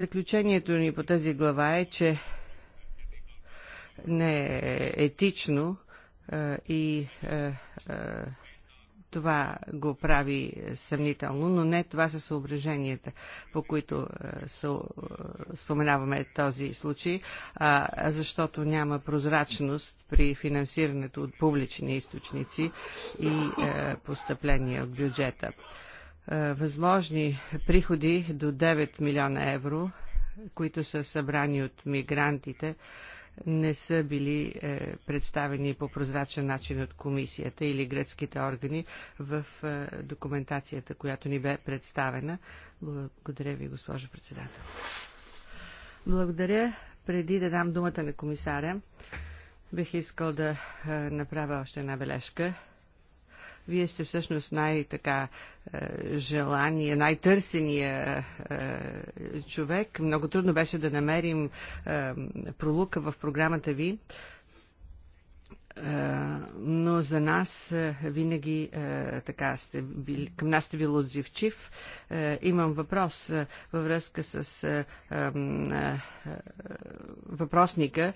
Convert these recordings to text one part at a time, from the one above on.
Заключението ни по тази глава е, че не е етично е, и е, това го прави съмнително, но не това са съображенията, по които са, споменаваме този случай, а, защото няма прозрачност при финансирането от публични източници и а, постъпления от бюджета. Е, възможни приходи до 9 милиона евро, които са събрани от мигрантите, не са били е, представени по прозрачен начин от комисията или гръцките органи в е, документацията, която ни бе представена. Благодаря ви, госпожо председател. Благодаря. Преди да дам думата на комисаря, бих искал да направя още една бележка. Вие сте всъщност най-така е, желание, най-търсения е, човек. Много трудно беше да намерим е, пролука в програмата ви но за нас винаги така сте били, към нас сте бил отзивчив. Е, имам въпрос е, във връзка с е, въпросника.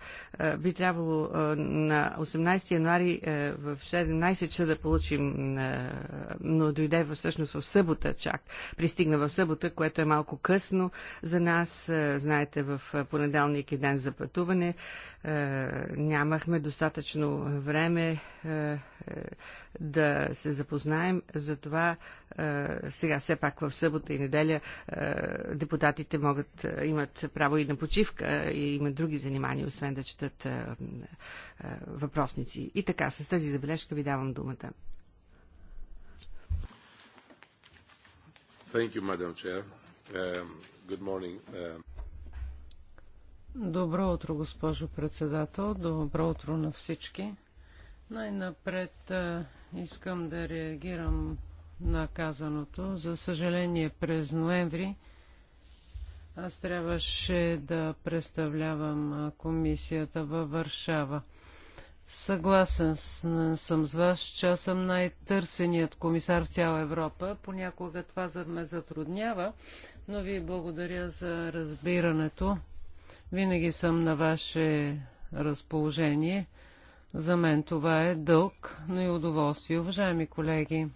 Би трябвало на 18 януари в 17 часа да получим, но дойде всъщност в събота чак. Пристигна в събота, което е малко късно за нас. Знаете, в понеделник е ден за пътуване. Нямахме достатъчно време да се запознаем. Затова сега все пак в събота и неделя депутатите могат, имат право и на почивка и имат други занимания, освен да четат въпросници. И така, с тази забележка ви давам думата. Thank you, Madam Chair. Um, good morning. Um. Добро утро, госпожо председател. Добро утро на всички. Най-напред Искам да реагирам на казаното. За съжаление, през ноември аз трябваше да представлявам комисията във Варшава. Съгласен съм с вас, че аз съм най-търсеният комисар в цяла Европа. Понякога това ме затруднява, но ви благодаря за разбирането. Винаги съм на ваше разположение. За мен това е дълг, но и удоволствие. Уважаеми колеги,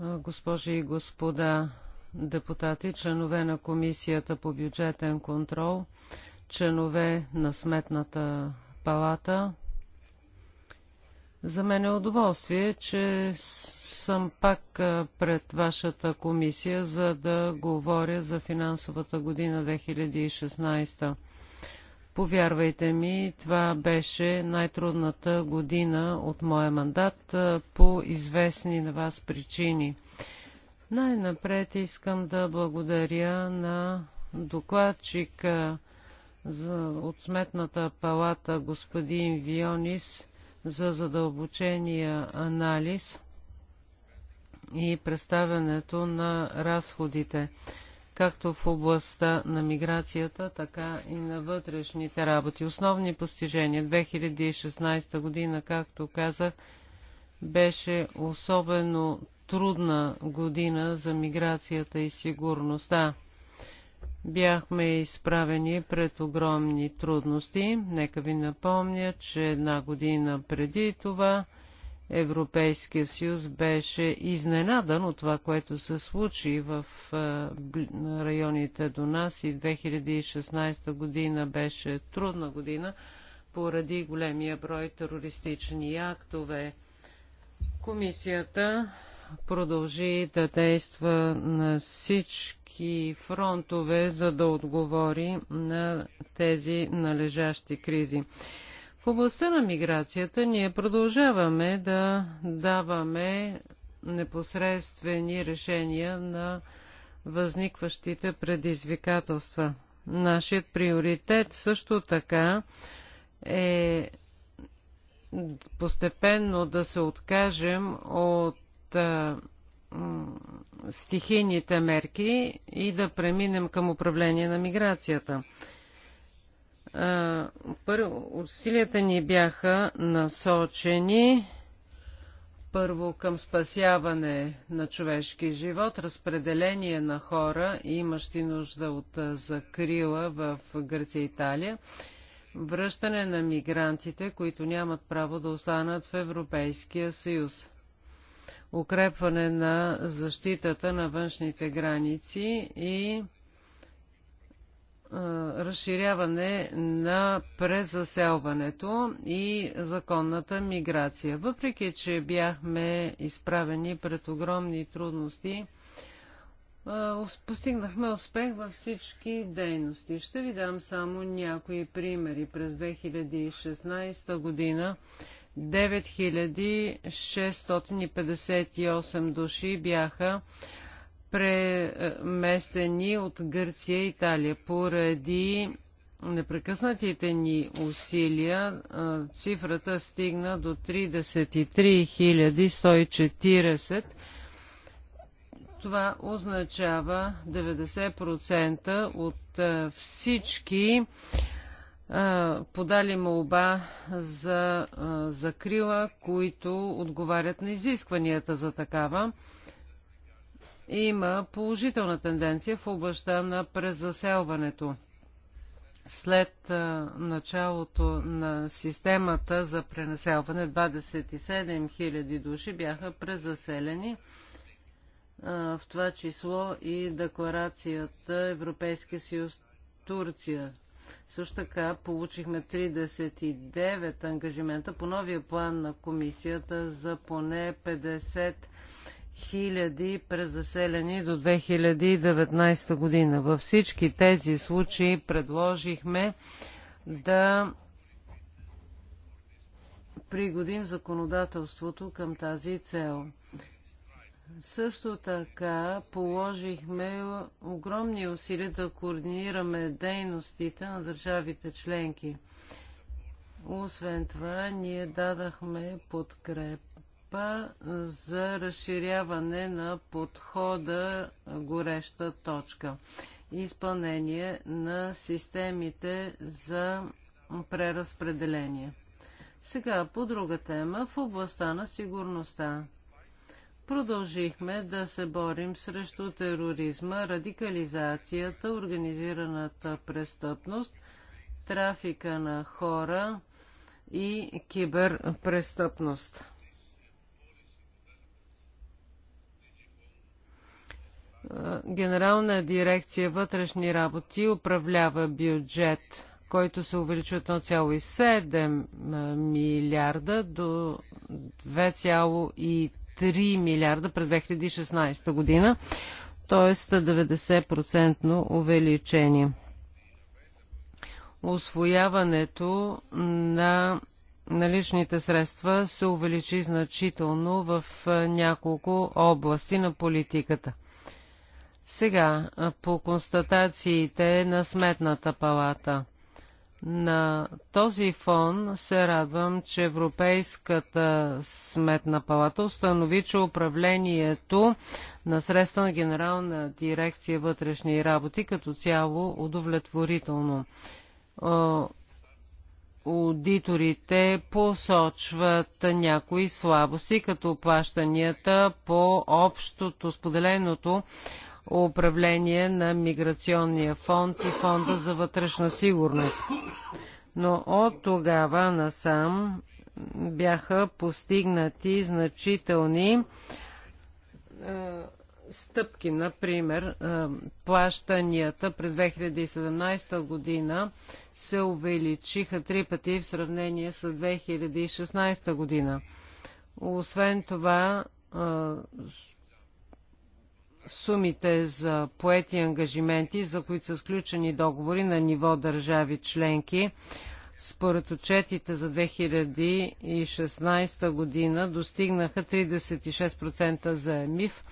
госпожи и господа депутати, членове на Комисията по бюджетен контрол, членове на Сметната палата, за мен е удоволствие, че съм пак пред вашата комисия, за да говоря за финансовата година 2016. Повярвайте ми, това беше най-трудната година от моя мандат по известни на вас причини. Най-напред искам да благодаря на докладчика за, от Сметната палата господин Вионис за задълбочения анализ и представянето на разходите както в областта на миграцията, така и на вътрешните работи. Основни постижения 2016 година, както казах, беше особено трудна година за миграцията и сигурността. Бяхме изправени пред огромни трудности. Нека ви напомня, че една година преди това – Европейския съюз беше изненадан от това, което се случи в районите до нас и 2016 година беше трудна година поради големия брой терористични актове. Комисията продължи да действа на всички фронтове, за да отговори на тези належащи кризи. В областта на миграцията ние продължаваме да даваме непосредствени решения на възникващите предизвикателства. Нашият приоритет също така е постепенно да се откажем от а, стихийните мерки и да преминем към управление на миграцията. Първо, усилията ни бяха насочени първо към спасяване на човешки живот, разпределение на хора, имащи нужда от закрила в Гърция и Италия, връщане на мигрантите, които нямат право да останат в Европейския съюз, укрепване на защитата на външните граници и разширяване на презаселването и законната миграция. Въпреки, че бяхме изправени пред огромни трудности, постигнахме успех във всички дейности. Ще ви дам само някои примери. През 2016 година 9658 души бяха преместени от Гърция и Италия. Поради непрекъснатите ни усилия цифрата стигна до 33 140. Това означава 90% от всички подали молба за закрила, които отговарят на изискванията за такава има положителна тенденция в областта на презаселването. След началото на системата за пренаселване 27 000 души бяха презаселени, в това число и декларацията Европейския съюз Турция. Също така получихме 39 ангажимента по новия план на комисията за поне 50 хиляди презаселени до 2019 година. Във всички тези случаи предложихме да пригодим законодателството към тази цел. Също така положихме огромни усилия да координираме дейностите на държавите членки. Освен това, ние дадахме подкреп група за разширяване на подхода гореща точка изпълнение на системите за преразпределение. Сега по друга тема в областта на сигурността. Продължихме да се борим срещу тероризма, радикализацията, организираната престъпност, трафика на хора и киберпрестъпност. Генерална дирекция вътрешни работи управлява бюджет, който се увеличи от 1,7 милиарда до 2,3 милиарда през 2016 година, т.е. 90% увеличение. Освояването на наличните средства се увеличи значително в няколко области на политиката. Сега, по констатациите на Сметната палата. На този фон се радвам, че Европейската сметна палата установи, че управлението на средства на Генерална дирекция вътрешни работи като цяло удовлетворително. Аудиторите посочват някои слабости, като плащанията по общото споделеното управление на миграционния фонд и фонда за вътрешна сигурност. Но от тогава насам бяха постигнати значителни е, стъпки, например, е, плащанията през 2017 година се увеличиха три пъти в сравнение с 2016 година. Освен това, е, сумите за поети ангажименти, за които са сключени договори на ниво държави членки, според отчетите за 2016 година достигнаха 36% за МИФ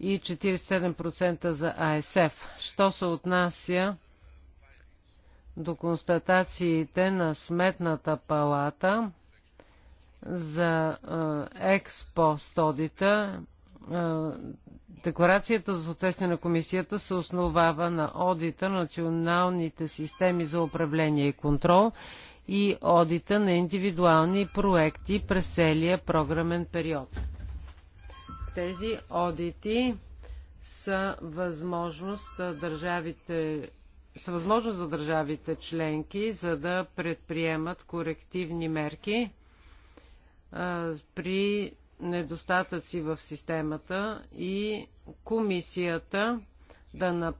и 47% за АСФ. Що се отнася до констатациите на Сметната палата за е, Експо стодита, е, декларацията за съответствие на комисията се основава на одита на националните системи за управление и контрол и одита на индивидуални проекти през целия програмен период. Тези одити са възможност за държавите са възможност за държавите членки, за да предприемат корективни мерки а, е, при недостатъци в системата и комисията да, на,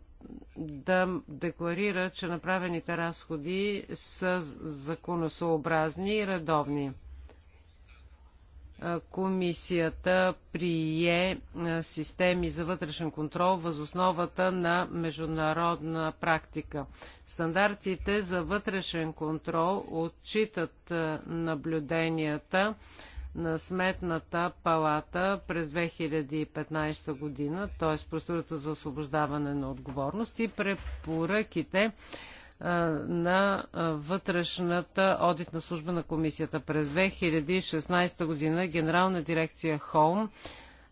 да декларира, че направените разходи са законосообразни и редовни. Комисията прие системи за вътрешен контрол въз основата на международна практика. Стандартите за вътрешен контрол отчитат наблюденията на Сметната палата през 2015 година, т.е. процедурата за освобождаване на отговорност и препоръките на вътрешната одитна служба на комисията. През 2016 година Генерална дирекция Холм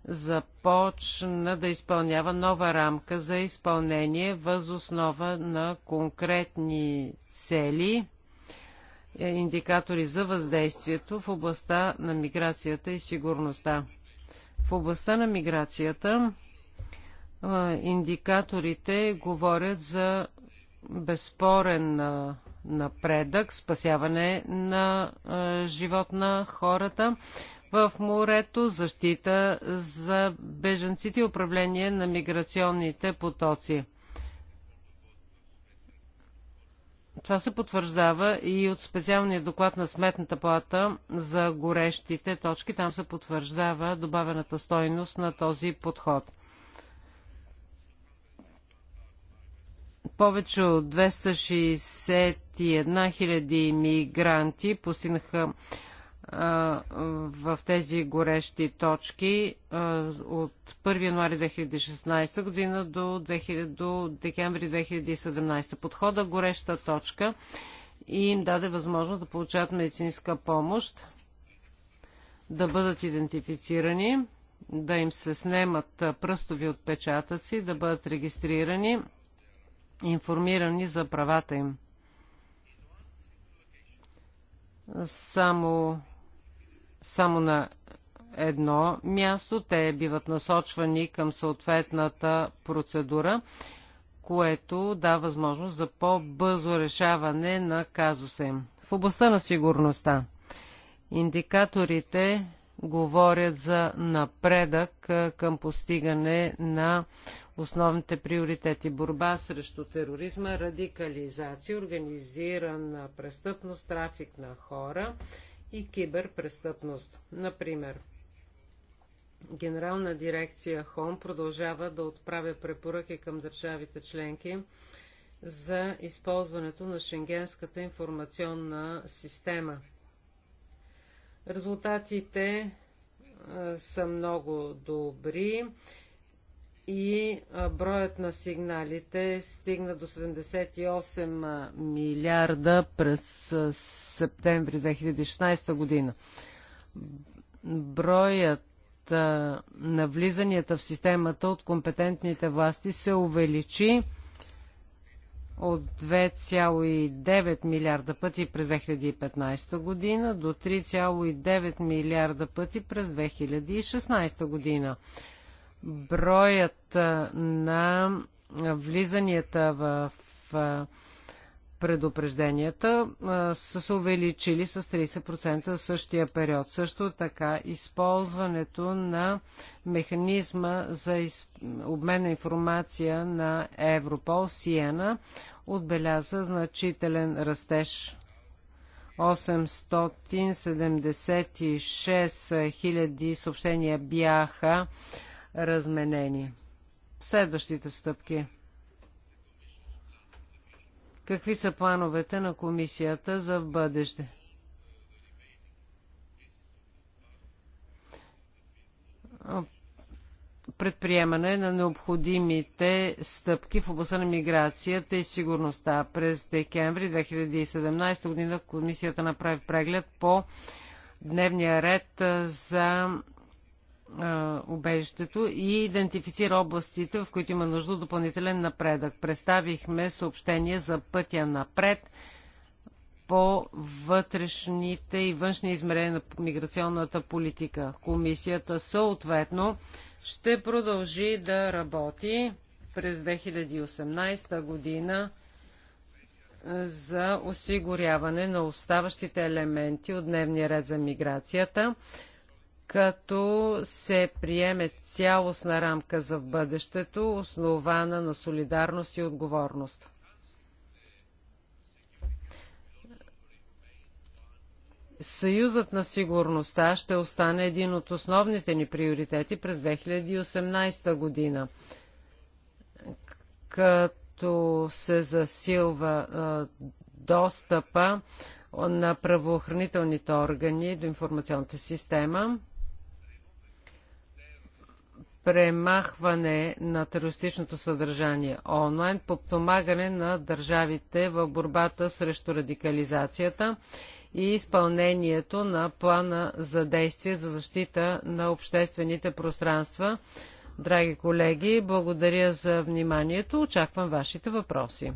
започна да изпълнява нова рамка за изпълнение въз основа на конкретни цели е индикатори за въздействието в областта на миграцията и сигурността. В областта на миграцията индикаторите говорят за безспорен напредък, спасяване на живот на хората в морето, защита за беженците и управление на миграционните потоци. Това се потвърждава и от специалния доклад на Сметната плата за горещите точки. Там се потвърждава добавената стойност на този подход. Повече от 261 000 мигранти постигнаха в тези горещи точки от 1 януари 2016 година до, 2000, до декември 2017. Подхода гореща точка и им даде възможност да получат медицинска помощ, да бъдат идентифицирани, да им се снемат пръстови отпечатъци, да бъдат регистрирани, информирани за правата им. Само само на едно място. Те биват насочвани към съответната процедура, което дава възможност за по-бързо решаване на казуса им. В областта на сигурността индикаторите говорят за напредък към постигане на основните приоритети. Борба срещу тероризма, радикализация, организирана престъпност, трафик на хора – и киберпрестъпност. Например, Генерална дирекция ХОМ продължава да отправя препоръки към държавите членки за използването на Шенгенската информационна система. Резултатите са много добри и броят на сигналите стигна до 78 милиарда през септември 2016 година. Броят на влизанията в системата от компетентните власти се увеличи от 2,9 милиарда пъти през 2015 година до 3,9 милиарда пъти през 2016 година броят на влизанията в предупрежденията са се увеличили с 30% за същия период. Също така използването на механизма за обмен на информация на Европол Сиена отбеляза значителен растеж 876 хиляди съобщения бяха разменени. Следващите стъпки. Какви са плановете на комисията за в бъдеще? предприемане на необходимите стъпки в областта на миграцията и сигурността. През декември 2017 година комисията направи преглед по дневния ред за убежището и идентифицира областите, в които има нужда допълнителен напредък. Представихме съобщение за пътя напред по вътрешните и външни измерения на миграционната политика. Комисията съответно ще продължи да работи през 2018 година за осигуряване на оставащите елементи от дневния ред за миграцията като се приеме цялостна рамка за в бъдещето, основана на солидарност и отговорност. Съюзът на сигурността ще остане един от основните ни приоритети през 2018 година, като се засилва достъпа на правоохранителните органи до информационната система премахване на терористичното съдържание онлайн, подпомагане на държавите в борбата срещу радикализацията и изпълнението на плана за действие за защита на обществените пространства. Драги колеги, благодаря за вниманието. Очаквам вашите въпроси.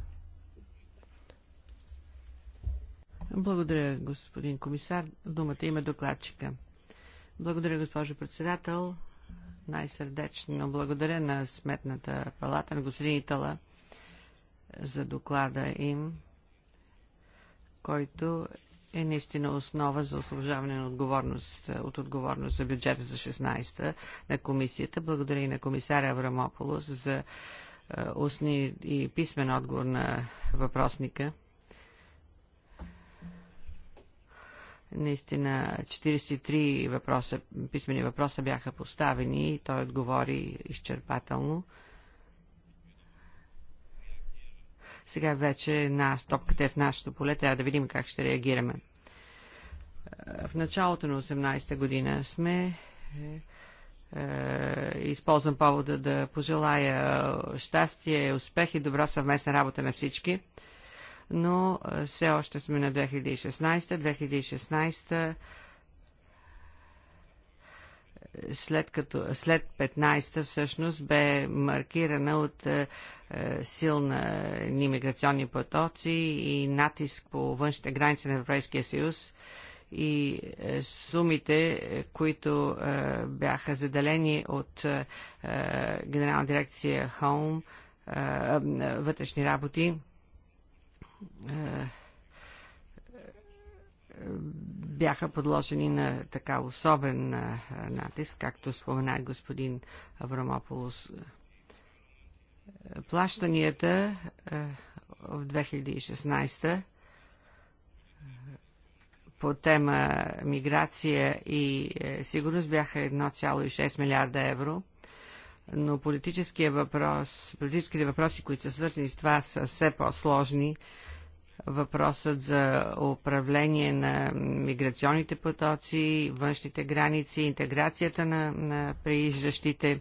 Благодаря, господин комисар. Думата има докладчика. Благодаря, госпожо председател най-сърдечно благодаря на Сметната палата, на господин Итала, за доклада им, който е наистина основа за освобождаване на отговорност, от отговорност за бюджета за 16-та на комисията. Благодаря и на комисаря Аврамополос за е, устни и писмен отговор на въпросника. Наистина 43 въпроса, писмени въпроса бяха поставени и той отговори изчерпателно. Сега вече на стопката е в нашето поле, трябва да видим как ще реагираме. В началото на 18-та година сме е, е, използвам повода да пожелая щастие, успех и добра съвместна работа на всички но все още сме на 2016. 2016 след, като, след 15-та всъщност бе маркирана от силна иммиграционни потоци и натиск по външните граници на Европейския съюз и сумите, които бяха заделени от Генерална дирекция Home, вътрешни работи, бяха подложени на така особен натиск, както спомена господин Аврамополос. Плащанията в 2016 по тема миграция и е, сигурност бяха 1,6 милиарда евро – но политическия въпрос, политическите въпроси, които са свързани с това, са все по-сложни. Въпросът за управление на миграционните потоци, външните граници, интеграцията на, на прииждащите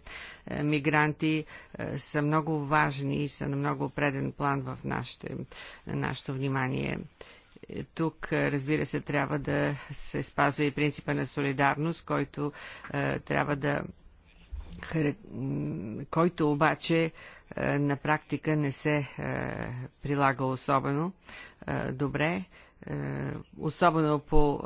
е, мигранти е, са много важни и са на много преден план в нашите, на нашето внимание. Е, тук, разбира се, трябва да се спазва и принципа на солидарност, който е, трябва да който обаче е, на практика не се е, прилага особено е, добре, особено по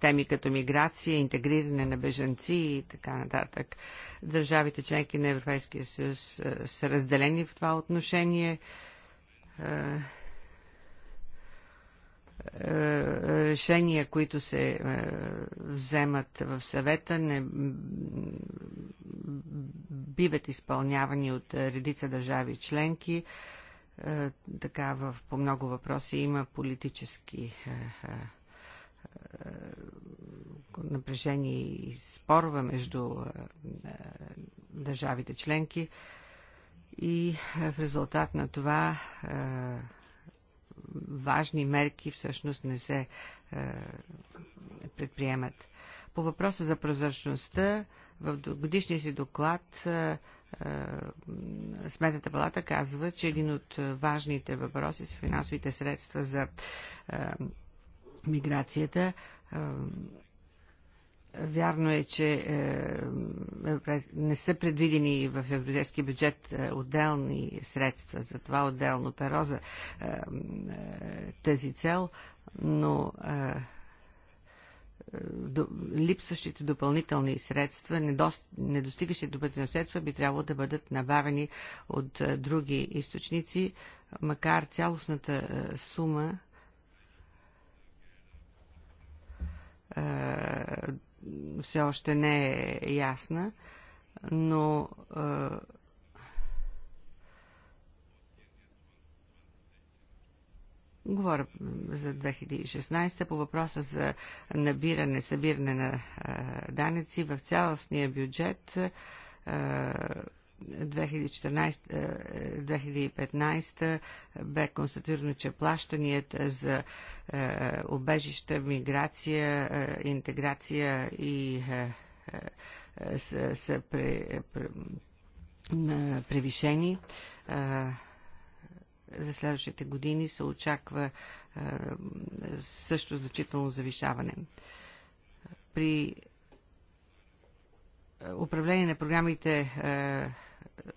теми като миграция, интегриране на бежанци и така нататък. Държавите членки на Европейския съюз са разделени в това отношение. Е, решения, които се е, вземат в съвета, не биват изпълнявани от редица държави членки. Е, така в, по много въпроси има политически напрежение и спорва между държавите членки и в резултат на това важни мерки всъщност не се е, предприемат. По въпроса за прозрачността, в годишния си доклад е, е, Сметната палата казва, че един от важните въпроси са финансовите средства за е, миграцията. Е, Вярно е, че е, не са предвидени в европейския бюджет е, отделни средства, за това отделно перо за е, тази цел, но липсващите допълнителни средства, недост... недостигащите допълнителни средства би трябвало да бъдат набавени от други източници, макар цялостната сума все още не е ясна, но а, Говоря за 2016 по въпроса за набиране, събиране на а, данъци в цялостния бюджет. А, 2014-2015 е, е, бе констатирано, че плащанията за обежища, е, миграция, интеграция и са, са пре, пре, превишени. За следващите години се очаква също значително завишаване. При управление на програмите е,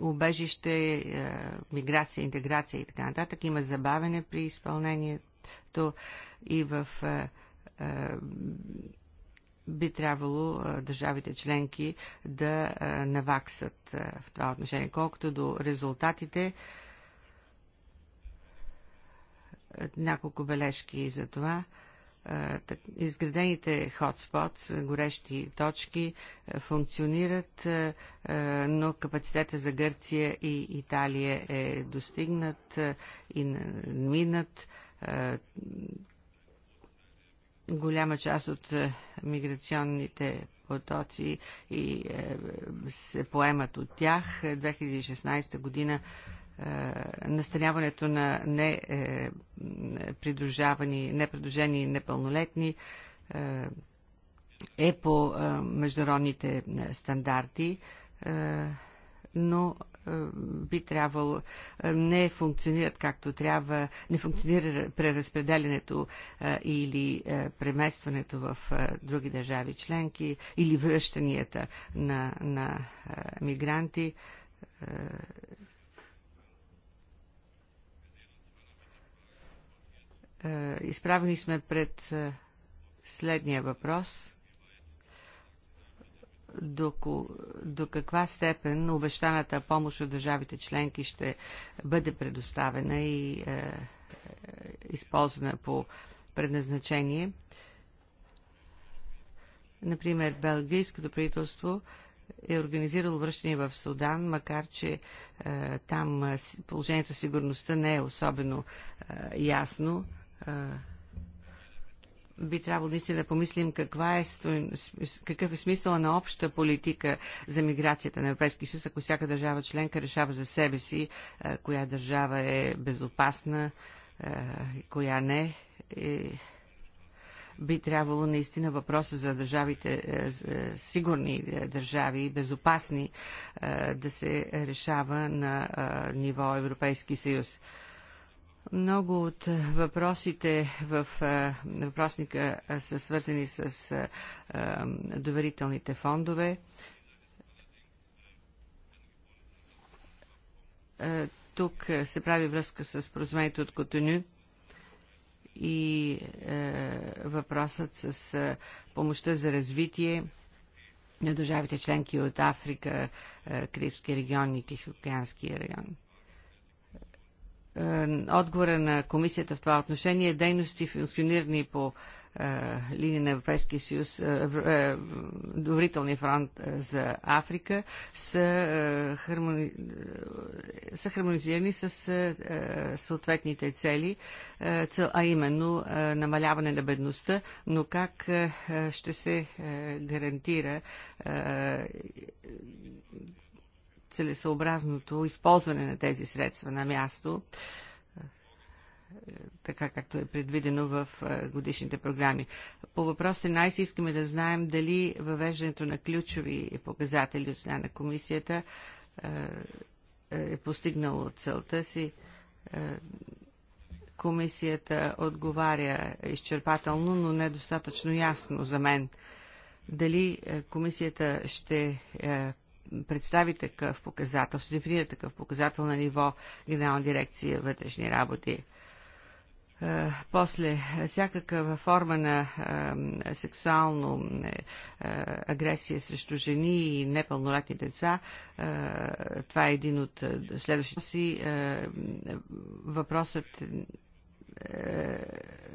убежище, е, миграция, интеграция и така нататък. Има забавене при изпълнението и в е, би трябвало държавите членки да наваксат в това отношение. Колкото до резултатите, няколко бележки за това. Е, изградените хотспот, горещи точки, е, функционират, е, но капацитета за Гърция и Италия е достигнат и минат. Голяма част от миграционните потоци и се поемат от тях. 2016 година настаняването на не, е, непридружени непълнолетни е, е по е, международните стандарти, е, но би трябвало, не функционират както трябва, не функционира е, или преместването в други държави членки или връщанията на, на мигранти Е, изправени сме пред е, следния въпрос. До, до каква степен обещаната помощ от държавите членки ще бъде предоставена и е, е, използвана по предназначение? Например, Белгийското правителство е организирало връщане в Судан, макар че е, там е, положението сигурността не е особено е, ясно би трябвало наистина да помислим каква е, какъв е смисъл на обща политика за миграцията на Европейския съюз, ако всяка държава членка решава за себе си коя държава е безопасна, коя не. И би трябвало наистина въпроса за държавите, сигурни държави, безопасни, да се решава на ниво Европейски съюз много от въпросите в въпросника са свързани с доверителните фондове. Тук се прави връзка с прозвението от Котоню и въпросът с помощта за развитие на държавите членки от Африка, Карибския регион и Тихоокеанския регион. Е, отговора на комисията в това отношение е дейности, функционирани по е, линия на Европейския съюз, доверителния фронт за Африка, са, хармони... са хармонизирани с съответните цели, а именно намаляване на бедността, но как ще се гарантира целесообразното използване на тези средства на място, е, така както е предвидено в е, годишните програми. По въпрос 13 искаме да знаем дали въвеждането на ключови показатели от страна на комисията е, е постигнало целта си. Комисията отговаря изчерпателно, но недостатъчно ясно за мен дали комисията ще представи такъв показател, се дефинира такъв показател на ниво Генерална дирекция вътрешни работи. Е, после всякаква форма на а, е, сексуално а, е, агресия срещу жени и непълнолетни деца, а, това е един от следващите си. Въпросът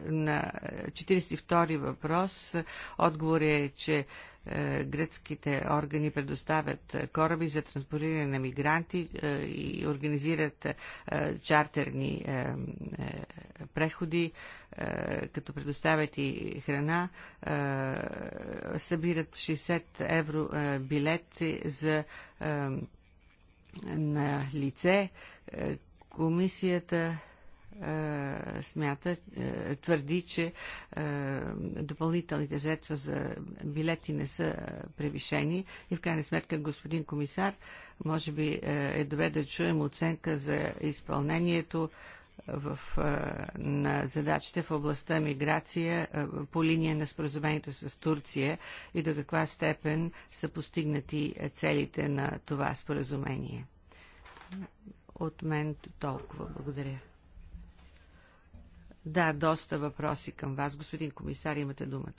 на 42 въпрос. Отговор е, че е, гръцките органи предоставят е, кораби за транспориране на мигранти е, и организират чартерни преходи, като предоставят и храна. Събират 60 евро билет за на лице. Комисията е, смята, е, твърди, че е, допълнителните средства за билети не са превишени и в крайна сметка господин комисар може би е добре да чуем оценка за изпълнението в, на задачите в областта миграция по линия на споразумението с Турция и до каква степен са постигнати целите на това споразумение. От мен толкова. Благодаря. Да, доста въпроси към вас. Господин комисар, имате думата.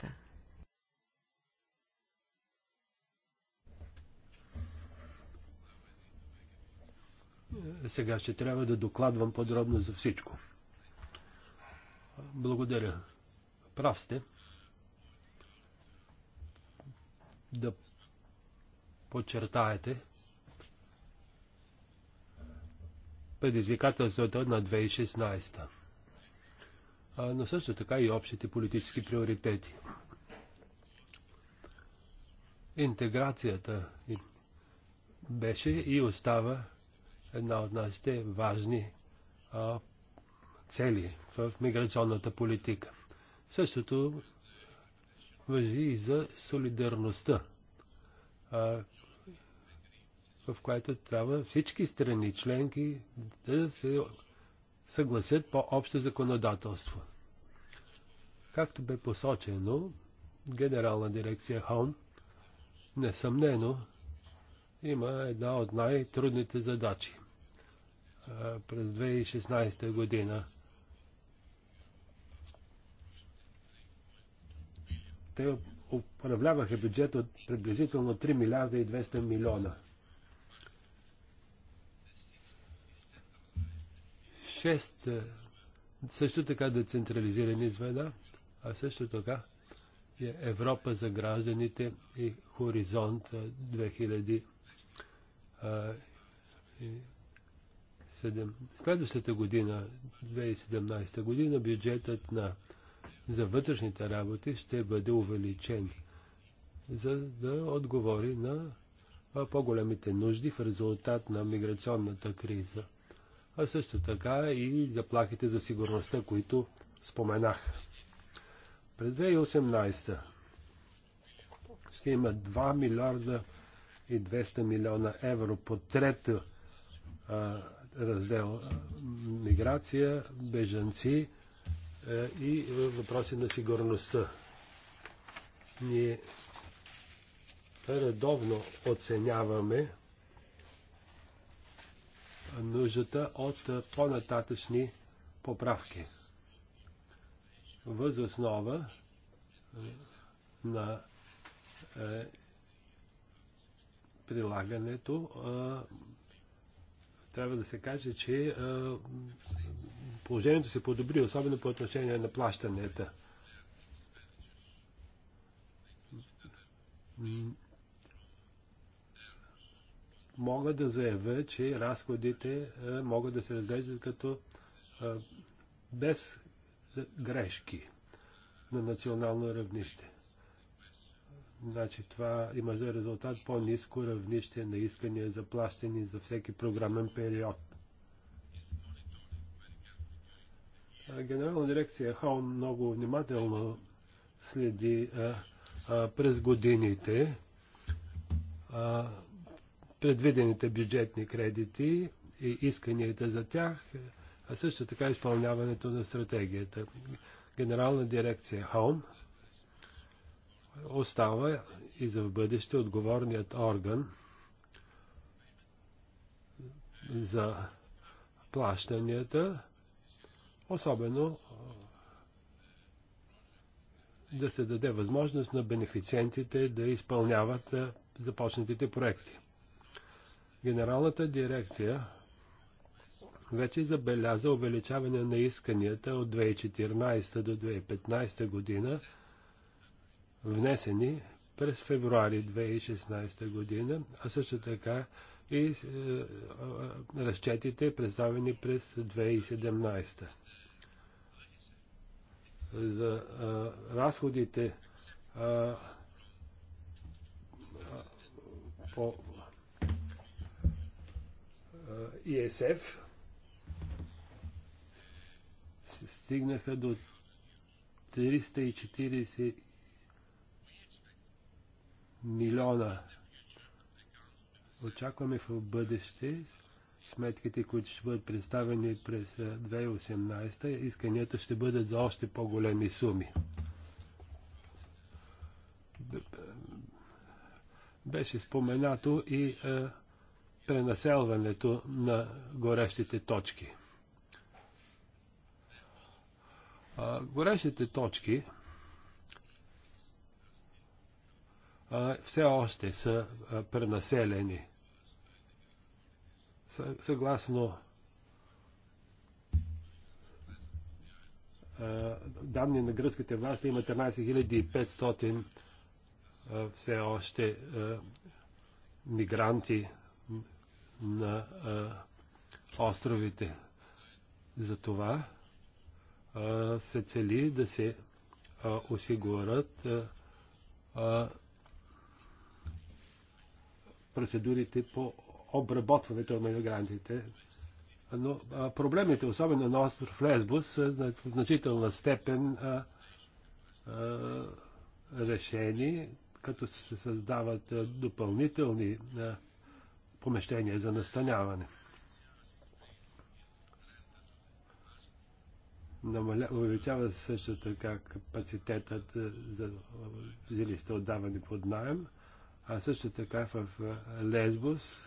Сега ще трябва да докладвам подробно за всичко. Благодаря. Прав сте. Да подчертаете предизвикателството на 2016 но също така и общите политически приоритети. Интеграцията беше и остава една от нашите важни а, цели в миграционната политика. Същото въжи и за солидарността, а, в която трябва всички страни членки да се съгласят по общо законодателство. Както бе посочено, генерална дирекция Хон несъмнено има една от най-трудните задачи през 2016 година. Те управляваха бюджет от приблизително 3 милиарда и 200 милиона – шест е, също така децентрализирани звена, а също така е Европа за гражданите и Хоризонт 2000 е, Следващата година, 2017 година, бюджетът на за вътрешните работи ще бъде увеличен, за да отговори на по-големите нужди в резултат на миграционната криза а също така и заплахите за сигурността, които споменах. През 2018 ще има 2 милиарда и 200 милиона евро по трето раздел миграция, бежанци е, и е, въпроси на сигурността. Ние редовно оценяваме нуждата от по-нататъчни поправки. Въз основа е, на е, прилагането е, трябва да се каже, че положението се подобри, особено по отношение на плащанията мога да заявя, че разходите е, могат да се разглеждат като е, без грешки на национално равнище. Значи това има за резултат по-низко равнище на искания за плащане за всеки програмен период. Е, Генерална дирекция ХАО много внимателно следи а, а, през годините а, предвидените бюджетни кредити и исканията за тях, а също така изпълняването на стратегията. Генерална дирекция Home остава и за в бъдеще отговорният орган за плащанията, особено да се даде възможност на бенефициентите да изпълняват започнатите проекти. Генералната дирекция вече забеляза увеличаване на исканията от 2014 до 2015 година, внесени през февруари 2016 година, а също така и е, е разчетите, представени през 2017. За е, разходите е, по ИСФ се стигнаха до 340 милиона. Очакваме в бъдеще сметките, които ще бъдат представени през 2018, исканията ще бъдат за още по-големи суми. Беше споменато и пренаселването на горещите точки. А, горещите точки а, все още са а, пренаселени. Съгласно данни на гръцките власти има 13500 все още мигранти на а, островите. Затова а, се цели да се а, осигурят а, а, процедурите по обработването на мигрантите. Но а, проблемите, особено на остров Лесбус, са в значителна степен а, а, решени, като се създават а, допълнителни а, помещение за настаняване. Увеличава увеличава също така капацитетът е, за жилище отдаване под найем, а също така в е, Лесбос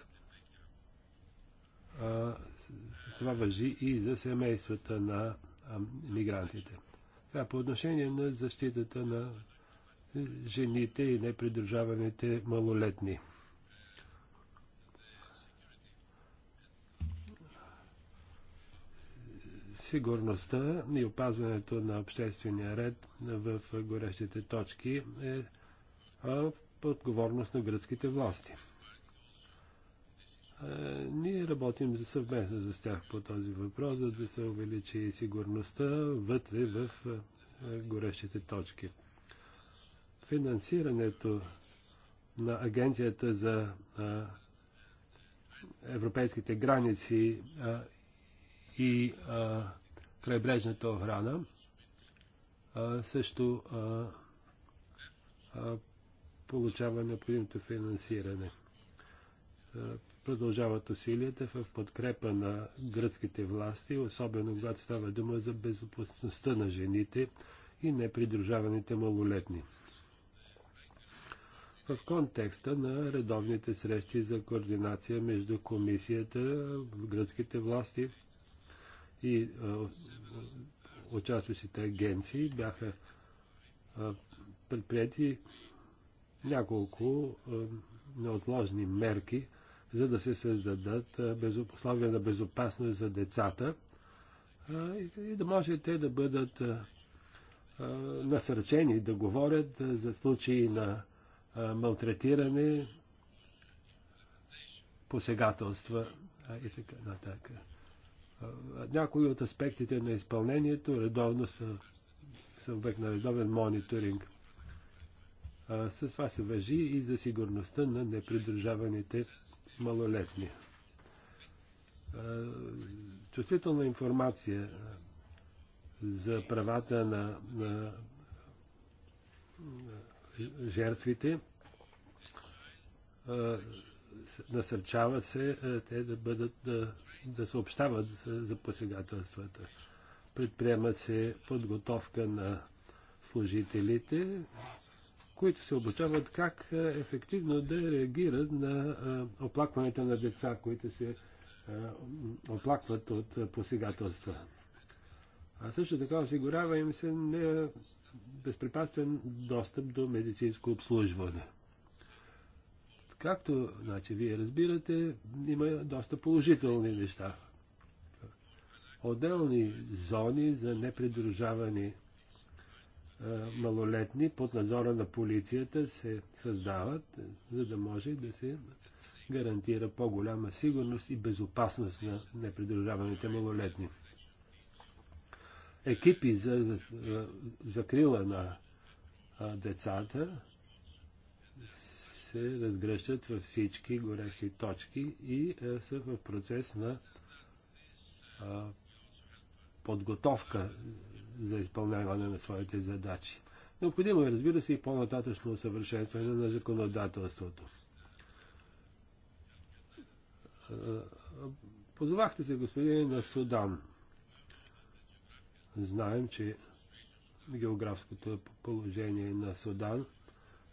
това въжи и за семействата на мигрантите. по отношение на защитата на жените и непридружаваните малолетни. сигурността и опазването на обществения ред в горещите точки е отговорност на гръцките власти. Е, ние работим съвместно с тях по този въпрос, за да се увеличи сигурността вътре в е, горещите точки. Финансирането на Агенцията за е, европейските граници и а, крайбрежната охрана. А, също а, а, получава необходимото финансиране. А, продължават усилията в подкрепа на гръцките власти, особено когато става дума за безопасността на жените и непридружаваните малолетни. В контекста на редовните срещи за координация между комисията, гръцките власти, и участващите агенции бяха предприяти няколко неотложни мерки, за да се създадат условия на безопасност за децата и да може те да бъдат насърчени да говорят за случаи на малтретиране, посегателства и така нататък. Някои от аспектите на изпълнението редовно са, са обект на редовен мониторинг. С това се въжи и за сигурността на непридържаваните малолетни. Чувствителна информация за правата на, на жертвите. Насърчава се те да бъдат да съобщават за, за посегателствата. Предприема се подготовка на служителите, които се обучават как ефективно да реагират на оплакването на деца, които се оплакват от посегателства. А също така осигурява им се безпрепятствен достъп до медицинско обслужване. Както значи, вие разбирате, има доста положителни неща. Отделни зони за непридружавани е, малолетни под надзора на полицията се създават, е, за да може да се гарантира по-голяма сигурност и безопасност на непридружаваните малолетни. Екипи за е, закрила на децата се разгръщат във всички горещи точки и е, са в процес на подготовка за изпълняване на своите задачи. Необходимо е, разбира се, и по-нататъчно усъвършенстване на законодателството. Е, позовахте се, господине, на Судан. Знаем, че географското положение на Судан –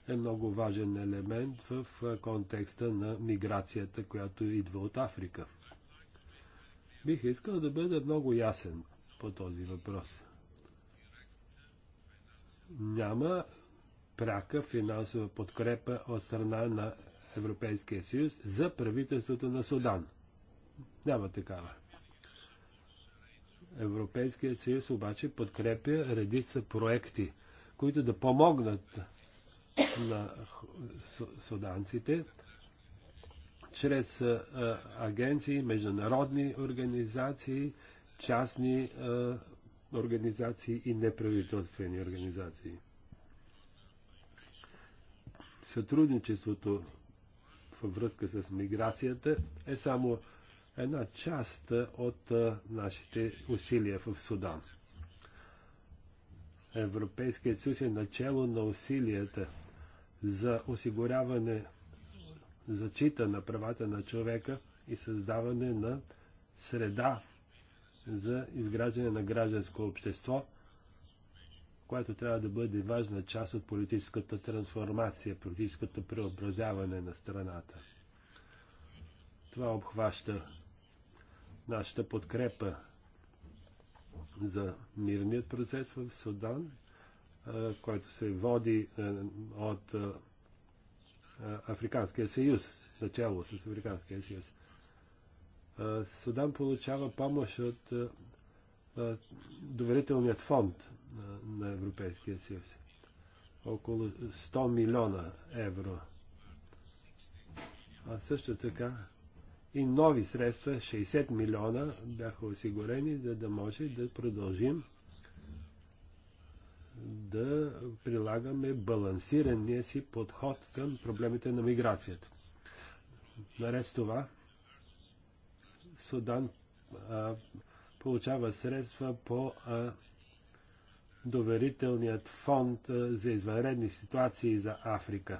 е много важен елемент в контекста на миграцията, която идва от Африка. Бих искал да бъда много ясен по този въпрос. Няма пряка финансова подкрепа от страна на Европейския съюз за правителството на Судан. Няма такава. Европейският съюз обаче подкрепя редица проекти, които да помогнат на суданците чрез агенции, международни организации, частни организации и неправителствени организации. Сътрудничеството във връзка с миграцията е само една част от нашите усилия в Судан. Европейският съюз е начало на усилията за осигуряване зачита на правата на човека и създаване на среда за изграждане на гражданско общество, което трябва да бъде важна част от политическата трансформация, политическото преобразяване на страната. Това обхваща нашата подкрепа за мирният процес в Судан, който се води от Африканския съюз, начало с Африканския съюз. Судан получава помощ от доверителният фонд на Европейския съюз. Около 100 милиона евро. А също така и нови средства, 60 милиона бяха осигурени, за да може да продължим да прилагаме балансирания си подход към проблемите на миграцията. Наред с това, Судан а, получава средства по а, доверителният фонд а, за извънредни ситуации за Африка.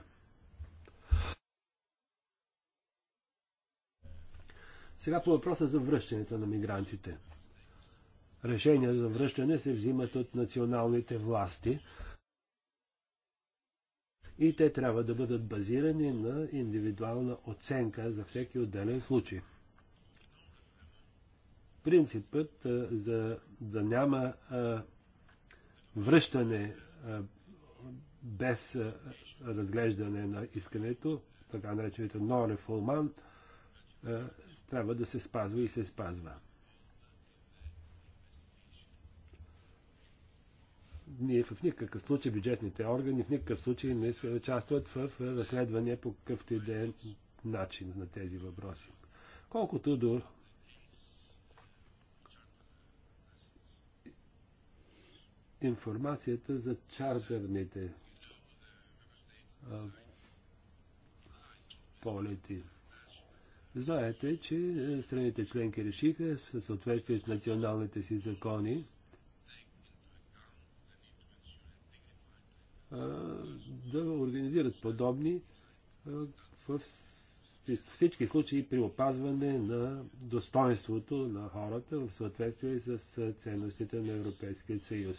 Сега по въпроса за връщането на мигрантите – решения за връщане се взимат от националните власти и те трябва да бъдат базирани на индивидуална оценка за всеки отделен случай. Принципът за да няма връщане без разглеждане на искането, така наречените non-refoulement, трябва да се спазва и се спазва. ние в никакъв случай, бюджетните органи в никакъв случай не се участват в разследване по какъвто и да е начин на тези въпроси. Колкото до информацията за чартерните полети. Знаете, че е, страните членки решиха в съответствие с националните си закони да организират подобни в всички случаи при опазване на достоинството на хората в съответствие с ценностите на Европейския съюз.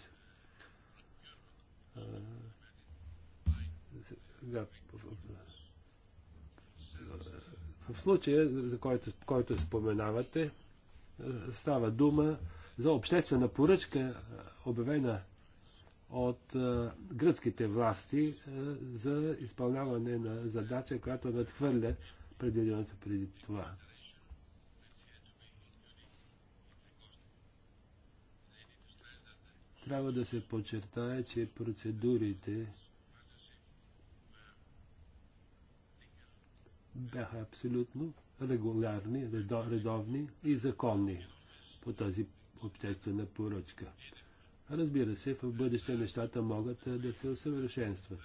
В случая, за който, който споменавате, става дума за обществена поръчка, обявена от а, е, гръцките власти а, е, за изпълняване на задача, която надхвърля предвиденото преди това. Трябва да се подчертае, че процедурите бяха абсолютно регулярни, редовни и законни по тази обществена поръчка. Разбира се, в бъдеще нещата могат да се усъвършенстват.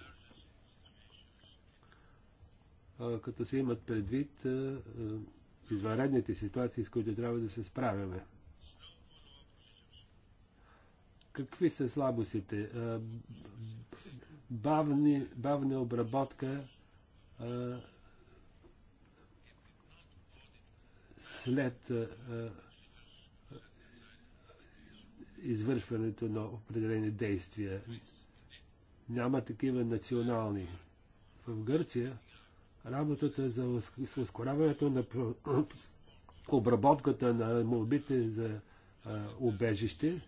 Като се имат предвид извънредните ситуации, с които трябва да се справяме. Какви са слабостите? Бавни, бавна обработка след извършването на определени действия. Няма такива национални. В Гърция работата за ускоряването на обработката на молбите за убежище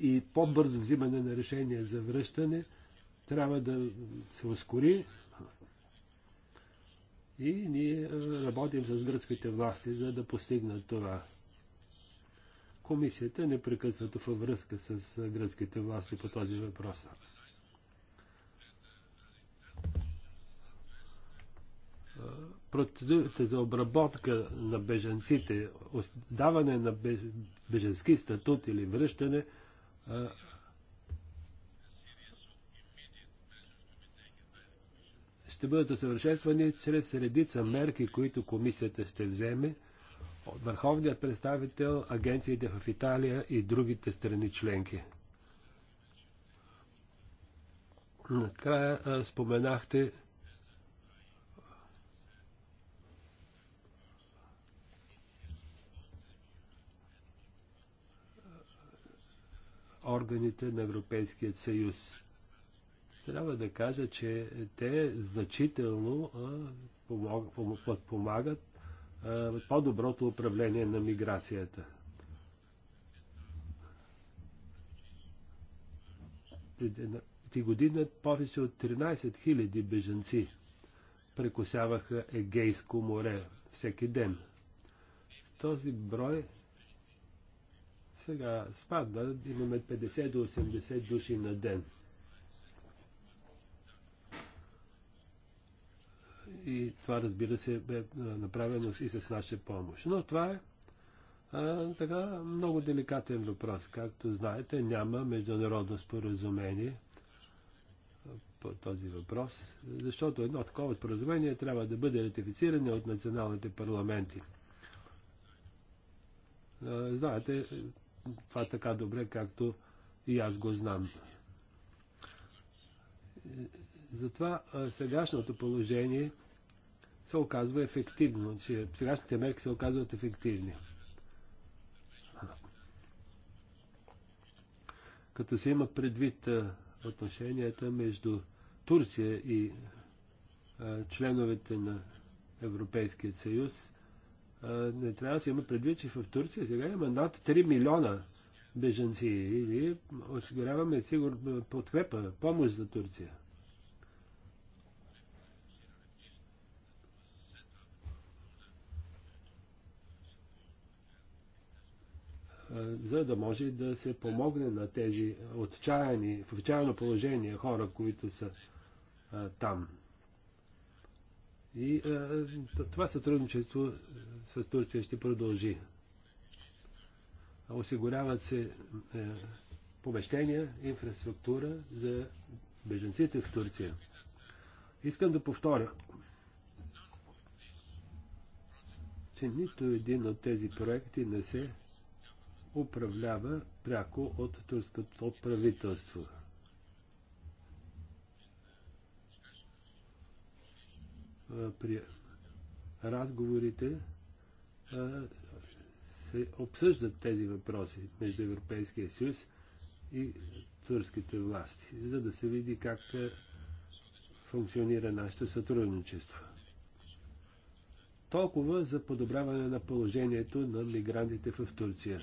и по-бързо взимане на решение за връщане трябва да се ускори и ние работим с гръцките власти, за да постигнат това. Комисията непрекъснато във връзка с гръцките власти по този въпрос. Процедурите за обработка на беженците, даване на беженски статут или връщане ще бъдат усъвършенствани чрез редица мерки, които комисията ще вземе – върховният представител, агенциите в Италия и другите страни членки. Накрая споменахте органите на Европейския съюз. Трябва да кажа, че те значително подпомагат по-доброто управление на миграцията. Ти година повече от 13 000 бежанци прекосяваха Егейско море всеки ден. Този брой сега спадна, имаме 50 до 80 души на ден. и това, разбира се, бе е, направено и с наша помощ. Но това е а, така много деликатен въпрос. Както знаете, няма международно споразумение по този въпрос, защото едно такова споразумение трябва да бъде ратифициране от националните парламенти. А, знаете, това така добре, както и аз го знам. Затова сегашното положение се оказва ефективно, че сегашните мерки се оказват ефективни. Като се има предвид отношенията между Турция и членовете на Европейския съюз, не трябва да се има предвид, че в Турция сега има над 3 милиона беженци и осигуряваме сигурно подкрепа, помощ за Турция. за да може да се помогне на тези отчаяни, в отчаяно положение хора, които са там. И това сътрудничество с Турция ще продължи. Осигуряват се е, помещения, инфраструктура за беженците в Турция. Искам да повторя, че нито един от тези проекти не се управлява пряко от турското правителство. При разговорите се обсъждат тези въпроси между Европейския съюз и турските власти, за да се види как функционира нашето сътрудничество. Толкова за подобряване на положението на мигрантите в Турция.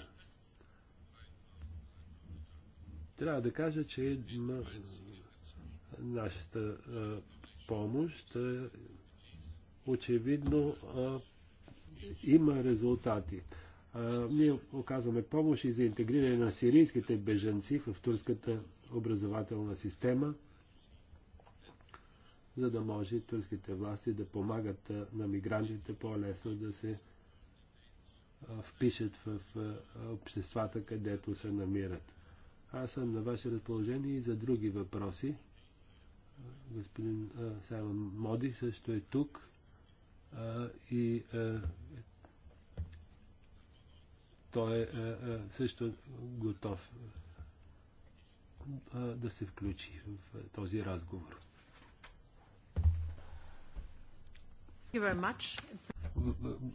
Трябва да кажа, че нашата помощ очевидно има резултати. Ние оказваме помощ и за интегриране на сирийските бежанци в турската образователна система, за да може турските власти да помагат на мигрантите по-лесно да се впишат в обществата, където се намират. Аз съм на ваше разположение и за други въпроси. Господин Саймон Моди също е тук а, и а, той е а, също готов а, да се включи в този разговор.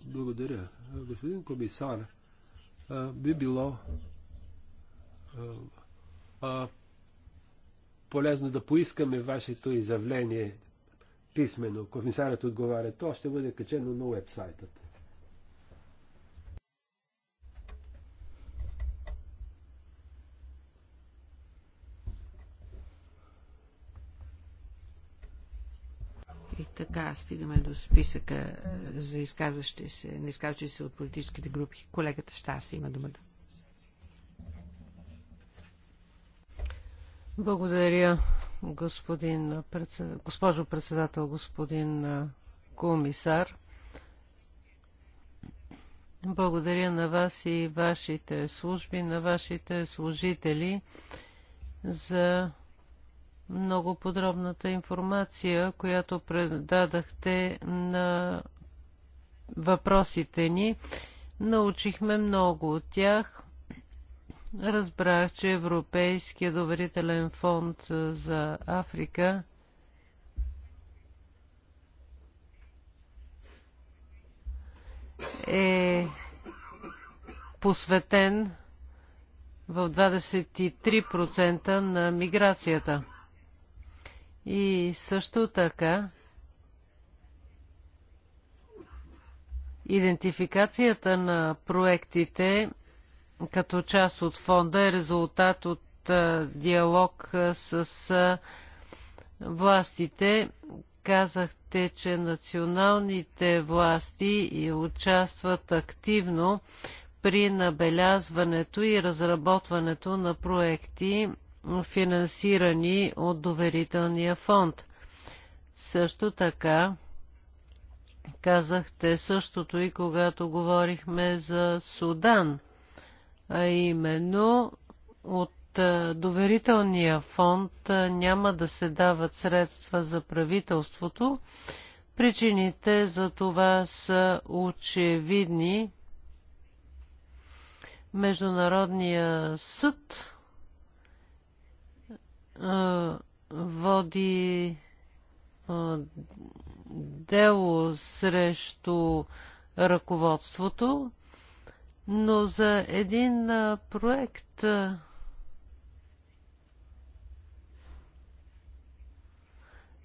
Благодаря. Господин комисар, би било а, полезно да поискаме вашето изявление писменно. Комисарят отговаря, то ще бъде качено на уебсайта. И така, стигаме до списъка за изказващи се, не изказващи се от политическите групи. Колегата Щаси има думата. Благодаря, господин, госпожо председател, господин комисар. Благодаря на вас и вашите служби, на вашите служители за много подробната информация, която предадахте на въпросите ни. Научихме много от тях. Разбрах, че Европейския доверителен фонд за Африка е посветен в 23% на миграцията. И също така идентификацията на проектите като част от фонда е резултат от диалог с властите. Казахте, че националните власти и участват активно при набелязването и разработването на проекти, финансирани от доверителния фонд. Също така, казахте същото и когато говорихме за Судан – а именно от доверителния фонд няма да се дават средства за правителството. Причините за това са очевидни. Международния съд води дело срещу ръководството. Но за един проект,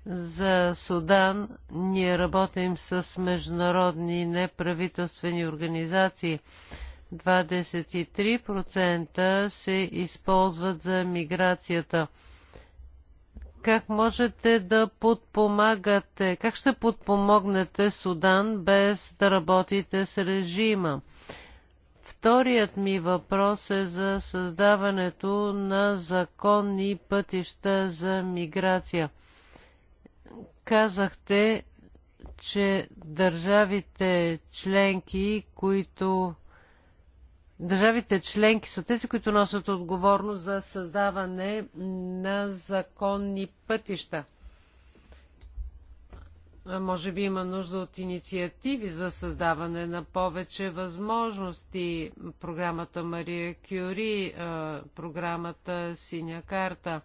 за Судан ние работим с международни неправителствени организации. 23% се използват за миграцията. Как можете да подпомагате, как ще подпомогнете Судан без да работите с режима? Вторият ми въпрос е за създаването на законни пътища за миграция. Казахте, че държавите членки, които Държавите членки са тези, които носят отговорност за създаване на законни пътища. Може би има нужда от инициативи за създаване на повече възможности. Програмата Мария Кюри, програмата Синя карта.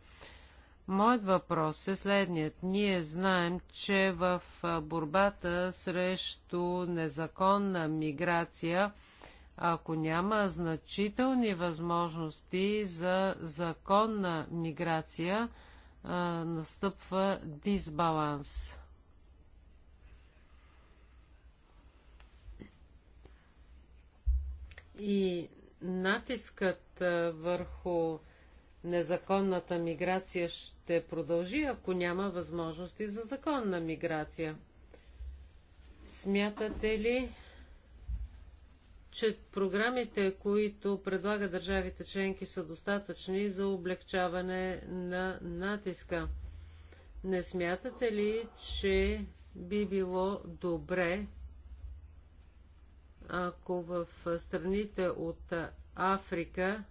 Моят въпрос е следният. Ние знаем, че в борбата срещу незаконна миграция, ако няма значителни възможности за законна миграция, настъпва дисбаланс. и натискът върху незаконната миграция ще продължи, ако няма възможности за законна миграция. Смятате ли, че програмите, които предлага държавите членки, са достатъчни за облегчаване на натиска? Не смятате ли, че би било добре ако в страните от Африка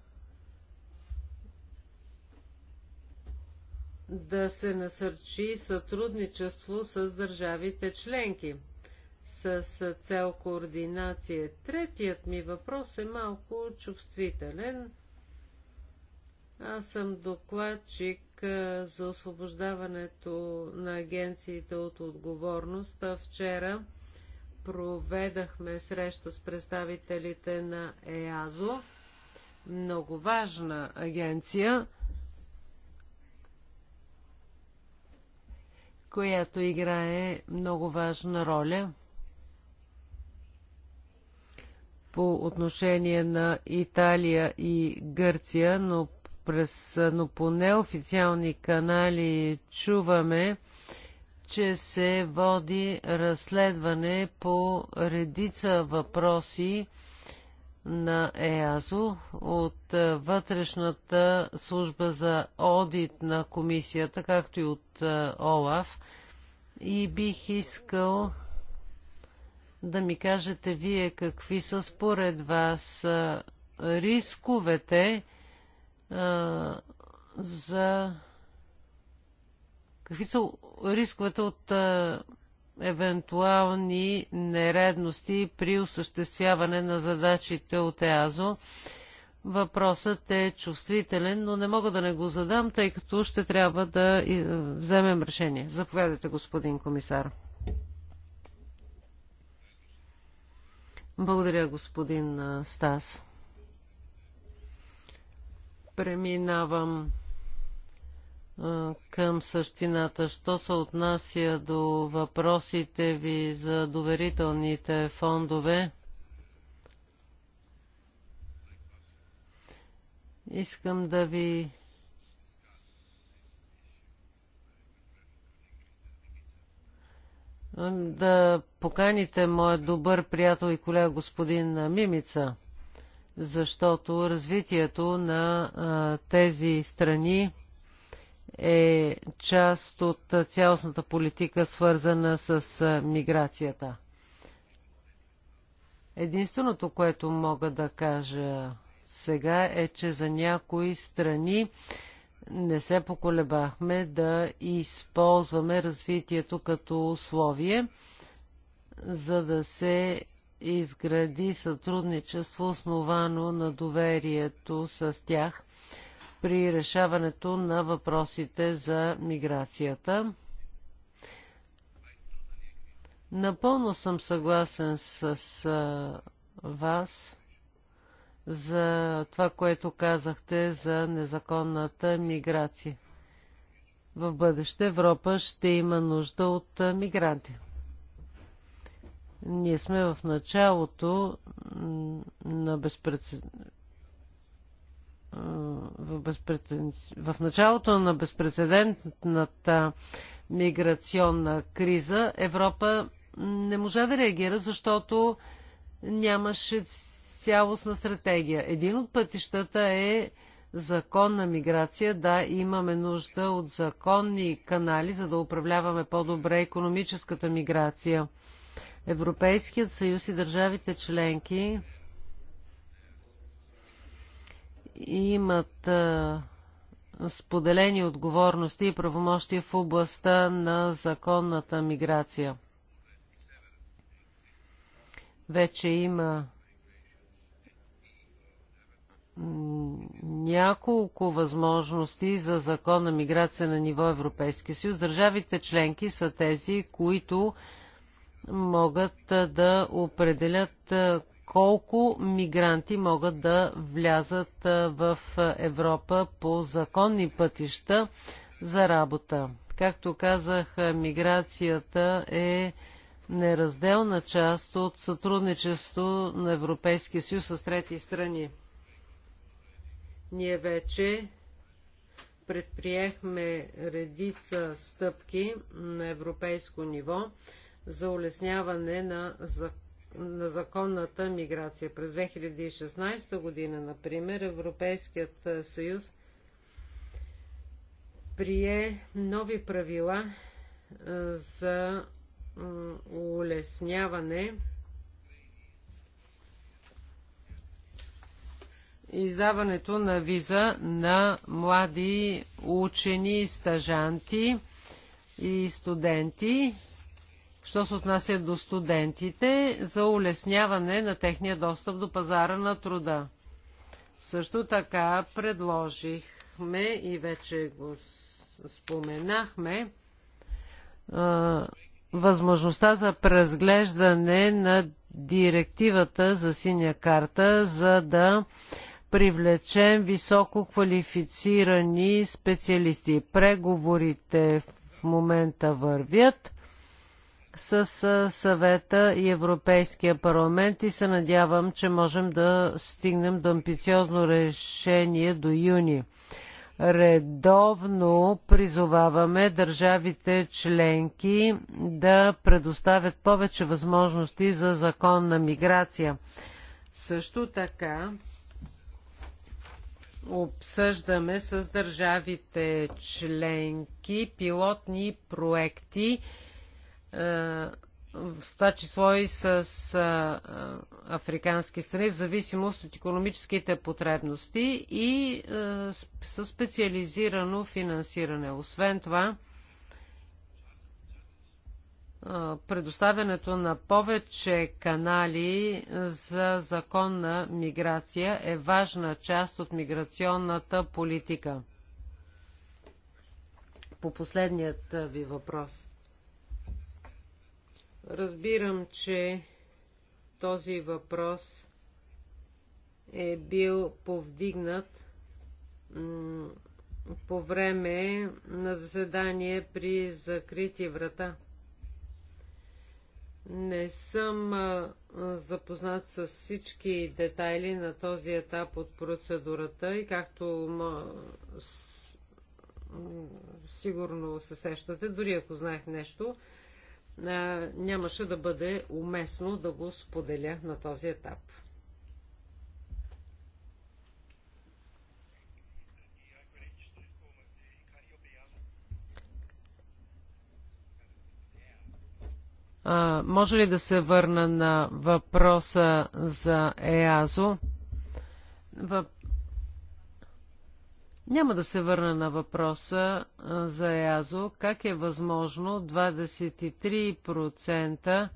да се насърчи сътрудничество с държавите членки с цел координация. Третият ми въпрос е малко чувствителен. Аз съм докладчик за освобождаването на агенциите от отговорност. Вчера проведахме среща с представителите на ЕАЗО, много важна агенция, която играе много важна роля по отношение на Италия и Гърция, но, през, но по неофициални канали чуваме, че се води разследване по редица въпроси на ЕАЗО от вътрешната служба за одит на комисията, както и от ОЛАФ. И бих искал да ми кажете вие какви са според вас рисковете а, за Какви са рисковете от а, евентуални нередности при осъществяване на задачите от ЕАЗО? Въпросът е чувствителен, но не мога да не го задам, тъй като ще трябва да вземем решение. Заповядайте, господин комисар. Благодаря, господин Стас. Преминавам към същината. Що се отнася до въпросите ви за доверителните фондове? Искам да ви да поканите моя добър приятел и колега господин Мимица, защото развитието на а, тези страни е част от цялостната политика, свързана с миграцията. Единственото, което мога да кажа сега е, че за някои страни не се поколебахме да използваме развитието като условие, за да се изгради сътрудничество, основано на доверието с тях – при решаването на въпросите за миграцията. Напълно съм съгласен с вас за това, което казахте за незаконната миграция. В бъдеще Европа ще има нужда от мигранти. Ние сме в началото на безпредседентно в, в началото на безпредседентната миграционна криза Европа не можа да реагира, защото нямаше цялостна стратегия. Един от пътищата е законна миграция. Да, имаме нужда от законни канали, за да управляваме по-добре економическата миграция. Европейският съюз и държавите членки имат споделени отговорности и правомощия в областта на законната миграция. Вече има няколко възможности за законна миграция на ниво Европейски съюз. Държавите членки са тези, които могат да определят колко мигранти могат да влязат в Европа по законни пътища за работа. Както казах, миграцията е неразделна част от сътрудничество на Европейския съюз с трети страни. Ние вече предприехме редица стъпки на европейско ниво за улесняване на, за, незаконната миграция. През 2016 година, например, Европейският съюз прие нови правила за улесняване издаването на виза на млади учени, стажанти и студенти, Що се отнася до студентите за улесняване на техния достъп до пазара на труда. Също така предложихме и вече го споменахме а, възможността за преразглеждане на директивата за синя карта, за да привлечем високо квалифицирани специалисти. Преговорите в момента вървят с съвета и Европейския парламент и се надявам, че можем да стигнем до амбициозно решение до юни. Редовно призоваваме държавите членки да предоставят повече възможности за законна миграция. Също така обсъждаме с държавите членки пилотни проекти, е, в това число и с е, е, африкански страни, в зависимост от економическите потребности и със специализирано финансиране. Освен това, предоставянето на повече канали за законна миграция е важна част от миграционната политика. По последният ви въпрос – Разбирам, че този въпрос е бил повдигнат по време на заседание при закрити врата. Не съм запознат с всички детайли на този етап от процедурата и както сигурно се сещате, дори ако знаех нещо, нямаше да бъде уместно да го споделя на този етап. А, може ли да се върна на въпроса за ЕАЗО? Въп... Няма да се върна на въпроса за Язо. Как е възможно 23%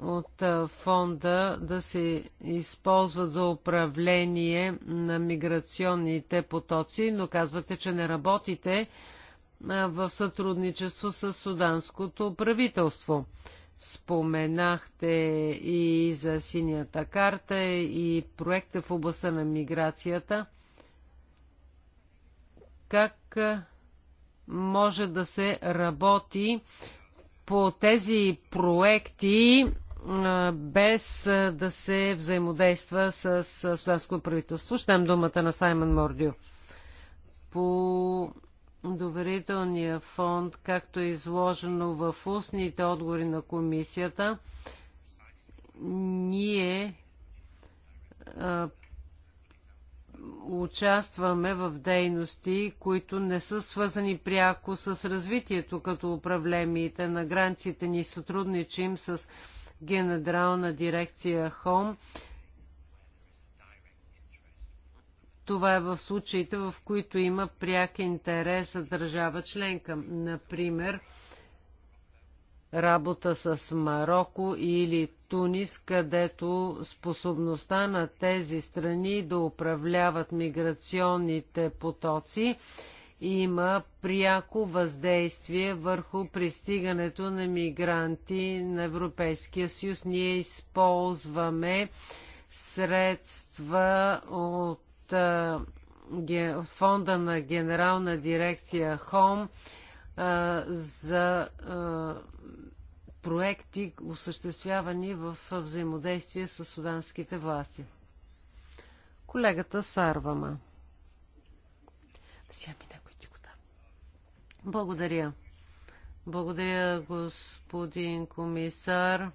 от фонда да се използват за управление на миграционните потоци, но казвате, че не работите в сътрудничество с суданското правителство. Споменахте и за синята карта и проекта в областта на миграцията. Как може да се работи по тези проекти без да се взаимодейства с суданското правителство. Ще дам думата на Саймън Мордио. По доверителния фонд, както е изложено в устните отговори на комисията, ние а, участваме в дейности, които не са свързани пряко с развитието като управлемите на границите. Ни сътрудничим с Генерална дирекция ХОМ Това е в случаите, в които има пряк интерес за държава членка. Например, работа с Марокко или Тунис, където способността на тези страни да управляват миграционните потоци има пряко въздействие върху пристигането на мигранти на Европейския съюз. Ние използваме средства от фонда на генерална дирекция ХОМ за проекти, осъществявани в взаимодействие с суданските власти. Колегата Сарвама. ми Благодаря. Благодаря, господин комисар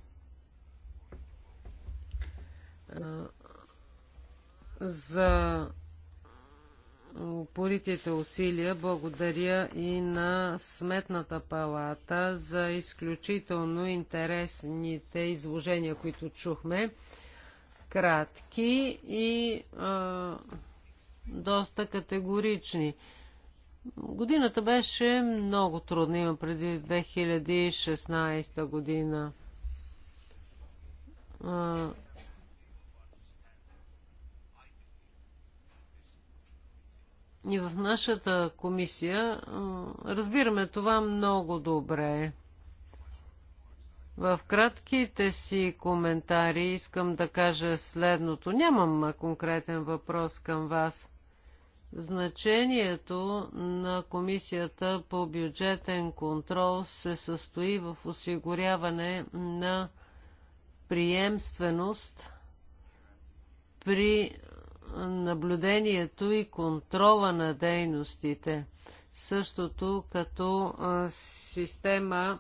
за упоритите усилия. Благодаря и на Сметната палата за изключително интересните изложения, които чухме. Кратки и а, доста категорични. Годината беше много трудна, има преди 2016 година. А, И в нашата комисия разбираме това много добре. В кратките си коментари искам да кажа следното. Нямам конкретен въпрос към вас. Значението на Комисията по бюджетен контрол се състои в осигуряване на приемственост при наблюдението и контрола на дейностите. Същото като система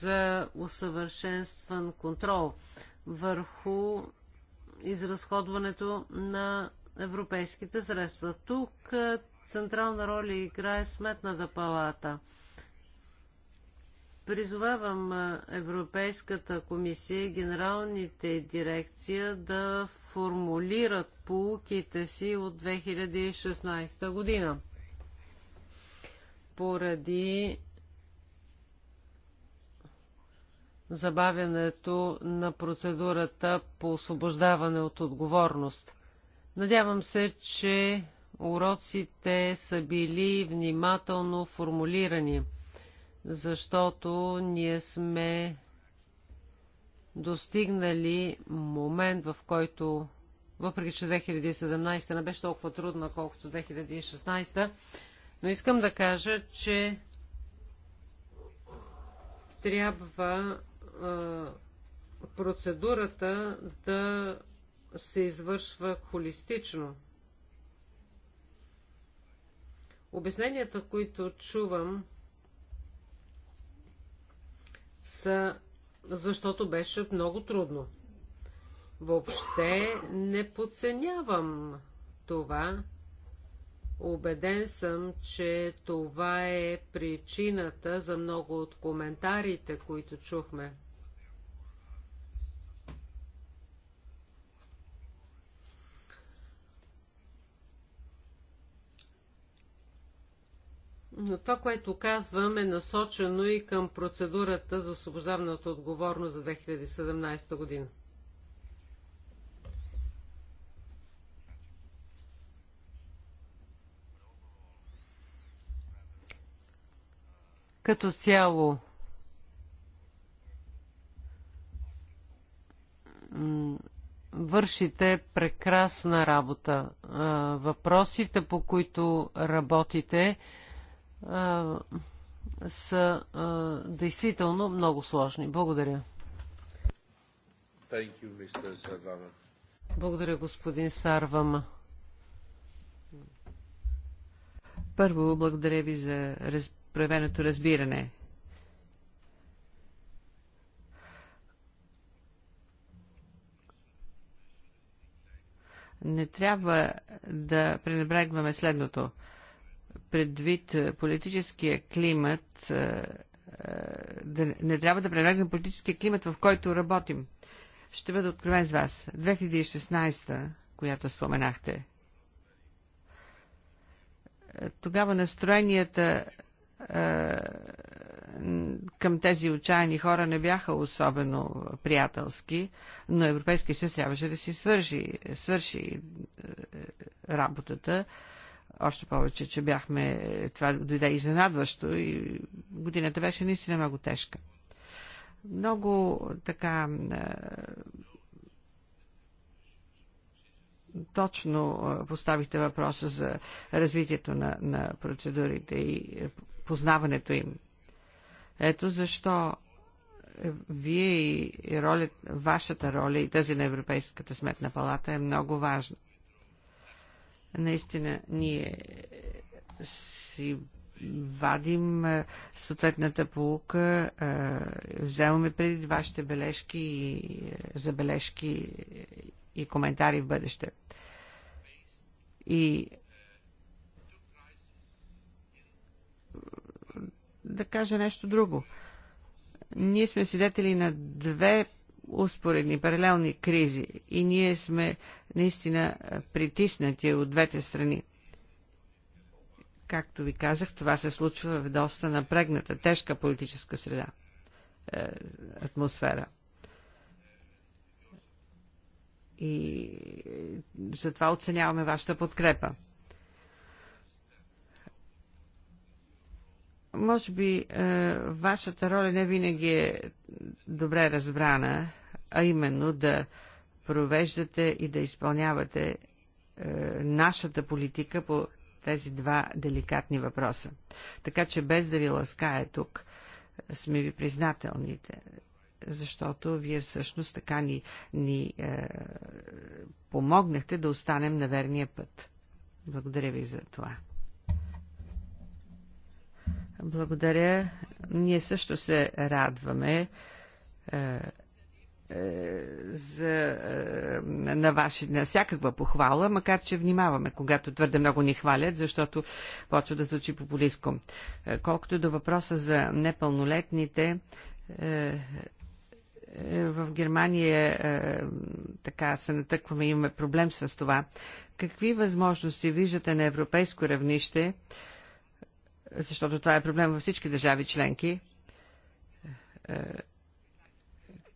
за усъвършенстван контрол върху изразходването на европейските средства. Тук централна роля играе сметната палата. Призовавам Европейската комисия и генералните дирекция да формулират полуките си от 2016 година. Поради забавянето на процедурата по освобождаване от отговорност. Надявам се, че уроците са били внимателно формулирани, защото ние сме достигнали момент, в който, въпреки че 2017 не беше толкова трудна, колкото 2016, но искам да кажа, че трябва а, процедурата да се извършва холистично. Обясненията, които чувам, са защото беше много трудно. Въобще не подценявам това. Обеден съм, че това е причината за много от коментарите, които чухме. Но това, което казвам, е насочено и към процедурата за освобождаваната отговорност за 2017 година. Като цяло, вършите прекрасна работа. Въпросите, по които работите, а, са а, действително много сложни. Благодаря. You, Благодаря, господин Сарвама. Първо, благодаря ви за раз... проявеното разбиране. Не трябва да пренебрегваме следното предвид е, политическия климат, е, е, да, не трябва да прелегнем политическия климат, в който работим. Ще бъда откровен с вас. 2016, която споменахте, тогава настроенията към тези отчаяни хора не бяха особено приятелски, но Европейския съюз трябваше да си свърши, свърши работата още повече, че бяхме, това дойде изненадващо и годината беше наистина много тежка. Много така е, точно е, поставихте въпроса за развитието на, на процедурите и е, познаването им. Ето защо вие и роля, вашата роля и тази на Европейската сметна палата е много важна. Наистина, ние си вадим съответната полука, вземаме преди вашите бележки и забележки и коментари в бъдеще. И да кажа нещо друго. Ние сме свидетели на две успоредни, паралелни кризи и ние сме наистина е, притиснати от двете страни. Както ви казах, това се случва в доста напрегната, тежка политическа среда, е, атмосфера. И е, затова оценяваме вашата подкрепа. може би е, вашата роля не винаги е добре разбрана а именно да провеждате и да изпълнявате е, нашата политика по тези два деликатни въпроса. Така че без да ви ласкае тук, е, сме ви признателните, защото вие всъщност така ни, ни е, помогнахте да останем на верния път. Благодаря ви за това. Благодаря. Ние също се радваме е, е, за, е, на, ваши, на всякаква похвала, макар че внимаваме, когато твърде много ни хвалят, защото почва да звучи популистко. Е, колкото до въпроса за непълнолетните, в Германия така се натъкваме, имаме проблем с това. Какви възможности виждате на европейско равнище, защото това е проблем във всички държави членки,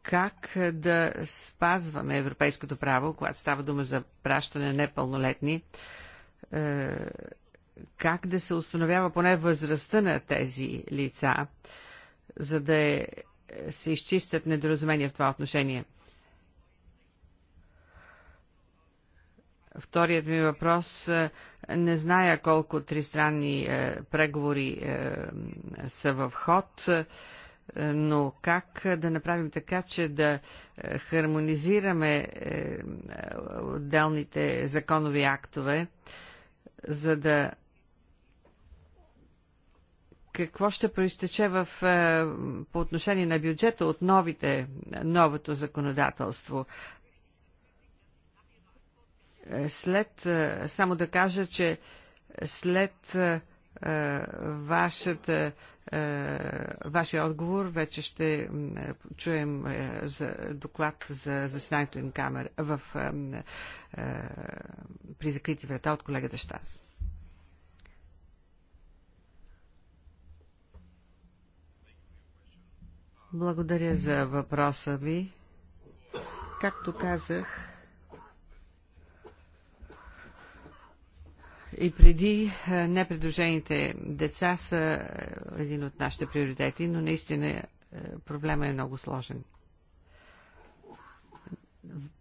как е, да спазваме европейското право, когато става дума за пращане на непълнолетни, е, как да се установява поне възрастта на тези лица, за да е, се изчистят недоразумения в това отношение. Вторият ми въпрос. Не зная колко тристранни преговори са в ход. Е, но как е, да направим така, че да е, хармонизираме отделните законови актове, за да какво ще проистече в, по отношение на бюджета от новите, новото законодателство. След, само да кажа, че след вашата е, вашия отговор. Вече ще е, чуем е, за доклад за заседанието им камера в, при закрити врата от колегата Штас. Благодаря за въпроса ви. Както казах, и преди е, непредружените деца са е, един от нашите приоритети, но наистина е, проблема е много сложен.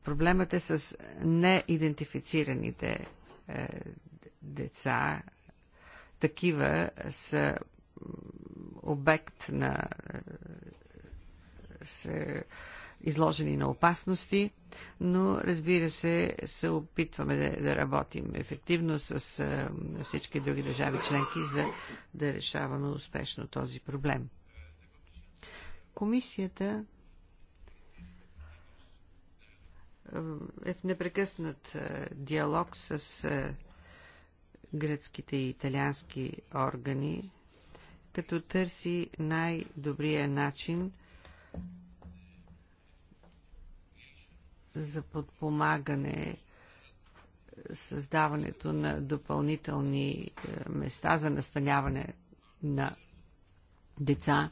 Проблемът е с неидентифицираните деца. Такива са обект на се изложени на опасности, но разбира се, се опитваме да, да работим ефективно с а, всички други държави членки, за да решаваме успешно този проблем. Комисията е в непрекъснат диалог с гръцките и италиански органи, като търси най-добрия начин за подпомагане създаването на допълнителни е, места за настаняване на деца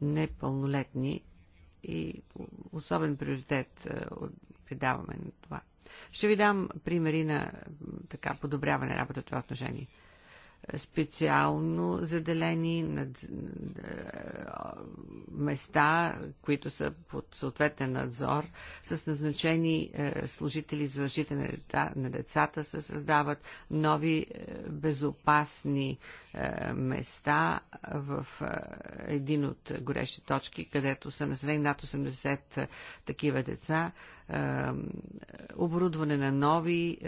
непълнолетни и особен приоритет е, придаваме на това. Ще ви дам примери на така подобряване работа в това отношение специално заделени над, е, места, които са под съответен надзор, с назначени е, служители за защита на, дета, на децата, се създават нови е, безопасни места в един от горещи точки, където са населени над 80 такива деца, оборудване на нови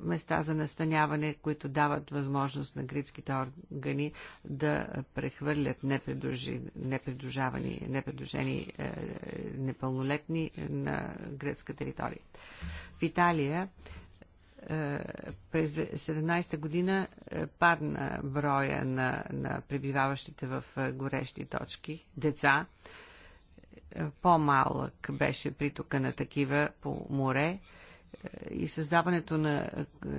места за настаняване, които дават възможност на гридските органи да прехвърлят непридружавани, непридружени е, непълнолетни на гръцка територия. В Италия е, през 17-та година е, падна броя на, на пребиваващите в горещи точки деца. По-малък беше притока на такива по море и създаването на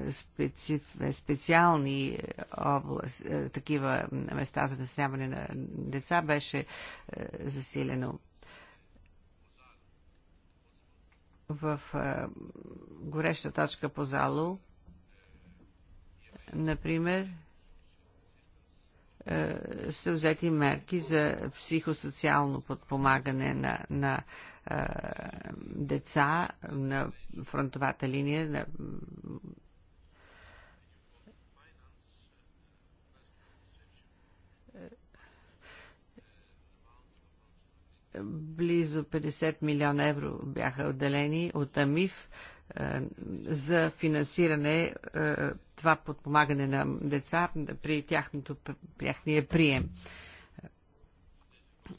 е, специ, е, специални е, област, такива места за насняване на деца беше засилено. В гореща точка по зало, например, са взети мерки за психосоциално подпомагане на, на деца на фронтовата линия, на близо 50 милиона евро бяха отделени от АМИФ за финансиране това подпомагане на деца при тяхното, тяхния прием.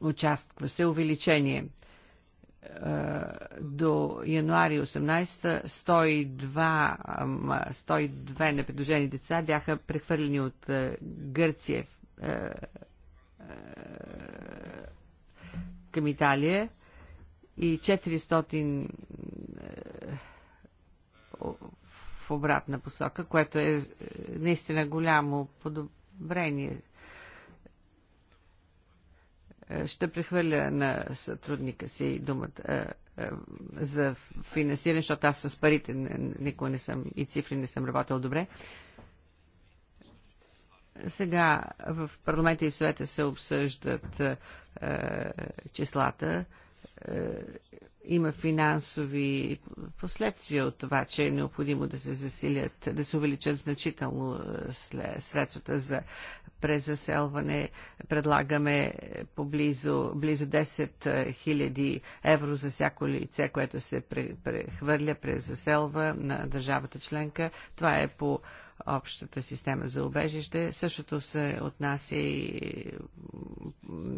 Участва се увеличение е, до януари 18 102, 102 непредложени деца бяха прехвърлени от е, Гърция е, към Италия и 400 в обратна посока, което е наистина голямо подобрение ще прехвърля на сътрудника си думата е, е, за финансиране, защото аз с парите никога не съм и цифри не съм работил добре. Сега в парламента и съвета се обсъждат е, числата има финансови последствия от това, че е необходимо да се засилят, да се увеличат значително е, средствата за презаселване. Предлагаме поблизо близо 10 000 е, евро за всяко лице, което се прехвърля, презаселва на държавата членка. Това е по общата система за убежище. Същото се отнася и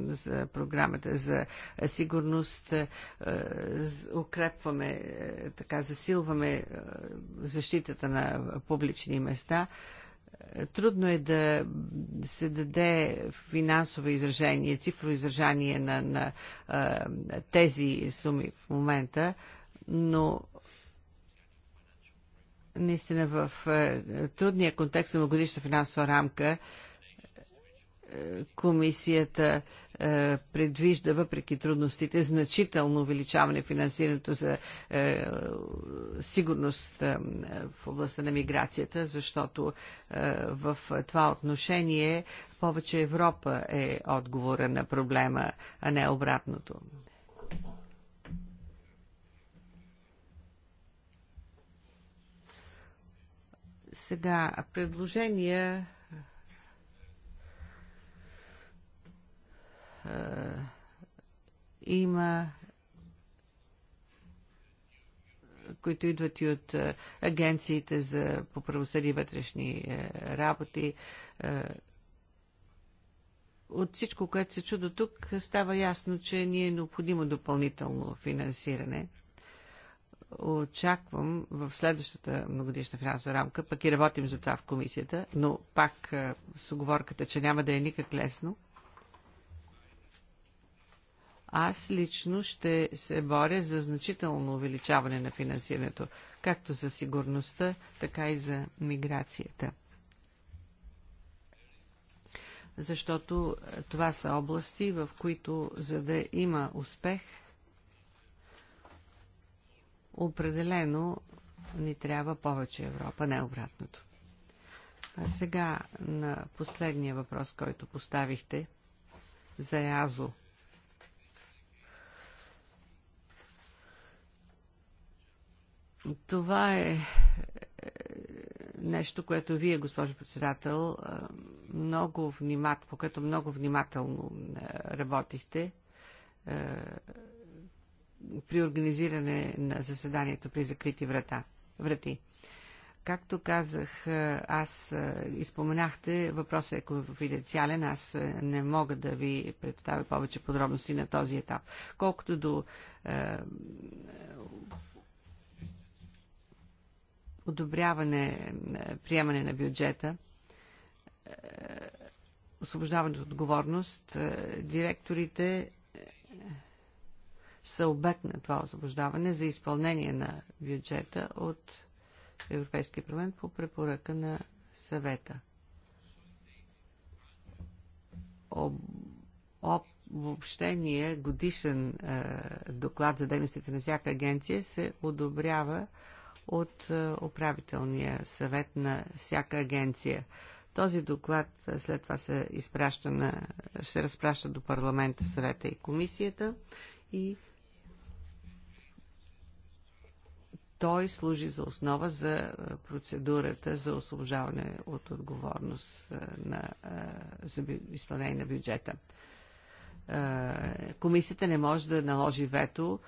за програмата за сигурност. Е, укрепваме, е, така засилваме е, защитата на публични места. Трудно е да се даде финансово изражение, цифро изражение на, на, на тези суми в момента, но наистина в е, трудния контекст на годишна финансова рамка е, комисията е, предвижда, въпреки трудностите, значително увеличаване финансирането за сигурност в областта на миграцията, защото в това отношение повече Европа е отговора на проблема, а не обратното. Сега, предложения е, има които идват и от е, агенциите за по правосъди вътрешни е, работи. от всичко, което се чудо тук, става ясно, че ни е необходимо допълнително финансиране – очаквам в следващата многодишна финансова рамка, пък и работим за това в комисията, но пак с оговорката, че няма да е никак лесно. Аз лично ще се боря за значително увеличаване на финансирането, както за сигурността, така и за миграцията. Защото това са области, в които за да има успех – Определено ни трябва повече Европа, не обратното. А сега на последния въпрос, който поставихте за Язо. Това е, е нещо, което вие, госпожо председател, е, много внимателно, по което много внимателно работихте е, при организиране на заседанието при закрити врата, врати. Както казах, аз изпоменахте, въпросът е конфиденциален, аз не мога да ви представя повече подробности на този етап. Колкото до е, одобряване, приемане на бюджета, е, освобождаване от отговорност, директорите са обект на това освобождаване за изпълнение на бюджета от Европейския парламент по препоръка на съвета. Об, об, обобщение годишен е, доклад за дейностите на всяка агенция се одобрява от е, управителния съвет на всяка агенция. Този доклад е, след това се изпраща на, се разпраща до парламента, съвета и комисията и той служи за основа за е, процедурата за освобождаване от отговорност е, на, е, за изпълнение на бюджета. Комисията не може да наложи вето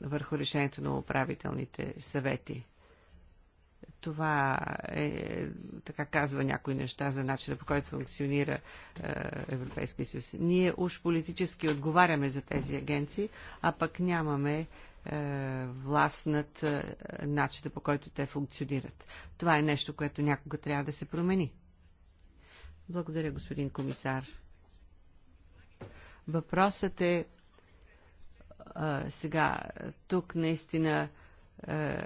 върху решението на управителните съвети. Това е, така казва някои неща за начина по който функционира е, Европейския съюз. Ние уж политически отговаряме за тези агенции, а пък нямаме е, власт над е, начина по който те функционират. Това е нещо, което някога трябва да се промени. Благодаря, господин комисар. Въпросът е а, сега, тук наистина е,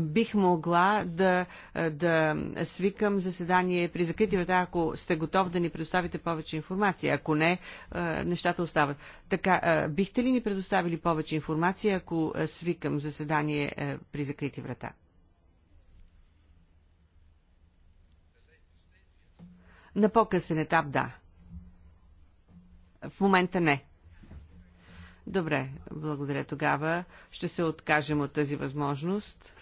бих могла да, е, да свикам заседание при закрити врата, ако сте готов да ни предоставите повече информация. Ако не, е, нещата остават. Така, бихте ли ни предоставили повече информация, ако свикам заседание при закрити врата? На по-късен етап, да. В момента не. Добре, благодаря тогава. Ще се откажем от тази възможност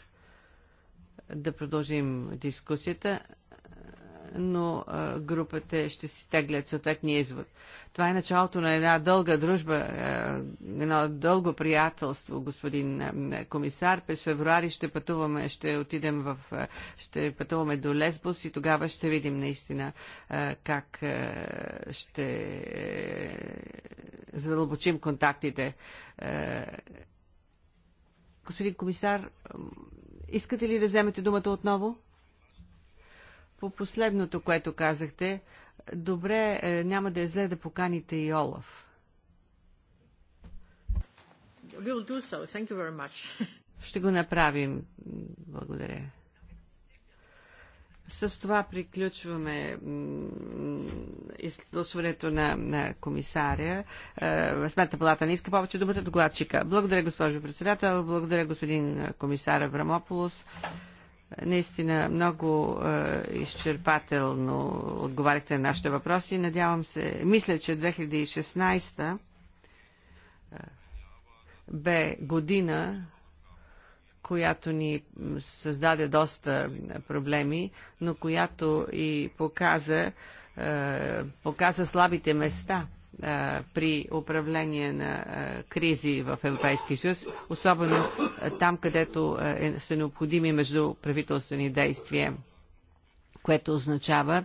да продължим дискусията, но групата ще си теглят съответния извод. Това е началото на една дълга дружба, е, едно дълго приятелство, господин е, комисар. През февруари ще пътуваме, ще отидем в, е, ще пътуваме до Лесбос и тогава ще видим наистина как ще задълбочим контактите. Господин комисар, искате ли да вземете думата отново? По последното, което казахте, добре, е, няма да е зле да поканите и Олаф. So. Ще го направим. Благодаря. С това приключваме изслушването на, на комисаря. Е, Сметна палата не иска повече думата докладчика. Благодаря, госпожо председател. Благодаря, господин комисар Аврамополос. Наистина много е, изчерпателно отговаряхте на нашите въпроси. Надявам се, мисля, че 2016 е, бе година, която ни създаде доста проблеми, но която и показа, е, показа слабите места – при управление на кризи в Европейския съюз, особено там, където е, са необходими междуправителствени действия което означава,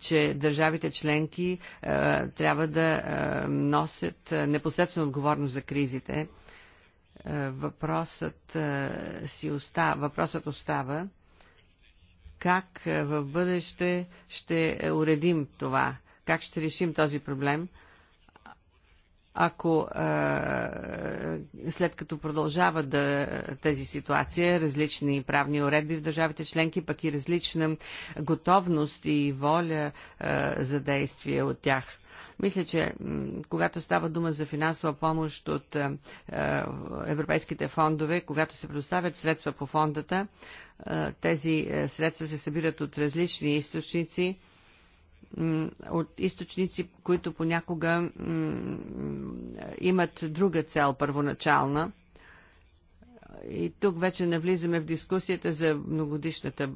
че държавите членки трябва да носят непосредствено отговорност за кризите. Въпросът, си остава, въпросът остава как в бъдеще ще уредим това как ще решим този проблем, ако е, след като продължава да, тази ситуация, различни правни уредби в държавите членки, пък и различна готовност и воля е, за действие от тях. Мисля, че когато става дума за финансова помощ от е, европейските фондове, когато се предоставят средства по фондата, е, тези средства се събират от различни източници от източници, които понякога имат друга цел първоначална. И тук вече навлизаме в дискусията за многодишната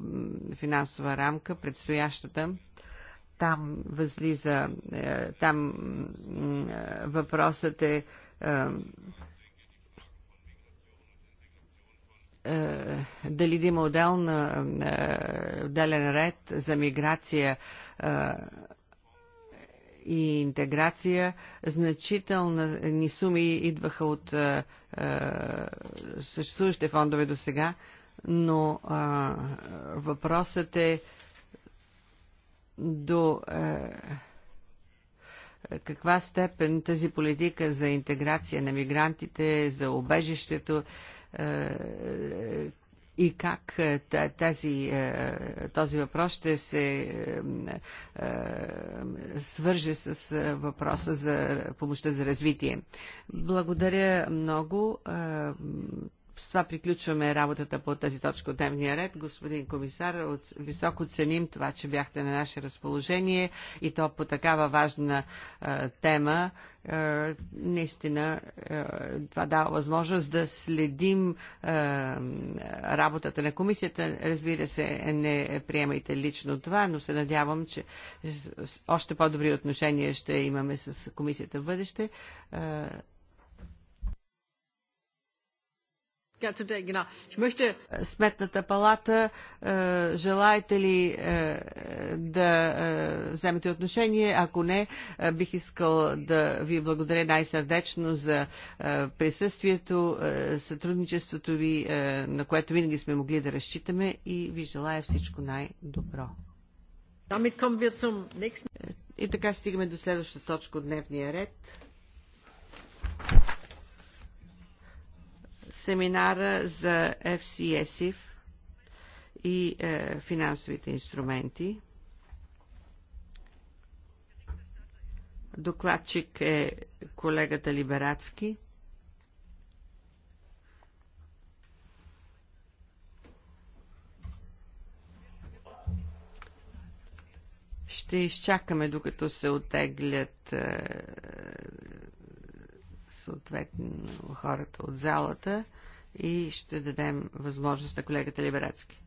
финансова рамка, предстоящата. Там възлиза, е, там е, въпросът е, е Е, дали да има отделна, е, отделен ред за миграция е, и интеграция, значителни суми идваха от съществуващите фондове до сега, но въпросът е до каква степен тази политика за интеграция на мигрантите, за обежището и как е, тази, е, този въпрос ще се е, свърже с въпроса за помощта за развитие. Благодаря много. С това приключваме работата по тази точка от дневния ред. Господин комисар, от, високо ценим това, че бяхте на наше разположение и то по такава важна е, тема. Е, наистина е, това дава възможност да следим е, работата на комисията. Разбира се, не приемайте лично това, но се надявам, че още по-добри отношения ще имаме с комисията в бъдеще. Е, Сметната палата, е, желаете ли е, да е, вземете отношение? Ако не, бих искал да ви благодаря най-сърдечно за присъствието, сътрудничеството ви, на което винаги сме могли да разчитаме и ви желая всичко най-добро. И така стигаме до следващата точка от дневния ред семинара за FCSIF и е, финансовите инструменти. Докладчик е колегата Либерацки. Ще изчакаме, докато се отеглят е, съответно хората от залата и ще дадем възможност на колегата Либерацки.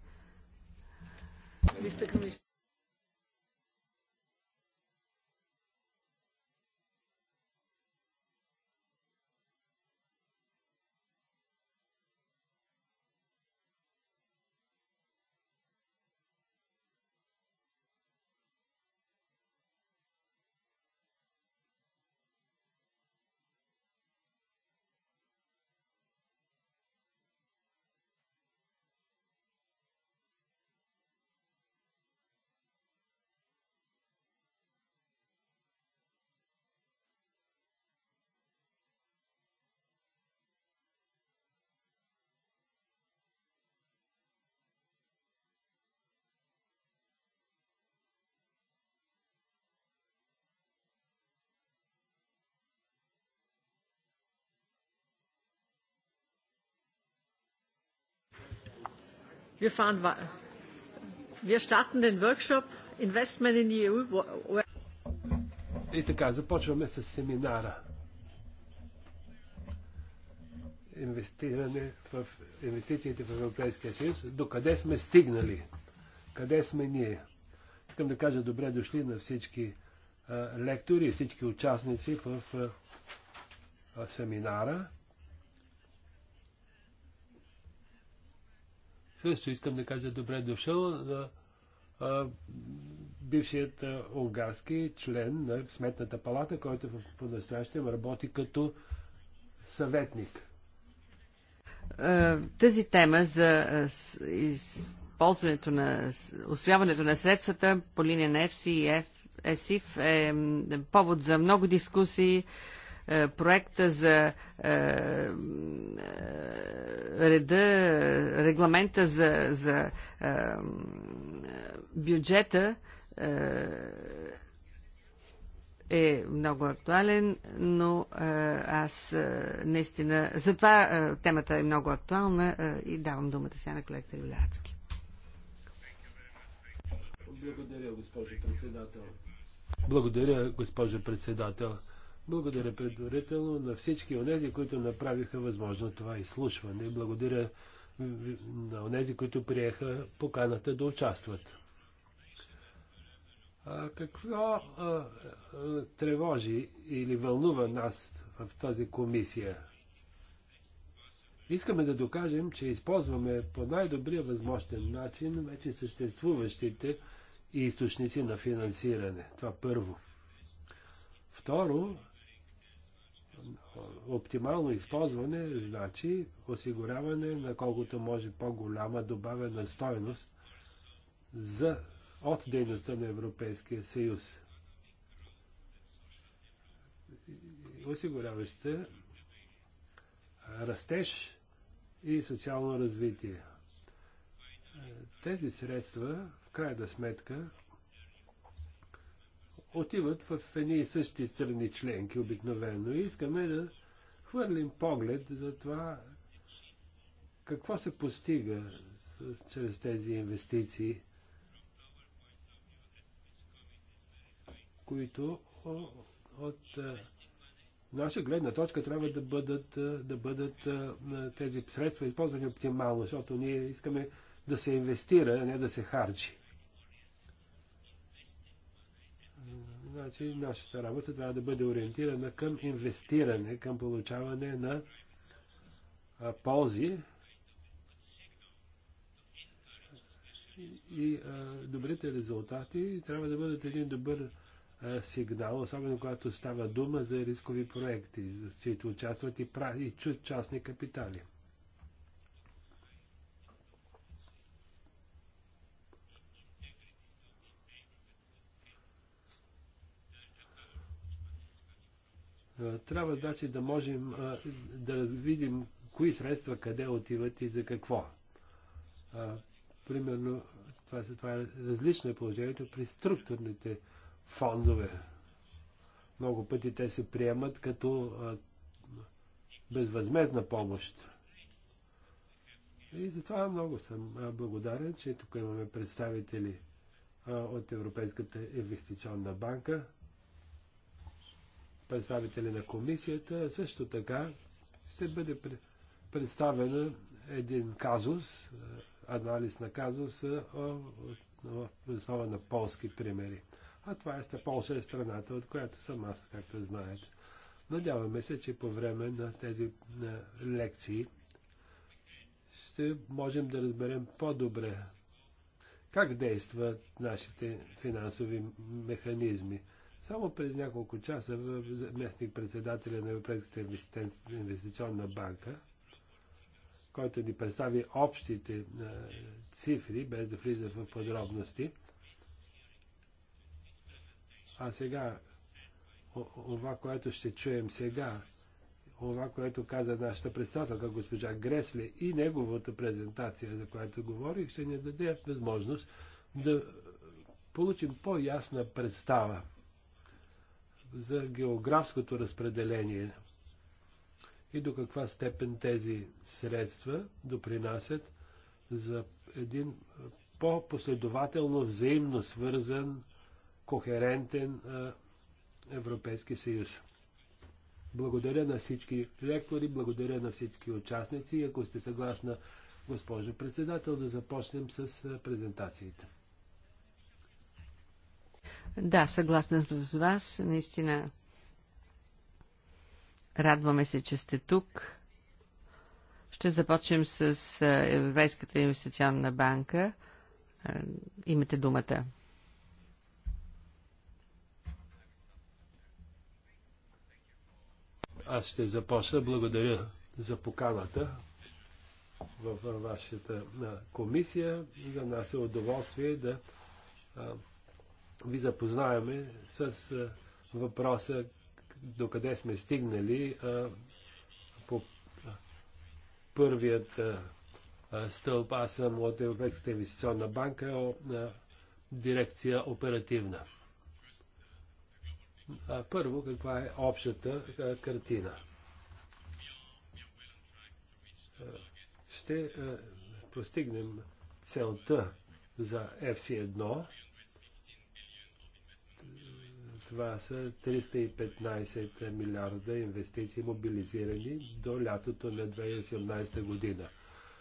Wir, fahren weiter. Wir starten den Workshop Investment in the EU. И така, започваме с семинара. Инвестиране в инвестициите в Европейския съюз. До къде сме стигнали? Къде сме ние? Искам да кажа добре дошли на всички лектори и всички участници в семинара. Също искам да кажа добре дошъл на а, бившият а, унгарски член на Сметната палата, който по-настоящем работи като съветник. Тази тема за използването на освяването на средствата по линия на ФСИ и ЕСИФ е повод за много дискусии проекта за реда, регламента за, за а, бюджета а, е много актуален, но аз а, наистина... Затова а, темата е много актуална а, и давам думата сега на колегата Юляцки. Благодаря, госпожо председател. Благодаря, госпожо председател. Благодаря предварително на всички онези, които направиха възможно това изслушване. Благодаря на онези, които приеха поканата да участват. А, какво а, а, тревожи или вълнува нас в тази комисия? Искаме да докажем, че използваме по най-добрия възможен начин вече съществуващите източници на финансиране. Това първо. Второ, оптимално използване значи осигуряване на колкото може по-голяма добавена стоеност за от дейността на Европейския съюз. Осигуряваща растеж и социално развитие. Тези средства, в крайна сметка, отиват в едни и същи страни членки обикновено. И искаме да хвърлим поглед за това какво се постига чрез тези инвестиции, които от, от наша гледна точка трябва да бъдат, да бъдат тези средства използвани оптимално, защото ние искаме да се инвестира, а не да се харчи. Значи нашата работа трябва да бъде ориентирана към инвестиране, към получаване на а, ползи и а, добрите резултати трябва да бъдат един добър а, сигнал, особено когато става дума за рискови проекти, за чието участват и, прав... и частни капитали. Е, трябва значи да можем е, да видим кои средства къде отиват и за какво. Е, примерно, това, това е различно положението при структурните фондове. Много пъти те се приемат като безвъзмезна помощ. И затова много съм благодарен, че тук имаме представители от Европейската инвестиционна банка представители на комисията. Също така ще бъде представен един казус, анализ на казус в основа на полски примери. А това е Полша е страната, от която съм аз, както знаете. Надяваме се, че по време на тези на лекции ще можем да разберем по-добре как действат нашите финансови механизми. Само преди няколко часа местник председателя на Европейската инвестиционна банка, който ни представи общите цифри, без да влиза в подробности, а сега, това, което ще чуем сега, това, което каза нашата председателка, госпожа Гресле, и неговата презентация, за която говорих, ще ни даде възможност да получим по-ясна представа за географското разпределение и до каква степен тези средства допринасят за един по-последователно взаимно свързан, кохерентен а, Европейски съюз. Благодаря на всички лектори, благодаря на всички участници и ако сте съгласна, госпожо председател, да започнем с презентациите. Да, съгласна съм с вас. Наистина радваме се, че сте тук. Ще започнем с Европейската инвестиционна банка. Имате думата. Аз ще започна. Благодаря за поканата във вашата комисия. За нас е удоволствие да ви запознаваме с въпроса, въпроса докъде сме стигнали по първият стълб. Аз съм от Европейската инвестиционна банка, дирекция оперативна. Първо, каква е общата картина? Ще постигнем целта за FC1 това са 315 милиарда инвестиции мобилизирани до лятото на 2018 година.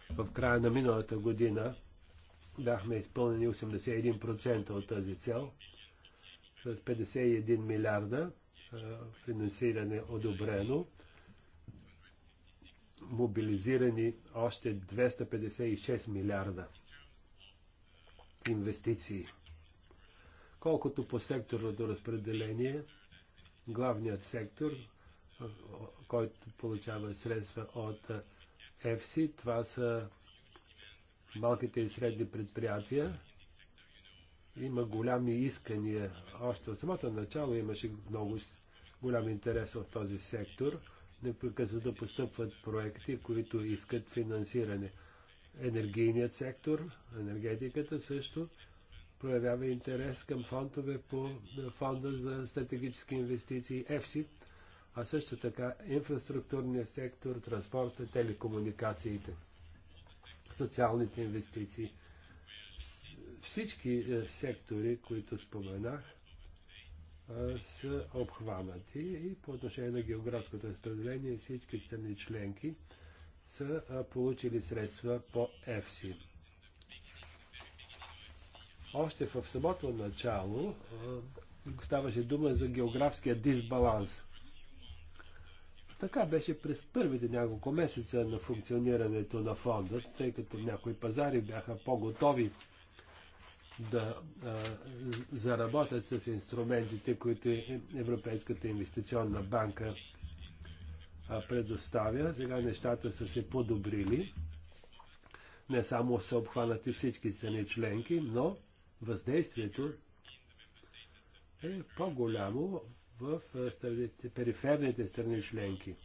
В края на миналата година бяхме изпълнени 81% от тази цел с 51 милиарда финансиране одобрено, мобилизирани още 256 милиарда инвестиции. Колкото по секторното разпределение, главният сектор, който получава средства от ЕФСИ, това са малките и средни предприятия. Има голями искания. Още от самото начало имаше много голям интерес от този сектор. Непрекъснато постъпват проекти, които искат финансиране. Енергийният сектор, енергетиката също проявява интерес към фондове по фонда за стратегически инвестиции ЕФСИ, а също така инфраструктурния сектор, транспорта, телекомуникациите, социалните инвестиции. Всички е, сектори, които споменах, е, са обхванати и по отношение на географското разпределение всички страни членки са е, получили средства по ЕФСИ. Още в самото начало ставаше дума за географския дисбаланс. Така беше през първите няколко месеца на функционирането на фонда, тъй като някои пазари бяха по-готови да а, заработят с инструментите, които Европейската инвестиционна банка а, предоставя. Сега нещата са се подобрили. Не само са обхванати всички страни членки, но въздействието е по-голямо в периферните страни членки.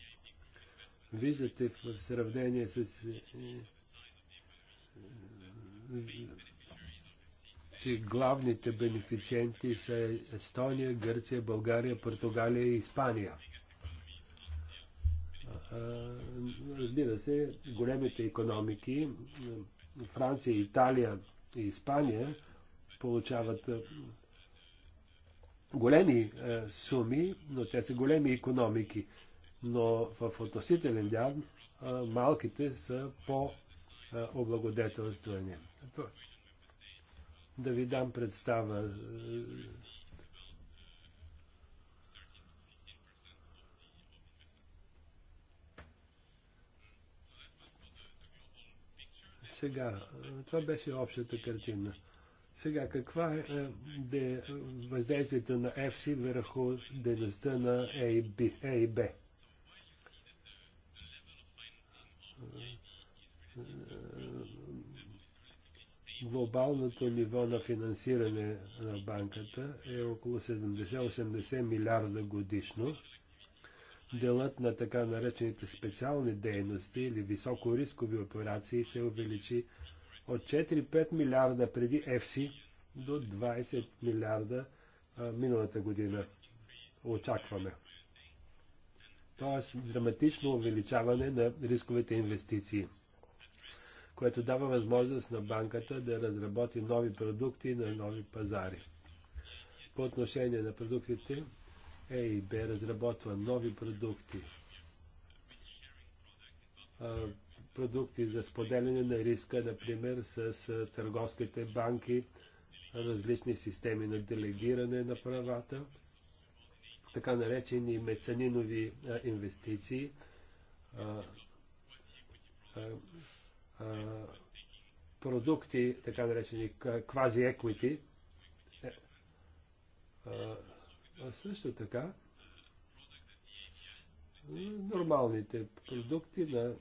Виждате в сравнение с че е, е, главните бенефициенти са Естония, Гърция, България, Португалия и Испания. Разбира се, големите економики Франция, Италия и Испания – получават е, големи е, суми, но те са големи економики. Но в относителен дял е, малките са по-облагодетелствани. Да ви дам представа. Сега, това беше общата картина. Сега, каква е, е въздействието на FC върху дейността на ЕИБ? ЕИБ? Глобалното ниво на финансиране на банката е около 70-80 милиарда годишно. Делът на така наречените специални дейности или високорискови операции се увеличи от 4-5 милиарда преди ЕФСИ до 20 милиарда а, миналата година. Очакваме. Тоест драматично увеличаване на рисковите инвестиции, което дава възможност на банката да разработи нови продукти на нови пазари. По отношение на продуктите, ЕИБ разработва нови продукти. А, продукти за споделяне на риска, например с търговските банки, различни системи на делегиране на правата, така наречени мецанинови инвестиции, продукти, така наречени квази-еквити, е, също така нормалните продукти на,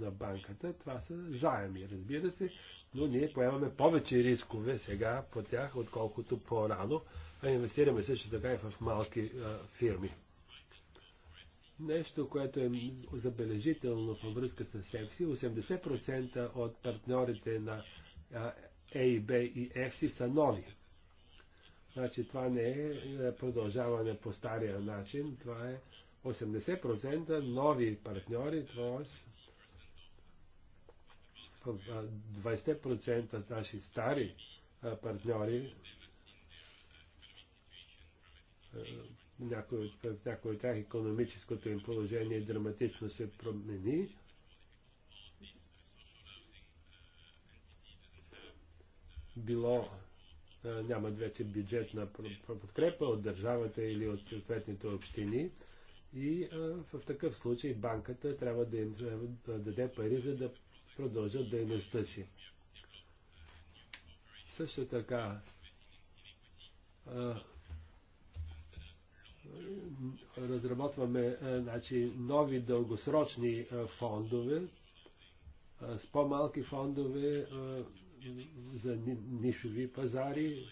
на банката. Това са заеми, разбира се, но ние поемаме повече рискове сега по тях, отколкото по-рано, а инвестираме също така и в малки а, фирми. Нещо, което е забележително във връзка с ЕФСИ, 80% от партньорите на ЕИБ и ЕФСИ са нови. Значи това не е продължаване по стария начин, това е 80% нови партньори, т.е. 20% наши стари партньори, някои от, някои от тях економическото им положение драматично се промени. Било нямат вече бюджетна подкрепа от държавата или от съответните общини. И а, в такъв случай банката трябва да им даде пари, за да продължат дейността си. Също така, а, разработваме а, значи, нови дългосрочни а, фондове, а, с по-малки фондове а, за нишови пазари,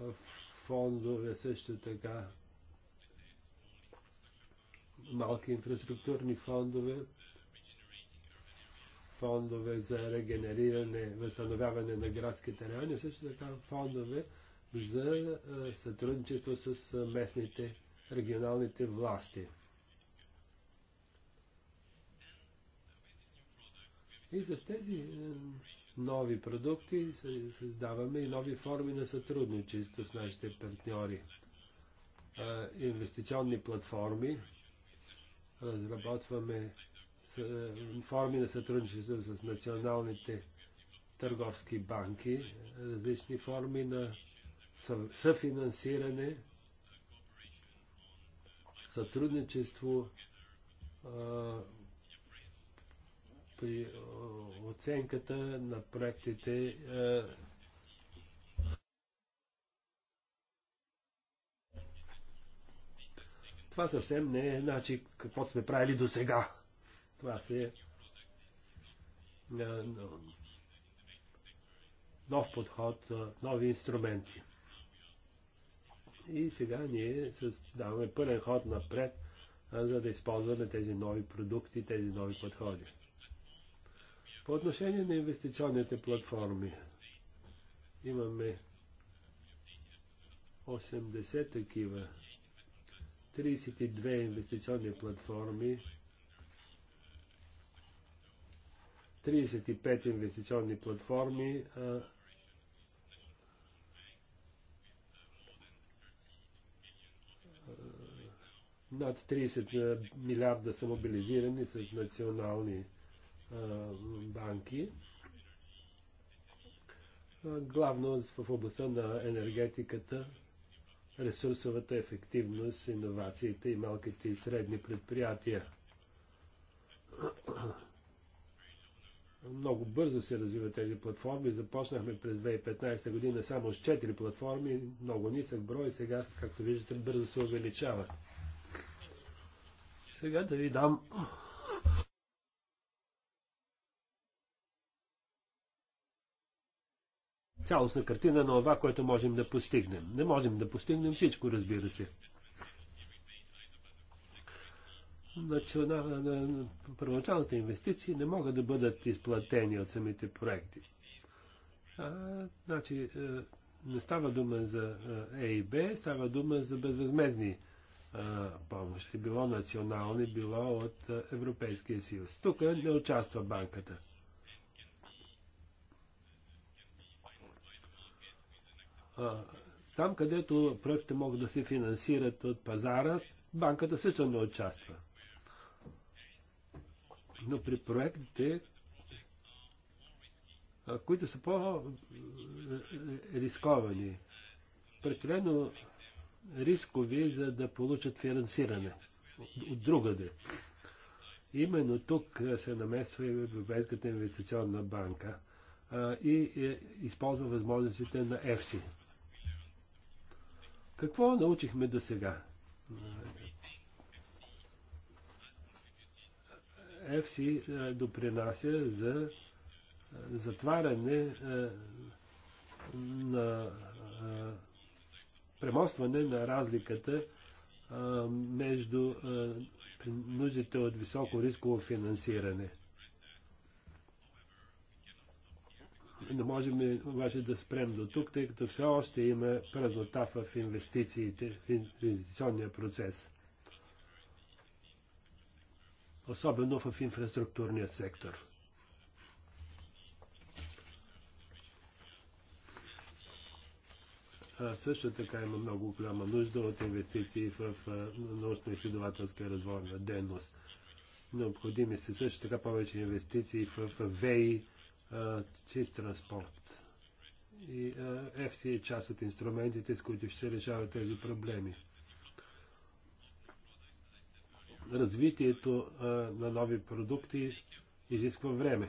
а, фондове също така малки инфраструктурни фондове, фондове за регенериране, възстановяване на градските райони, също така фондове за сътрудничество с местните регионалните власти. И с тези нови продукти създаваме и нови форми на сътрудничество с нашите партньори. инвестиционни платформи, разработваме е, форми на сътрудничество с националните търговски банки, различни форми на съфинансиране, сътрудничество е, при оценката на проектите а, е, това съвсем не е значи какво сме правили до сега. Това се е нов подход, нови инструменти. И сега ние даваме пълен ход напред, за да използваме тези нови продукти, тези нови подходи. По отношение на инвестиционните платформи, имаме 80 такива 32 инвестиционни платформи, 35 инвестиционни платформи, а, над 30 милиарда са мобилизирани с национални а, банки. А, главно в областта на енергетиката, ресурсовата ефективност, иновациите и малките и средни предприятия. Много бързо се развиват тези платформи. Започнахме през 2015 година само с 4 платформи, много нисък брой, сега, както виждате, бързо се увеличават. Сега да ви дам цялостна картина на това, което можем да постигнем. Не можем да постигнем всичко, разбира се. първоначалните инвестиции не могат да бъдат изплатени от самите проекти. А, значи, е, не става дума за е, A и Б, става дума за безвъзмезни е, помощи, било национални, било от Европейския съюз. Тук не участва банката. Там, където проектите могат да се финансират от пазара, банката също не участва. Но при проектите, които са по-рисковани, прекалено рискови, за да получат финансиране от другаде. Именно тук се намесва и Европейската инвестиционна банка и, и е, използва възможностите на ЕФСИ. Какво научихме до сега? FC е, допринася за е, затваряне е, на премостване на разликата между нуждите от високо рисково финансиране. не можем обаче да спрем до тук, тъй като все още има празнота в инвестициите, в инвестиционния процес. Особено в инфраструктурния сектор. А също така има много голяма нужда от инвестиции в научно-изследователска развойна дейност. Необходими са също така повече инвестиции в ВЕИ, чист транспорт. И FC е част от инструментите, с които ще се решават тези проблеми. Развитието на нови продукти изисква време.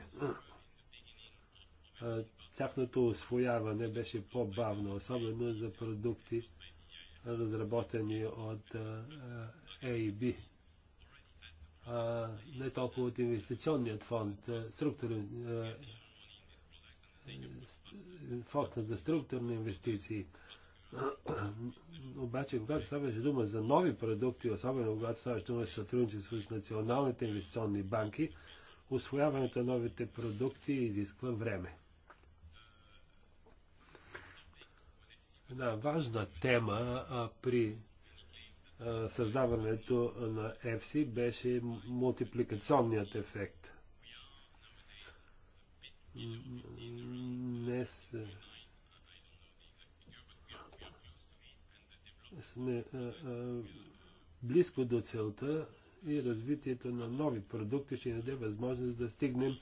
тяхното освояване беше по-бавно, особено за продукти, разработени от B. Не толкова от инвестиционният фонд, структурен фонда за структурни инвестиции. Обаче, когато ставаше дума за нови продукти, особено когато ставаше дума за сътрудничество с националните инвестиционни банки, освояването на новите продукти изисква време. Една важна тема а, при а, създаването на EFSI беше мултипликационният ефект днес е, сме е, е, близко до целта и развитието на нови продукти ще даде възможност да стигнем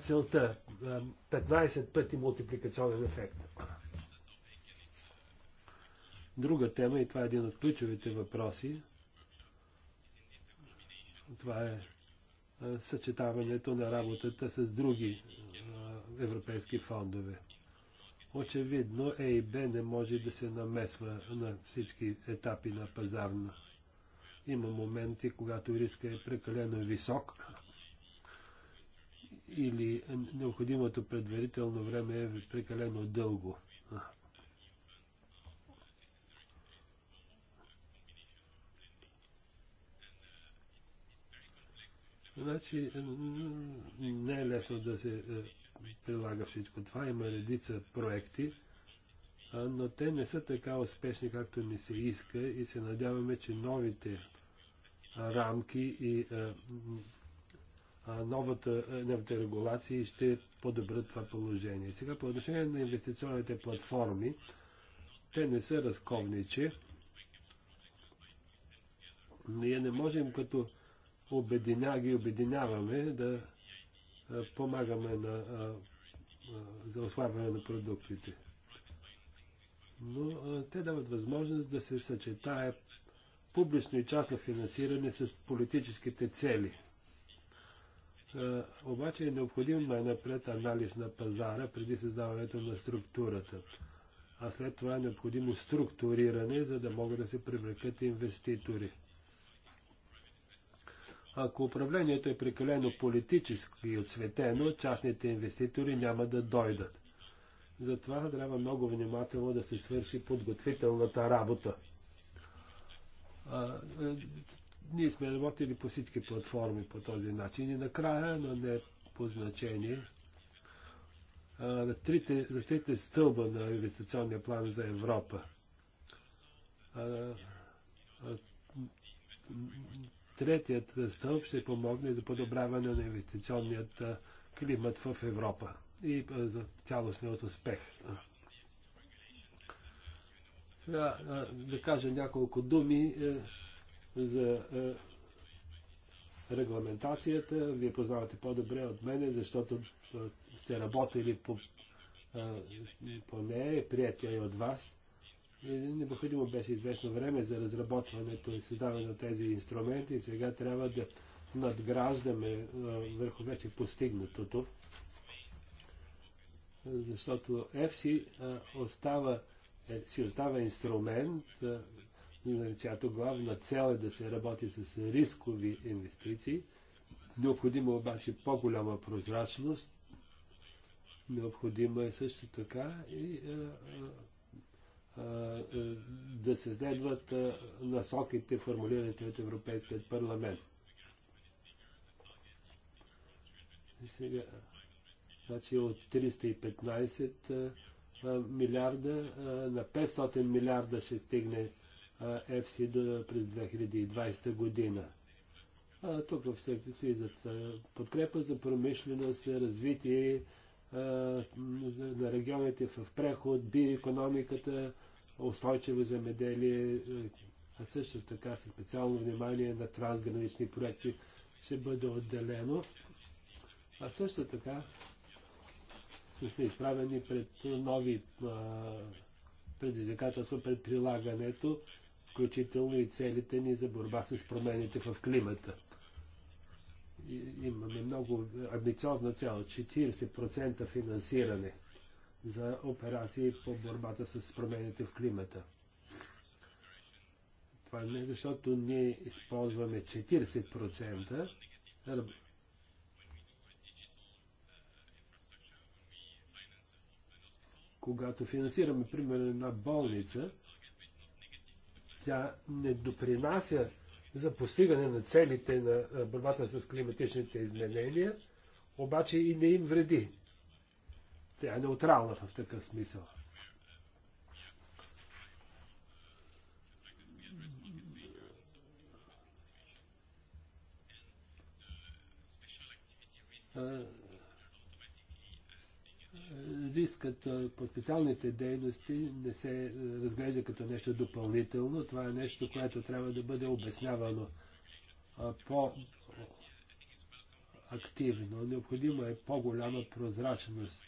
целта. 15 пъти мултипликационен ефект. Друга тема, и това е един от ключовите въпроси, това е съчетаването на работата с други европейски фондове. Очевидно ЕИБ не може да се намесва на всички етапи на пазарна. Има моменти, когато риска е прекалено висок или необходимото предварително време е прекалено дълго. Значи не е лесно да се е, прилага всичко това. Има редица проекти, но те не са така успешни, както ни се иска и се надяваме, че новите рамки и е, новата, е, новите регулации ще подобрят това положение. Сега по отношение на инвестиционните платформи, те не са разковничи. Ние не можем като обединя, ги обединяваме, да помагаме на, за ослабване на продуктите. Но те дават възможност да се съчетае публично и частно финансиране с политическите цели. Обаче е необходим най-напред анализ на пазара преди създаването на структурата а след това е необходимо структуриране, за да могат да се привлекат инвеститори. Ако управлението е прекалено политически и отсветено, частните инвеститори няма да дойдат. Затова трябва много внимателно да се свърши подготвителната работа. А, е, ние сме работили по всички платформи по този начин и накрая, но не по значение, а, на трите, за трите стълба на инвестиционния план за Европа. А, третият стълб ще помогне за подобряване на инвестиционният климат в Европа и за цялостният успех. Сега да кажа няколко думи е, за е, регламентацията. Вие познавате по-добре от мене, защото сте работили по, по нея, приятия и от вас. Необходимо беше известно време за разработването и създаване на тези инструменти сега трябва да надграждаме върху вече постигнатото, защото EFSI остава, е, си остава инструмент, чиято главна цел е да се работи с рискови инвестиции. Необходимо обаче по-голяма прозрачност, необходимо е също така и е, да се следват насоките, формулираните от Европейският парламент. Сега, значи от 315 милиарда на 500 милиарда ще стигне ЕФСИ през 2020 година. А, тук се влизат подкрепа за промишленост, развитие а, на регионите в преход, биоекономиката, устойчиво земеделие, а също така с специално внимание на трансгранични проекти ще бъде отделено. А също така ще сме изправени пред нови предизвикателства пред прилагането, включително и целите ни за борба с промените в климата. И, имаме много амбициозна цел 40% финансиране – за операции по борбата с промените в климата. Това не е защото ние използваме 40% когато финансираме, примерно, една болница, тя не допринася за постигане на целите на борбата с климатичните изменения, обаче и не им вреди. Тя е неутрална в такъв смисъл. Рискът по специалните дейности не се разглежда като нещо допълнително. Това е нещо, което трябва да бъде обяснявано по-активно. Необходима е по-голяма прозрачност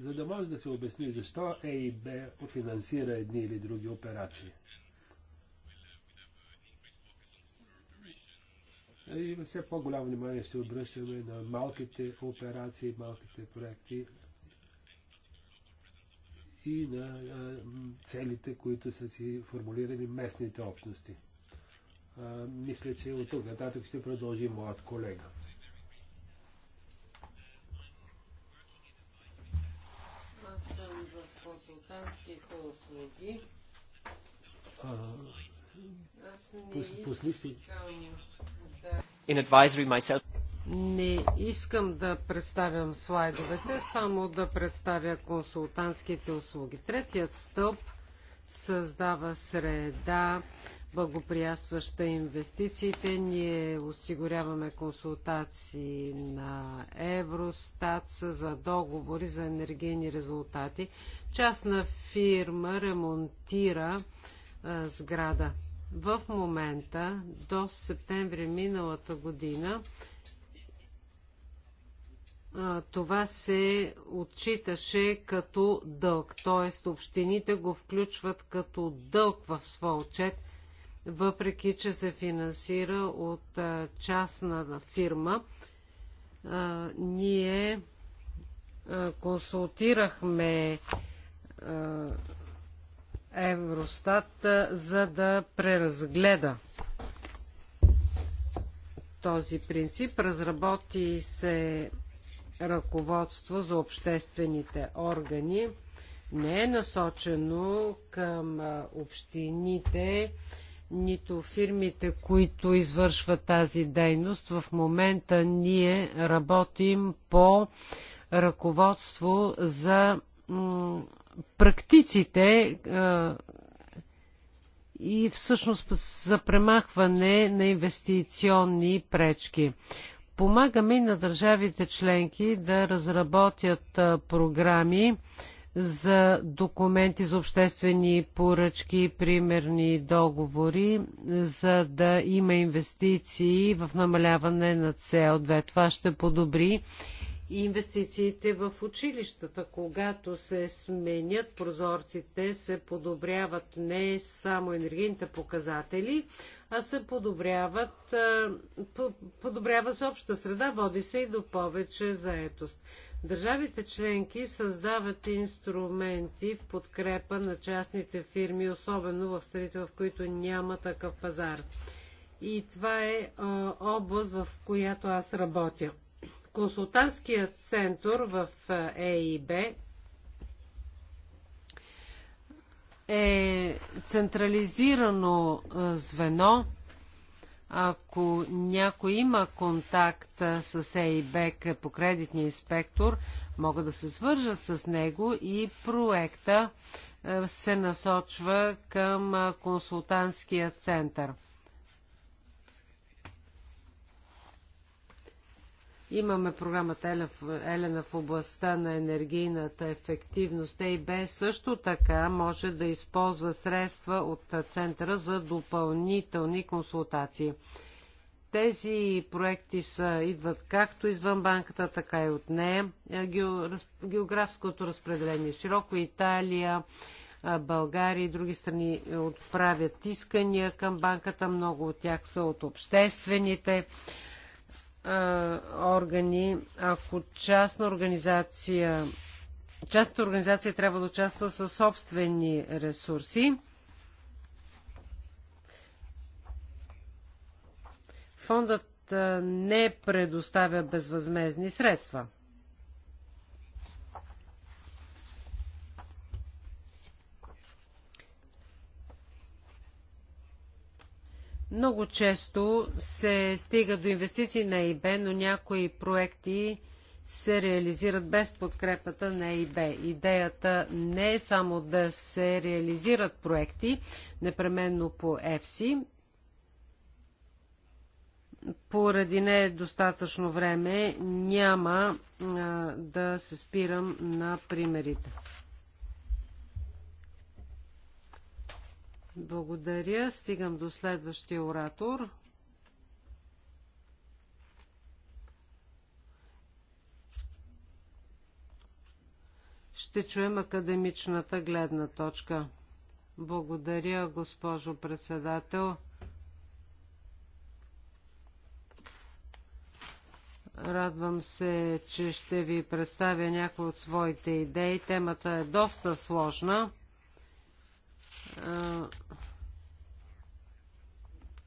за да може да се обясни защо Е и Б финансира едни или други операции. И все по-голямо внимание ще обръщаме на малките операции, малките проекти и на целите, които са си формулирали местните общности. Мисля, че от тук нататък ще продължи моят колега. консултантските услуги. Не искам да представям слайдовете, само да представя консултантските услуги. Третият стълб създава среда благоприятстваща инвестициите. Ние осигуряваме консултации на Евростат за договори за енергийни резултати. Частна фирма ремонтира а, сграда. В момента до септември миналата година това се отчиташе като дълг, т.е. общините го включват като дълг в своя отчет, въпреки че се финансира от частна фирма. Ние консултирахме Евростат, за да преразгледа този принцип. Разработи се ръководство за обществените органи. Не е насочено към общините нито фирмите, които извършват тази дейност. В момента ние работим по ръководство за практиците и всъщност за премахване на инвестиционни пречки. Помагаме и на държавите членки да разработят програми, за документи за обществени поръчки, примерни договори, за да има инвестиции в намаляване на со 2 Това ще подобри и инвестициите в училищата. Когато се сменят прозорците, се подобряват не само енергийните показатели, а се подобряват, подобрява се обща среда, води се и до повече заетост. Държавите членки създават инструменти в подкрепа на частните фирми, особено в страните, в които няма такъв пазар. И това е а, област, в която аз работя. Консултантският център в ЕИБ е централизирано звено, ако някой има контакт с ЕИБЕК по кредитния инспектор, могат да се свържат с него и проекта е, се насочва към е, консултантския център. Имаме програмата Елена в областта на енергийната ефективност. БЕ също така може да използва средства от Центъра за допълнителни консултации. Тези проекти са, идват както извън банката, така и от нея. Географското разпределение е широко Италия, България и други страни отправят искания към банката. Много от тях са от обществените органи, ако частна организация, частната организация трябва да участва със собствени ресурси, фондът не предоставя безвъзмезни средства – Много често се стига до инвестиции на ИБ, но някои проекти се реализират без подкрепата на ИБ. Идеята не е само да се реализират проекти, непременно по ЕФСИ, поради не достатъчно време няма а, да се спирам на примерите. Благодаря. Стигам до следващия оратор. Ще чуем академичната гледна точка. Благодаря, госпожо председател. Радвам се, че ще ви представя някои от своите идеи. Темата е доста сложна.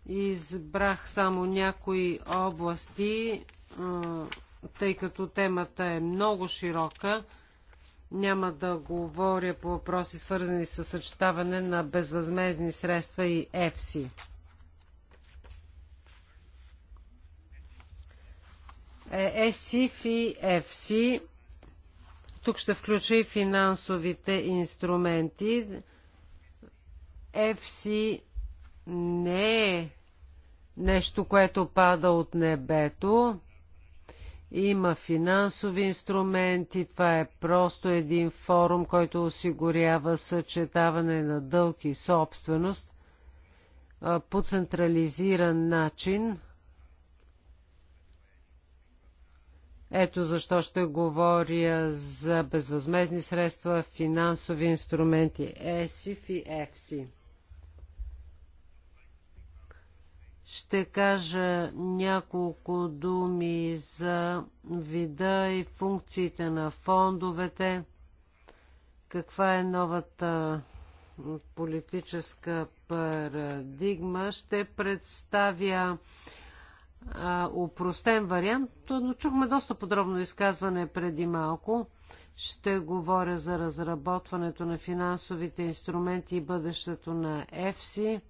Избрах само някои области, тъй като темата е много широка. Няма да говоря по въпроси, свързани с съчетаване на безвъзмезни средства и ЕФСИ. Е, ЕСИФ и ЕФСИ. Тук ще включа и финансовите инструменти. FC не е нещо, което пада от небето. Има финансови инструменти, това е просто един форум, който осигурява съчетаване на дълг и собственост по централизиран начин. Ето защо ще говоря за безвъзмезни средства, финансови инструменти, ЕСИФ и EFSI. Ще кажа няколко думи за вида и функциите на фондовете, каква е новата политическа парадигма. Ще представя а, упростен вариант, но чухме доста подробно изказване преди малко. Ще говоря за разработването на финансовите инструменти и бъдещето на ЕФСИ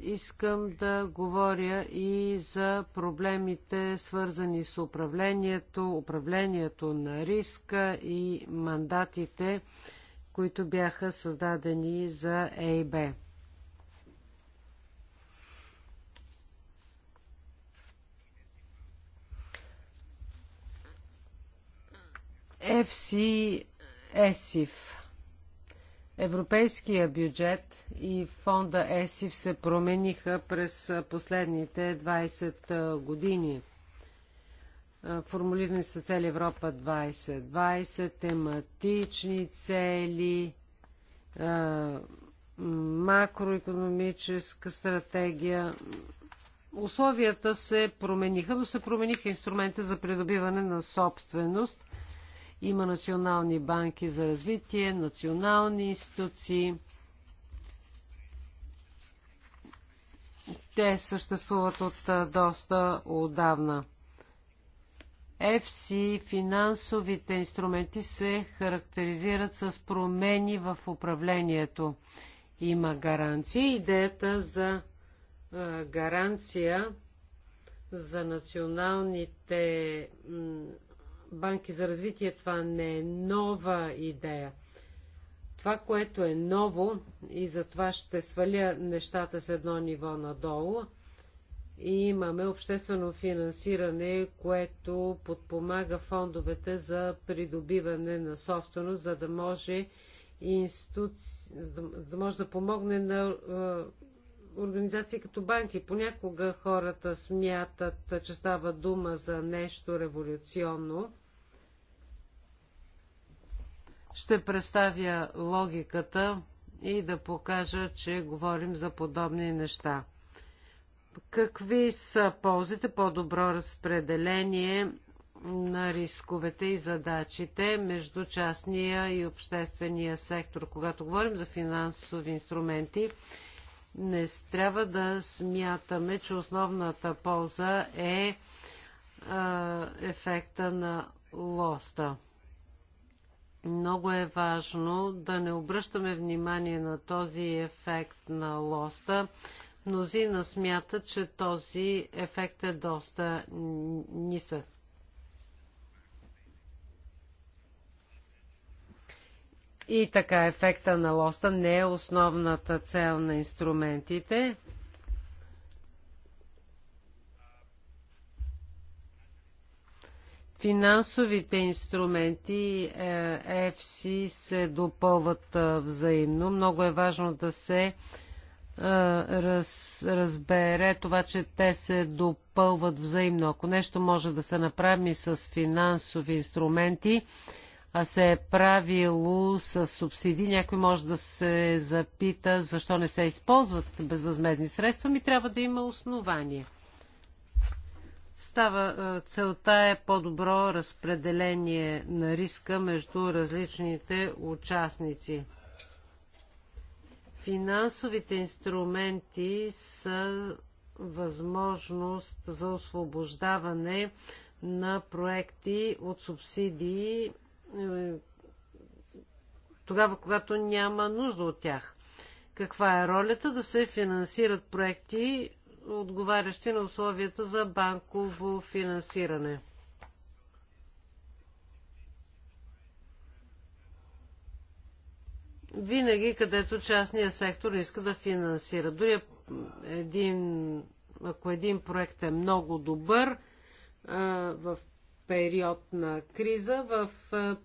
искам да говоря и за проблемите, свързани с управлението, управлението на риска и мандатите, които бяха създадени за ЕИБ. ФСИ ЕСИФ. Европейския бюджет и фонда ЕСИФ се промениха през последните 20 години. Формулирани са цели Европа 2020, тематични цели, макроекономическа стратегия. Условията се промениха, но се промениха инструмента за придобиване на собственост – има национални банки за развитие, национални институции. Те съществуват от доста отдавна. FC финансовите инструменти се характеризират с промени в управлението. Има гаранции. Идеята за гаранция за националните банки за развитие, това не е нова идея. Това, което е ново, и затова ще сваля нещата с едно ниво надолу, и имаме обществено финансиране, което подпомага фондовете за придобиване на собственост, за да може институци... да може да помогне на е, организации като банки. Понякога хората смятат, че става дума за нещо революционно. Ще представя логиката и да покажа, че говорим за подобни неща. Какви са ползите? По-добро разпределение на рисковете и задачите между частния и обществения сектор. Когато говорим за финансови инструменти, не трябва да смятаме, че основната полза е ефекта на лоста. Много е важно да не обръщаме внимание на този ефект на лоста. Мнозина смятат, че този ефект е доста нисък. И така ефекта на лоста не е основната цел на инструментите. Финансовите инструменти е, FC се допълват е, взаимно. Много е важно да се е, раз, разбере това, че те се допълват взаимно. Ако нещо може да се направи с финансови инструменти, а се е правило с субсидии. Някой може да се запита защо не се използват безвъзмезни средства, ми трябва да има основание. Става, е, целта е по-добро разпределение на риска между различните участници. Финансовите инструменти са възможност за освобождаване на проекти от субсидии е, тогава, когато няма нужда от тях. Каква е ролята да се финансират проекти, отговарящи на условията за банково финансиране? Винаги, където частния сектор иска да финансира. Дори е- един, ако един проект е много добър, в период на криза. В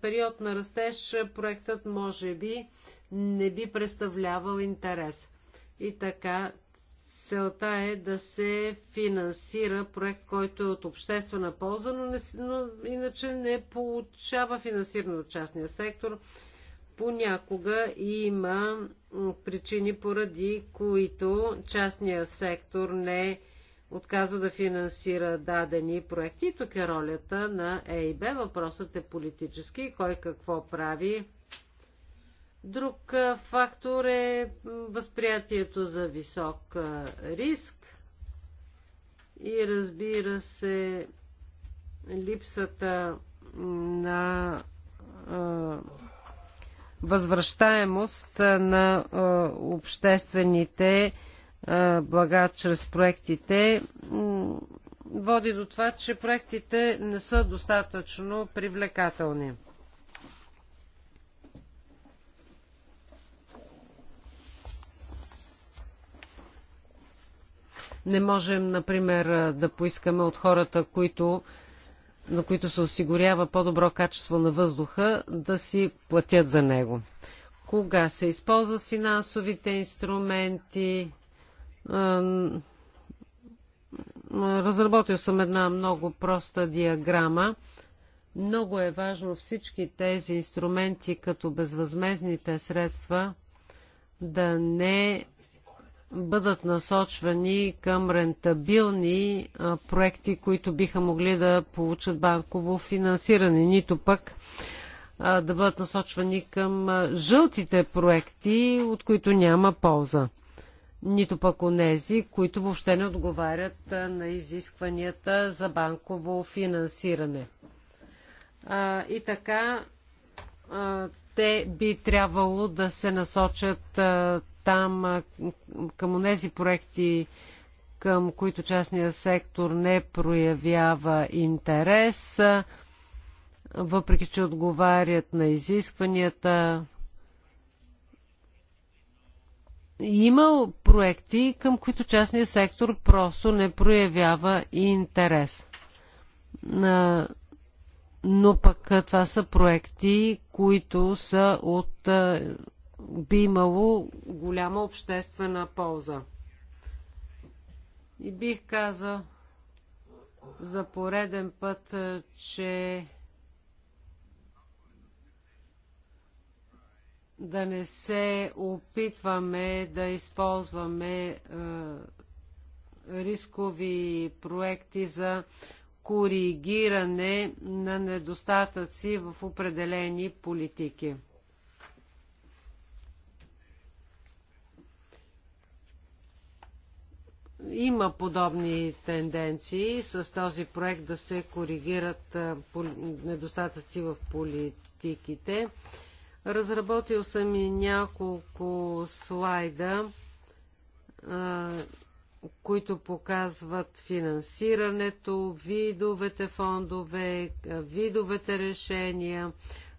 период на растеж проектът може би не би представлявал интерес. И така, целта е да се финансира проект, който е от обществена полза, но, не, но иначе не получава финансиране от частния сектор. Понякога има причини, поради които частния сектор не е отказва да финансира дадени проекти. тук е ролята на ЕИБ. Въпросът е политически. Кой какво прави? Друг фактор е възприятието за висок риск и разбира се липсата на възвръщаемост на обществените блага чрез проектите, води до това, че проектите не са достатъчно привлекателни. Не можем, например, да поискаме от хората, които, на които се осигурява по-добро качество на въздуха, да си платят за него. Кога се използват финансовите инструменти, е, разработил съм една много проста диаграма. Много е важно всички тези инструменти, като безвъзмезните средства, да не бъдат насочвани към рентабилни е, проекти, които биха могли да получат банково финансиране, нито пък е, да бъдат насочвани към жълтите проекти, от които няма полза нито пък онези, които въобще не отговарят на изискванията за банково финансиране. А, и така, а, те би трябвало да се насочат а, там а, към онези проекти, към които частния сектор не проявява интерес, въпреки че отговарят на изискванията, има проекти, към които частният сектор просто не проявява интерес. Но пък това са проекти, които са от би имало голяма обществена полза. И бих казал за пореден път, че да не се опитваме да използваме е, рискови проекти за коригиране на недостатъци в определени политики. Има подобни тенденции с този проект да се коригират е, недостатъци в политиките. Разработил съм и няколко слайда, които показват финансирането, видовете фондове, видовете решения,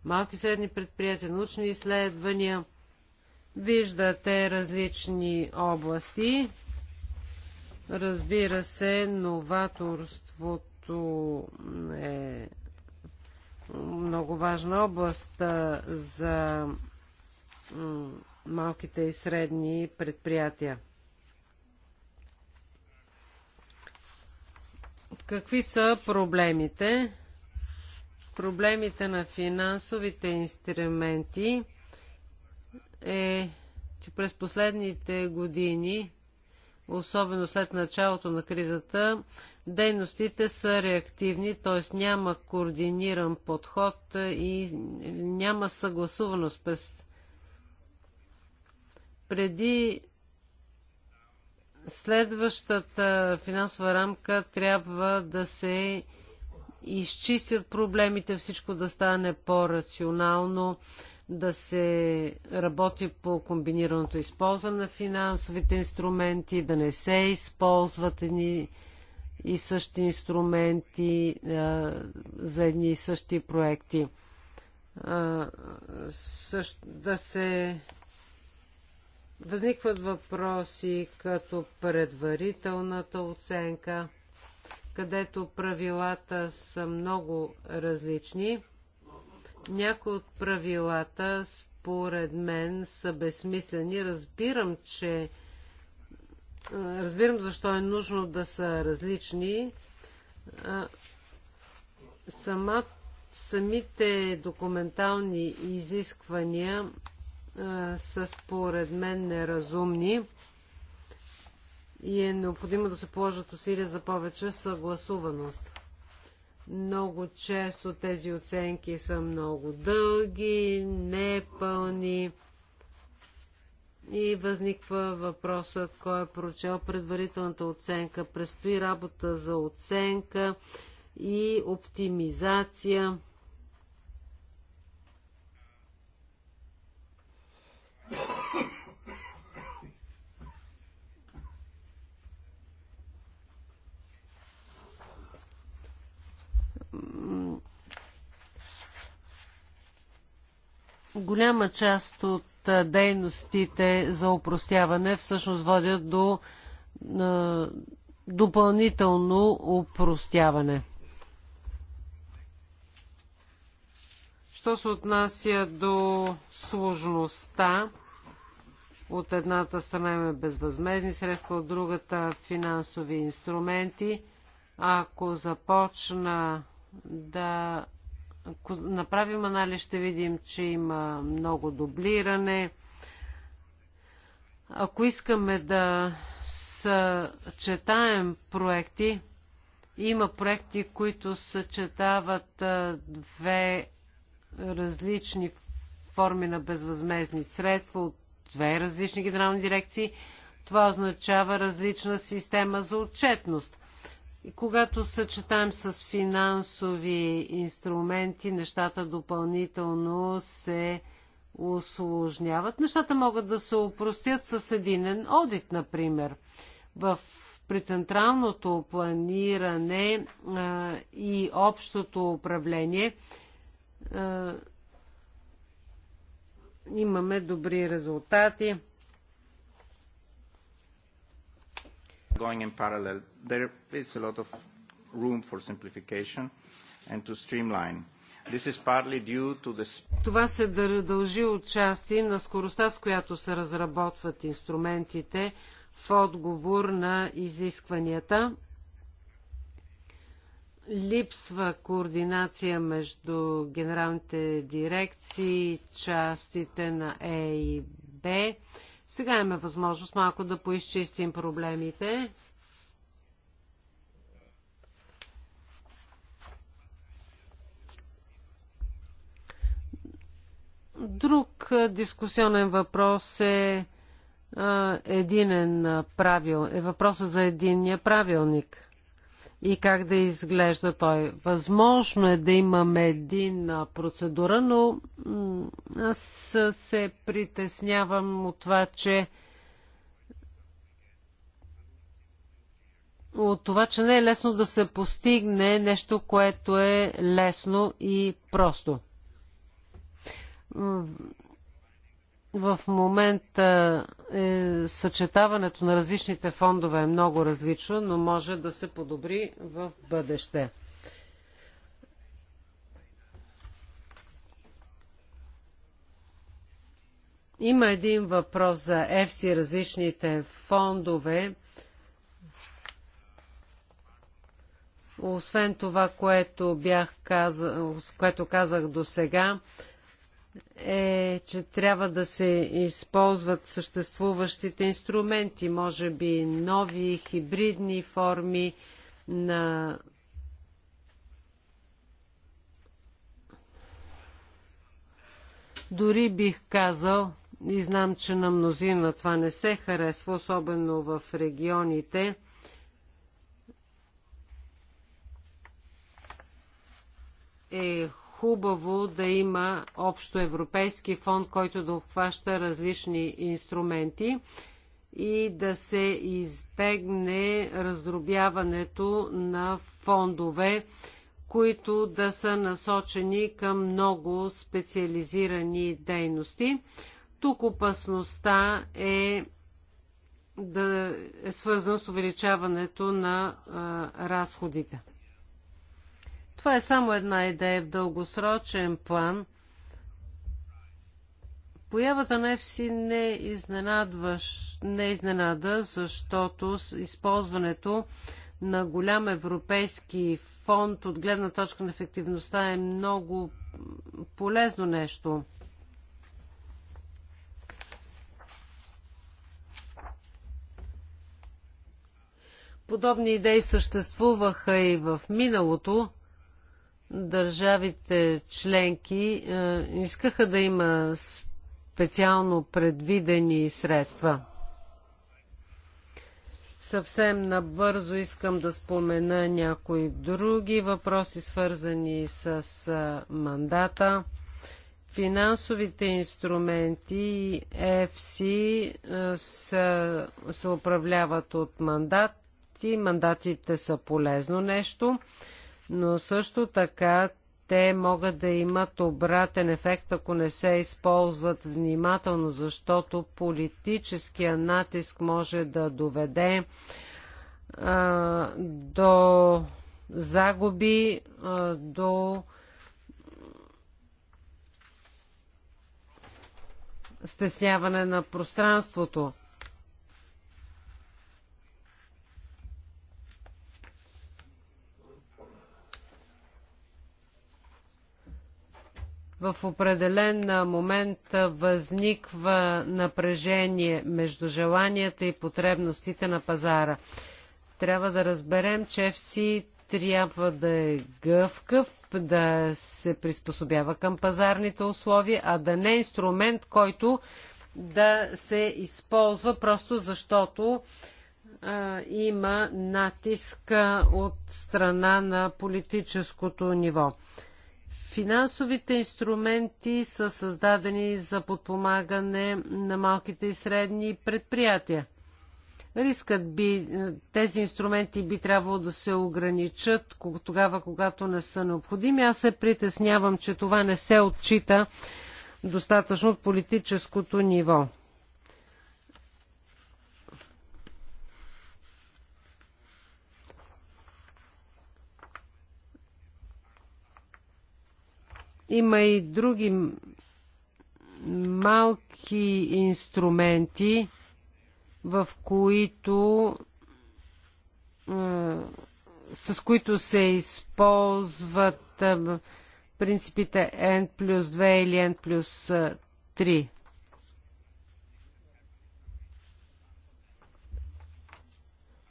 малки и средни предприятия, научни изследвания. Виждате различни области. Разбира се, новаторството е много важна област за малките и средни предприятия. Какви са проблемите? Проблемите на финансовите инструменти е, че през последните години особено след началото на кризата, дейностите са реактивни, т.е. няма координиран подход и няма съгласуваност през преди следващата финансова рамка трябва да се изчистят проблемите, всичко да стане по-рационално, да се работи по комбинираното използване на финансовите инструменти, да не се използват едни и същи инструменти за едни и същи проекти. също, да се възникват въпроси като предварителната оценка, където правилата са много различни някои от правилата, според мен, са безсмислени. Разбирам, че разбирам защо е нужно да са различни. Сама, самите документални изисквания са според мен неразумни и е необходимо да се положат усилия за повече съгласуваност. Много често тези оценки са много дълги, непълни. И възниква въпросът, кой е прочел предварителната оценка. Предстои работа за оценка и оптимизация. Голяма част от дейностите за упростяване всъщност водят до допълнително упростяване. Що се отнася до сложността, от едната страна имаме безвъзмезни средства, от другата финансови инструменти. Ако започна да ако направим анализ, ще видим, че има много дублиране. Ако искаме да съчетаем проекти, има проекти, които съчетават две различни форми на безвъзмезни средства от две различни генерални дирекции. Това означава различна система за отчетност. Когато съчетаем с финансови инструменти, нещата допълнително се усложняват. Нещата могат да се упростят с единен одит, например. В при централното планиране а, и общото управление а, имаме добри резултати. going in parallel. There is a lot of room for simplification and to streamline. This is partly due to the... Това се дължи отчасти на скоростта, с която се разработват инструментите в отговор на изискванията. Липсва координация между генералните дирекции, частите на Е и Б сега имаме възможност малко да поизчистим проблемите. Друг дискусионен въпрос е единен правил, е въпросът за единния правилник и как да изглежда той. Възможно е да имаме един процедура, но аз се притеснявам от това, че от това, че не е лесно да се постигне нещо, което е лесно и просто. В момента е, съчетаването на различните фондове е много различно, но може да се подобри в бъдеще. Има един въпрос за ЕФСИ, различните фондове. Освен това, което, бях каз... което казах до сега, е, че трябва да се използват съществуващите инструменти, може би нови хибридни форми на Дори бих казал, и знам, че на мнозина това не се харесва, особено в регионите, е хубаво да има общо европейски фонд, който да обхваща различни инструменти и да се избегне раздробяването на фондове, които да са насочени към много специализирани дейности. Тук опасността е да е свързан с увеличаването на а, разходите. Това е само една идея в дългосрочен план. Появата на FC не, изненадваш, не изненада, защото използването на голям европейски фонд от гледна точка на ефективността е много полезно нещо. Подобни идеи съществуваха и в миналото държавите членки е, искаха да има специално предвидени средства. Съвсем набързо искам да спомена някои други въпроси, свързани с е, мандата. Финансовите инструменти EFC се, се управляват от мандат и мандатите са полезно нещо но също така те могат да имат обратен ефект, ако не се използват внимателно, защото политическия натиск може да доведе а, до загуби, а, до стесняване на пространството. в определен момент възниква напрежение между желанията и потребностите на пазара. Трябва да разберем, че FC трябва да е гъвкав, да се приспособява към пазарните условия, а да не е инструмент, който да се използва просто защото а, има натиск от страна на политическото ниво. Финансовите инструменти са създадени за подпомагане на малките и средни предприятия. Рискът би, тези инструменти би трябвало да се ограничат тогава, когато не са необходими. Аз се притеснявам, че това не се отчита достатъчно от политическото ниво. Има и други малки инструменти, в които е, с които се използват е, принципите N плюс 2 или N плюс 3.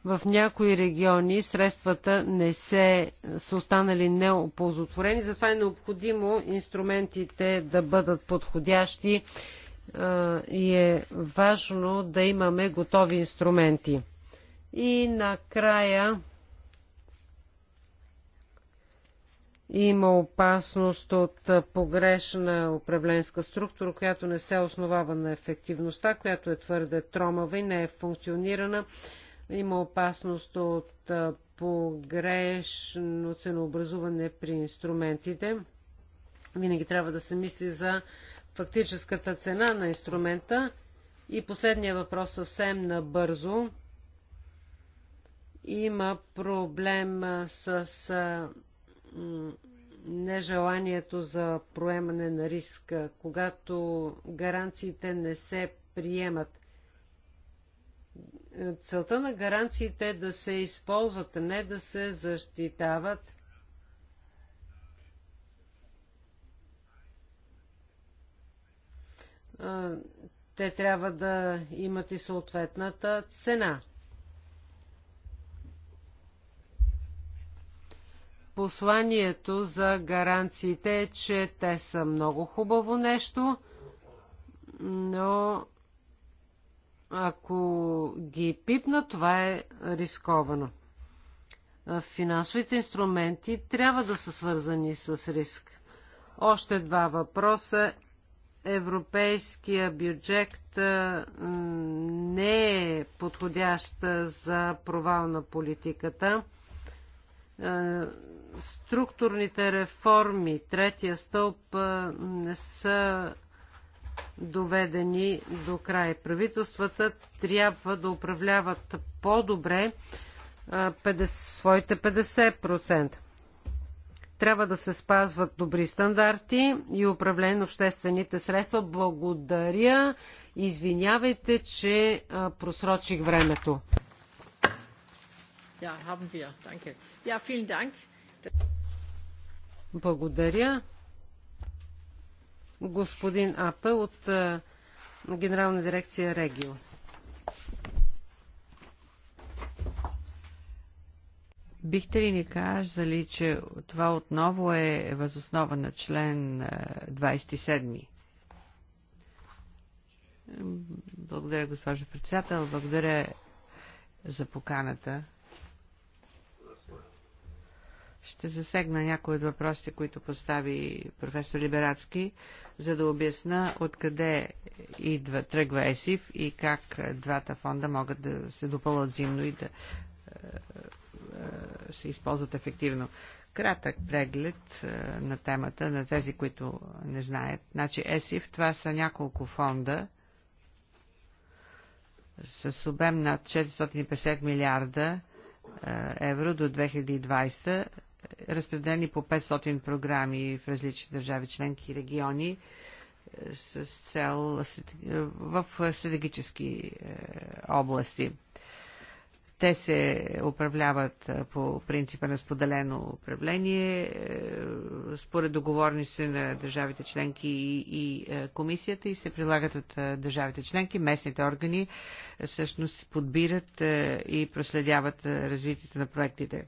В някои региони средствата не се, са останали неоползотворени, затова е необходимо инструментите да бъдат подходящи и е важно да имаме готови инструменти. И накрая има опасност от погрешна управленска структура, която не се основава на ефективността, която е твърде тромава и не е функционирана има опасност от погрешно ценообразуване при инструментите. Винаги трябва да се мисли за фактическата цена на инструмента. И последния въпрос съвсем набързо. Има проблем с нежеланието за проемане на риска, когато гаранциите не се приемат целта на гаранциите е да се използват, а не да се защитават. Те трябва да имат и съответната цена. Посланието за гаранциите е, че те са много хубаво нещо, но ако ги пипна, това е рисковано. Финансовите инструменти трябва да са свързани с риск. Още два въпроса. Европейския бюджет не е подходящ за провал на политиката. Структурните реформи, третия стълб, не са доведени до край. Правителствата трябва да управляват по-добре своите 50%. Трябва да се спазват добри стандарти и управление на обществените средства. Благодаря. Извинявайте, че просрочих времето. Благодаря господин Апе от Генерална дирекция Регио. Бихте ли ни казали, че това отново е възоснова на член 27? Благодаря, госпожо председател. Благодаря за поканата. Ще засегна някои от въпросите, които постави професор Либерацки, за да обясна откъде идва, тръгва ЕСИФ и как двата фонда могат да се допълват взаимно и да е, е, се използват ефективно. Кратък преглед е, на темата, на тези, които не знаят. Значи ЕСИФ, това са няколко фонда с обем над 450 милиарда евро до 2020 разпределени по 500 програми в различни държави, членки и региони е, с цел е, в стратегически е, области. Те се управляват по принципа на споделено управление, според договорници на държавите членки и, и комисията и се прилагат от държавите членки. Местните органи всъщност подбират и проследяват развитието на проектите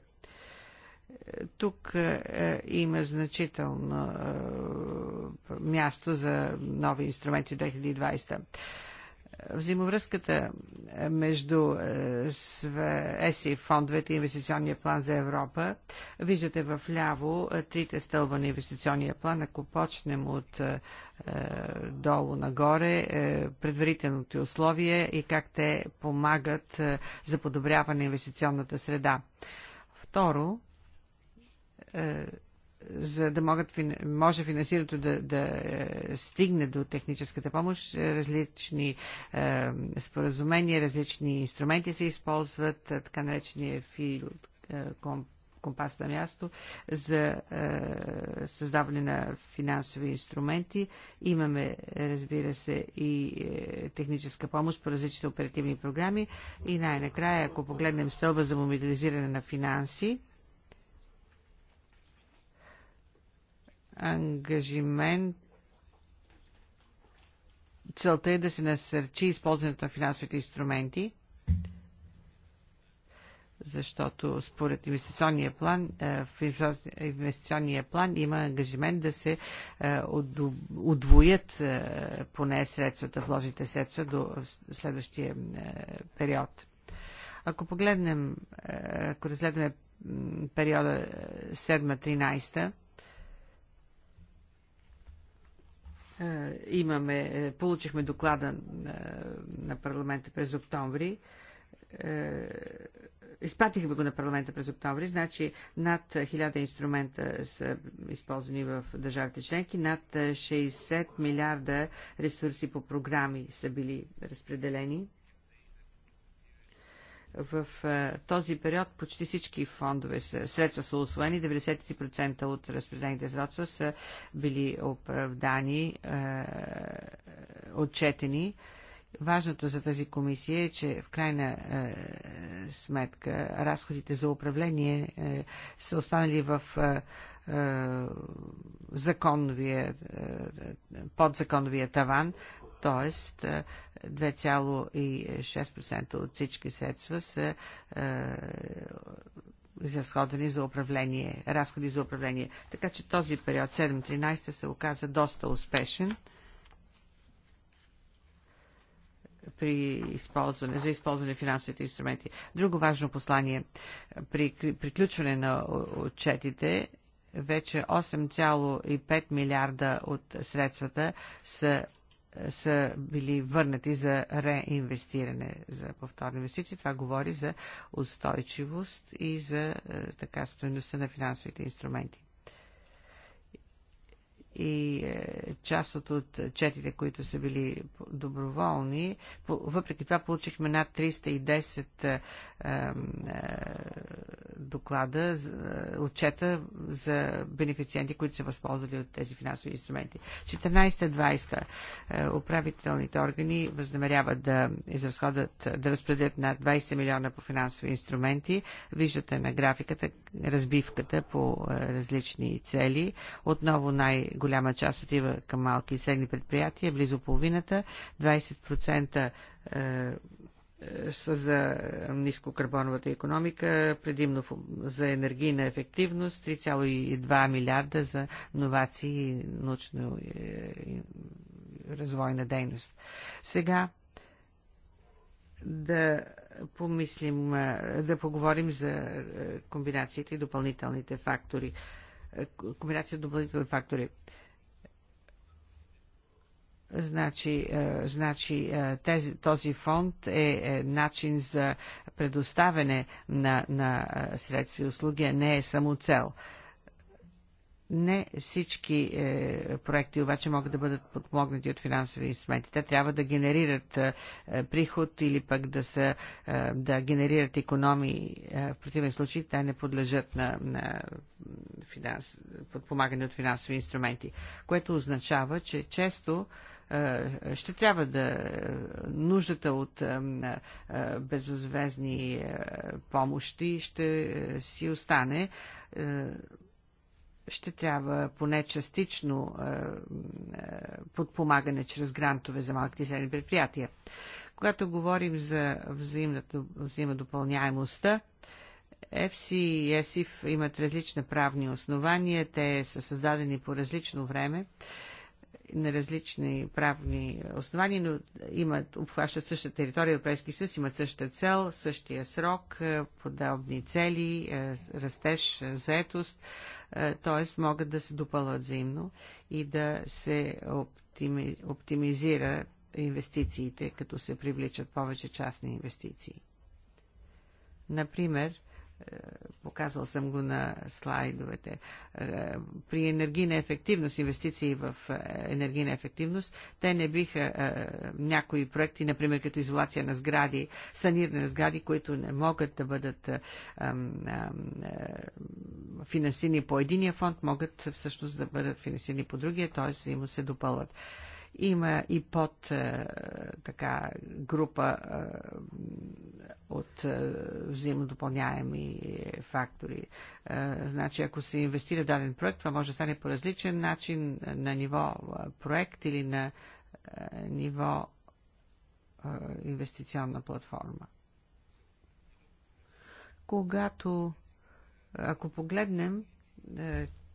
тук е, има значително е, място за нови инструменти 2020. Взаимовръзката е, между ЕСИ фондовете и инвестиционния план за Европа. Виждате в ляво трите стълба на инвестиционния план. Ако почнем от долу нагоре, предварителните условия и как те помагат за подобряване на инвестиционната среда. Второ, е, за да могат, може финансирането да, да е, стигне до техническата помощ, е, различни е, споразумения, различни инструменти се използват, така наречения фил е, компас на място за е, създаване на финансови инструменти. Имаме, разбира се, и е, техническа помощ по различни оперативни програми. И най-накрая, ако погледнем стълба за мобилизиране на финанси, ангажимент целта е да се насърчи използването на финансовите инструменти, защото според инвестиционния план, е, в инвестиционния план има ангажимент да се е, удвоят е, поне средствата, вложите средства до следващия период. Ако погледнем, ако разгледаме периода 7-13, Е, имаме, е, получихме доклада е, на парламента през октомври. Изпратихме го на парламента през октомври, значи над 1000 инструмента са използвани в държавите членки, над 60 милиарда ресурси по програми са били разпределени. В е, този период почти всички фондове средства са освоени, 90% от разпределените средства са били оправдани, е, отчетени. Важното за тази комисия е, че в крайна е, сметка разходите за управление е, са останали в е, е законовия, подзаконовия таван, т.е. 2,6% от всички средства са е, изразходвани за управление, разходи за управление. Така че този период 7-13 се оказа доста успешен при използване, за използване на финансовите инструменти. Друго важно послание при приключване на отчетите вече 8,5 милиарда от средствата са са били върнати за реинвестиране, за повторни инвестиции. Това говори за устойчивост и за е, така стоеността на финансовите инструменти и е, част от четите, които са били доброволни. Въпреки това получихме над 310 е, е, доклада, отчета за бенефициенти, които са възползвали от тези финансови инструменти. 14-20 управителните органи възнамеряват да изразходят, да разпределят над 20 милиона по финансови инструменти. Виждате на графиката разбивката по различни цели. Отново най-голям голяма част отива към малки и средни предприятия, близо половината, 20% е, е, са за нискокарбоновата економика, предимно за енергийна ефективност, 3,2 милиарда за новации и научно е, развойна дейност. Сега да помислим, да поговорим за комбинацията и допълнителните фактори. Комбинация допълнителни фактори. Значи, е, значи е, тези, този фонд е, е начин за предоставяне на, на средства и услуги, а не е само цел. Не всички е, проекти обаче могат да бъдат подмогнати от финансови инструменти. Те трябва да генерират е, приход или пък да, са, е, да генерират економии. Е, в противен случай те не подлежат на, на финанс, подпомагане от финансови инструменти. Което означава, че често е, ще трябва да нуждата от е, е, безозвездни помощи ще си остане. Ще трябва поне частично подпомагане чрез грантове за малките и средни предприятия. Когато говорим за взаимодопълняемостта, допълняемостта, ЕФСИ и ЕСИФ имат различни правни основания, те са създадени по различно време на различни правни основания, но имат, обхващат същата територия Европейски съюз, имат същата цел, същия срок, е, подобни цели, е, растеж, е, заетост, т.е. могат да се допълват взаимно и да се оптими, оптимизира инвестициите, като се привличат повече частни инвестиции. Например, е, показал съм го на слайдовете. Е, при енергийна ефективност, инвестиции в е, енергийна ефективност, те не биха някои проекти, например като изолация на сгради, саниране на сгради, които не могат да бъдат финансирани по единия фонд, могат всъщност да бъдат финансирани по другия, т.е. им се допълват. Има и под е, така група е, от е, взаимодопълняеми фактори. Значи, ако се инвестира в даден проект, това може да стане по различен начин на ниво проект или на ниво инвестиционна платформа. Когато, ако погледнем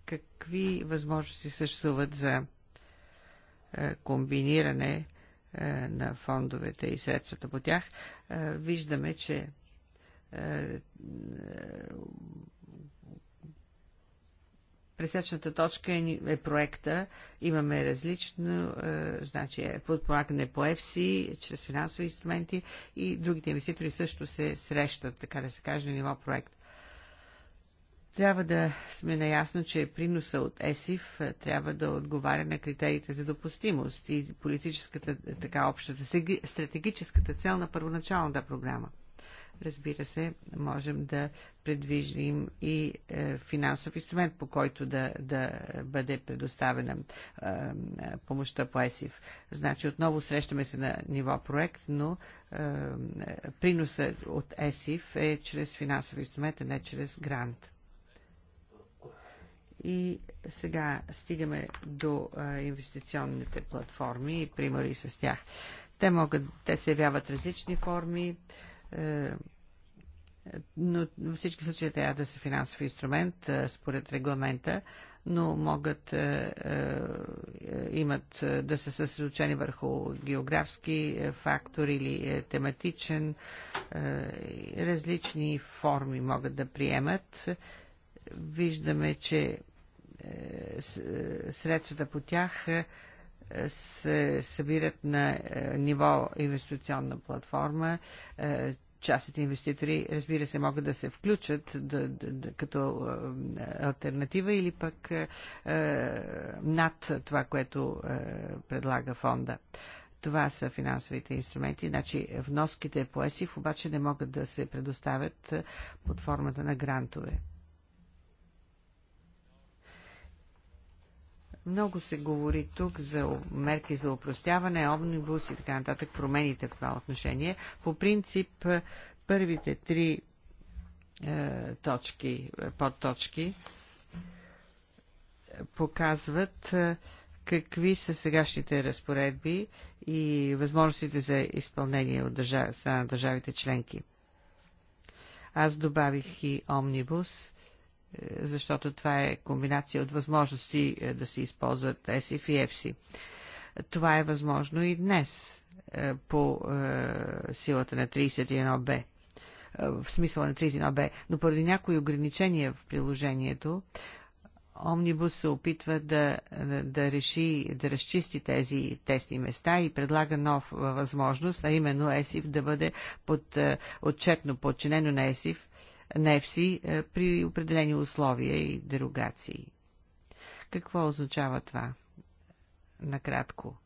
какви възможности съществуват за е, комбиниране е, на фондовете и средствата по тях, е, виждаме, че пресечната точка е, проекта. Имаме различно, значи е подпомагане по EFSI, чрез финансови инструменти и другите инвеститори също се срещат, така да се каже, на ниво проект. Трябва да сме наясно, че приноса от ЕСИФ е, трябва да отговаря на критериите за допустимост и политическата, е, така общата, стратегическата цел на първоначалната програма. Разбира се, можем да предвиждим и е, финансов инструмент, по който да, да бъде предоставена е, помощта по ЕСИФ. Значи отново срещаме се на ниво проект, но е, приноса от ЕСИФ е чрез финансов инструмент, а не чрез грант. И сега стигаме до инвестиционните платформи и примери с тях. Те, могат, те се явяват различни форми, е, но във всички случаи трябва да са финансов инструмент е, според регламента, но могат е, имат да са съсредоточени върху географски фактор или тематичен. Различни форми могат да приемат. Виждаме, че е, е, средствата по тях е, се събират на ниво инвестиционна платформа. Частните инвеститори, разбира се, могат да се включат да, да, да, като альтернатива или пък е, над това, което е, предлага фонда. Това са финансовите инструменти. Значи вноските по ЕСИФ обаче не могат да се предоставят под формата на грантове. Много се говори тук за мерки за упростяване, омнибус и така нататък, промените в това отношение. По принцип, е, първите три е, точки, е, подточки е, показват е, какви са сегашните разпоредби и възможностите за изпълнение от държав... на държавите членки. Аз добавих и омнибус е, защото това е комбинация от възможности е, да се използват SIF и EFSI. Това е възможно и днес е, по силата на 31B в смисъла на 31Б, но поради някои ограничения в приложението, Омнибус се опитва да, да реши, да разчисти тези тесни места и предлага нов възможност, а именно ЕСИФ да бъде под, отчетно подчинено на ЕСИФ нефси е, при определени условия и дерогации. Какво означава това? Накратко.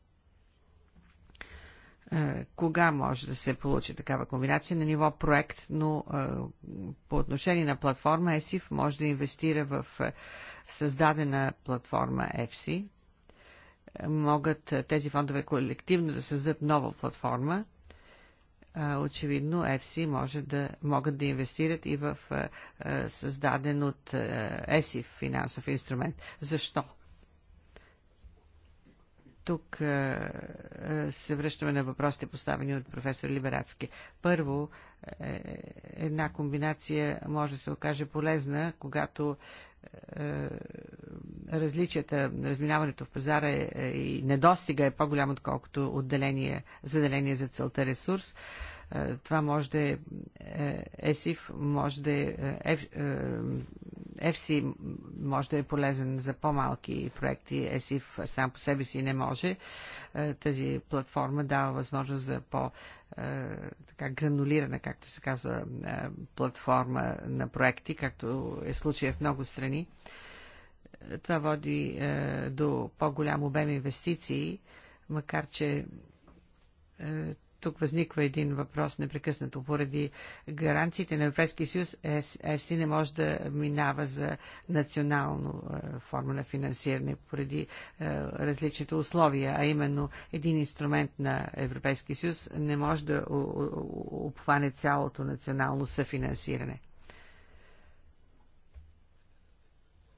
Е, кога може да се получи такава комбинация на ниво проект, но е, по отношение на платформа ЕСИФ може да инвестира в създадена платформа EFSI. Могат тези фондове колективно да създадат нова платформа – очевидно ЕФСИ може да, могат да инвестират и в създаден от ЕСИ финансов инструмент. Защо? Тук се връщаме на въпросите поставени от професор Либерацки. Първо, е, една комбинация може да се окаже полезна, когато е, различията, разминаването в пазара е, е, и недостига е по-голям, отколкото отделение, заделение за целта ресурс. Това може да е ЕСИФ, може да е ЕФСИ, може да е полезен за по-малки проекти. ЕСИФ сам по себе си не може. Е, тази платформа дава възможност за по- е, така гранулирана, както се казва, е, платформа на проекти, както е случая в много страни. Това води до по-голям обем инвестиции, макар че тук възниква един въпрос непрекъснато. Поради гаранциите на Европейския съюз, ЕФСИ е не може да минава за национално е, форма на финансиране поради е, различните условия, а именно един инструмент на Европейския съюз не може да обхване цялото национално съфинансиране.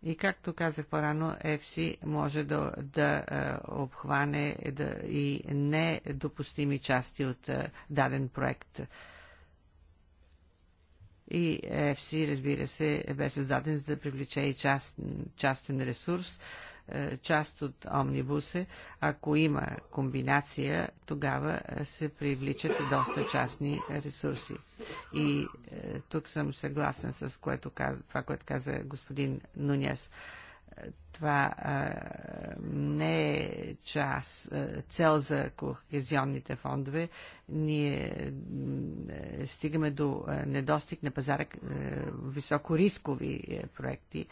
И както казах по-рано, FC може да, да е, обхване да, и недопустими части от е, даден проект. И ЕФСИ, разбира се, бе създаден за да привлече и част, частен ресурс. А, част от омнибуса, ако има комбинация, тогава е, се привличат и доста частни ресурси. И е, тук съм съгласен с което, това, което каза господин Нуняс е, това а, не е част, а, цел за кохезионните фондове. Ние а, стигаме до а, недостиг на пазара високорискови проекти.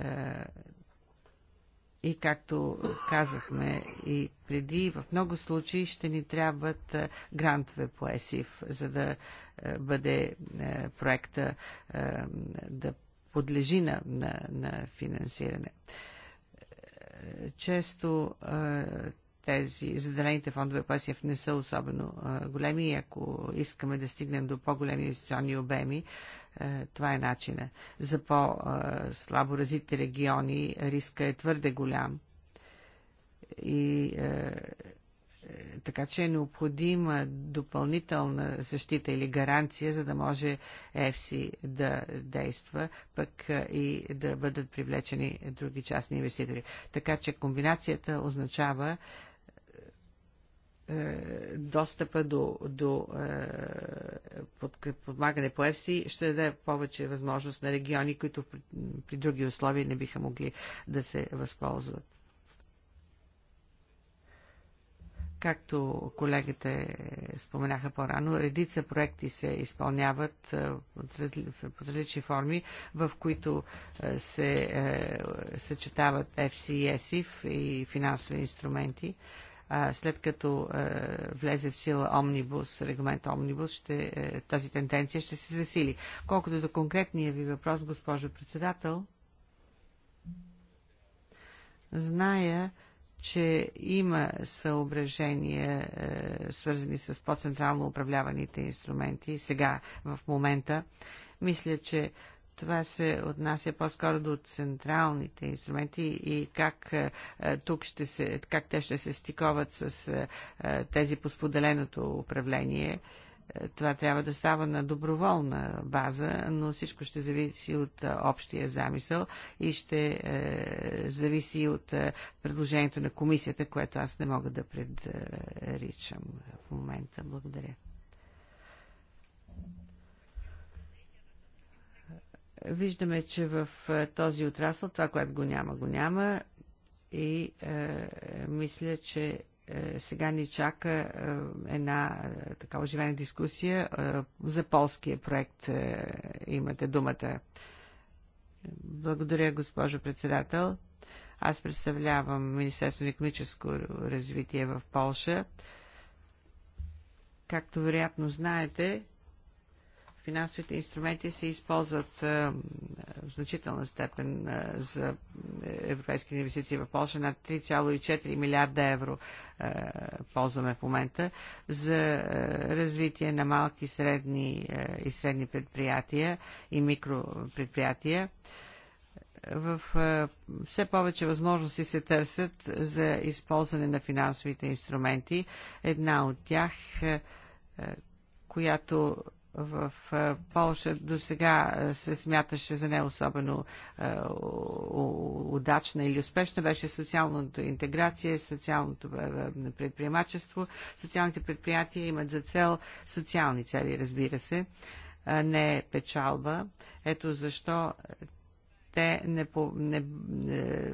А, и както казахме и преди, в много случаи ще ни трябват е, грантове по ЕСИФ, за да е, бъде е, проекта да подлежи на, на, на финансиране. Често тези заделените фондове по ЕСИФ не са особено големи и ако искаме да стигнем до по-големи инвестиционни обеми, е, това е начина. За по-слабо развитите региони риска е твърде голям. И е, е, така че е необходима допълнителна защита или гаранция, за да може ЕФСИ да действа, пък и да бъдат привлечени други частни инвеститори. Така че комбинацията означава е, достъпа до, до е, под, подмагане по ЕФСИ ще даде повече възможност на региони, които при, при други условия не биха могли да се възползват. Както колегите споменаха по-рано, редица проекти се изпълняват е, под различни форми, в които се съчетават FCSIF и финансови инструменти след като е, влезе в сила омнибус, регламент омнибус, ще, е, тази тенденция ще се засили. Колкото до конкретния ви въпрос, госпожо председател, зная, че има съображения, е, свързани с по-централно управляваните инструменти сега, в момента. Мисля, че това се отнася по-скоро до централните инструменти и как е, е, тук ще се, как те ще се стиковат с е, тези по споделеното управление. Това трябва да става на доброволна база, но всичко ще зависи от общия замисъл и ще зависи от предложението на комисията, което аз не мога да предричам в момента. Благодаря. Виждаме, че в е, този отрасъл това, което го няма, го няма и е, мисля, че е, сега ни чака е, една така оживена дискусия за полския проект. Имате думата. Благодаря, госпожо председател. Аз представлявам Министерство на економическо развитие в Полша. Както вероятно знаете, финансовите инструменти се използват е, в значителна степен е, за европейски инвестиции в Польша. Над 3,4 милиарда евро е, ползваме в момента за развитие на малки средни, и средни предприятия и микропредприятия в все повече възможности се търсят за използване на финансовите инструменти. Една от тях, която в Полша до сега се смяташе за не особено удачна или успешна, беше социалната интеграция, социалното предприемачество. Социалните предприятия имат за цел социални цели, разбира се, не печалба. Ето защо те не, по, не, е,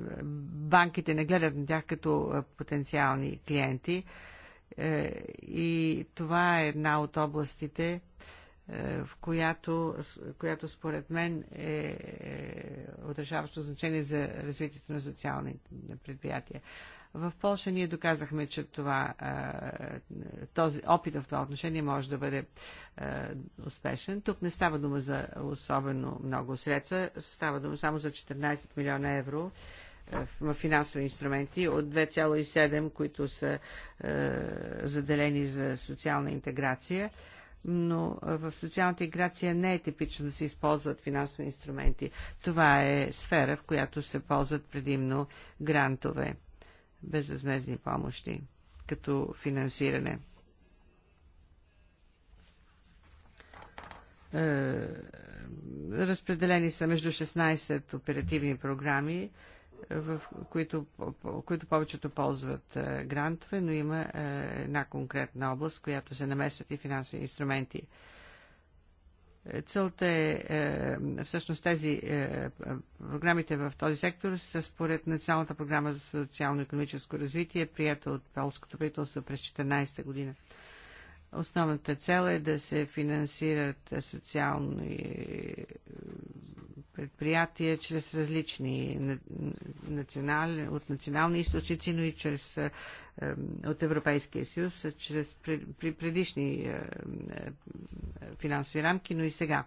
банките не гледат на тях като потенциални клиенти. Е, и това е една от областите, е, в която, която според мен е, е отрешаващо значение за развитието на социални предприятия. В Польша ние доказахме, че това, е, този опит в това отношение може да бъде успешен. Тук не става дума за особено много средства, става дума само за 14 милиона евро в финансови инструменти от 2,7, които са заделени за социална интеграция но в социалната интеграция не е типично да се използват финансови инструменти. Това е сфера, в която се ползват предимно грантове, безвъзмезни помощи, като финансиране. Е, разпределени са между 16 оперативни програми, в които, които повечето ползват е, грантове, но има е, една конкретна област, която се намесват и финансови инструменти. Целта е, е всъщност тези програмите в този сектор са според Националната програма за социално-економическо развитие, прията от полското правителство през 2014 година. Основната цел е да се финансират социални е, предприятия чрез различни национални, от национални източници, но и чрез, е, е, от Европейския съюз, чрез при предишни финансови рамки, но и сега.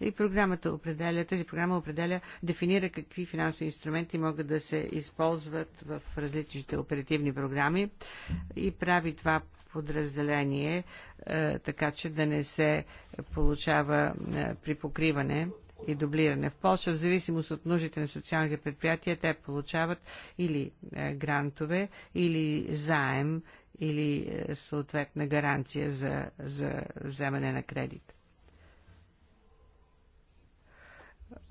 И програмата определя, тази програма определя, дефинира какви финансови инструменти могат да се използват в различните оперативни програми и прави това подразделение, е, така че да не се получава е, припокриване и дублиране. В Польша, в зависимост от нуждите на социалните предприятия, те получават или е, грантове, или заем, или съответна гаранция за, за вземане на кредит.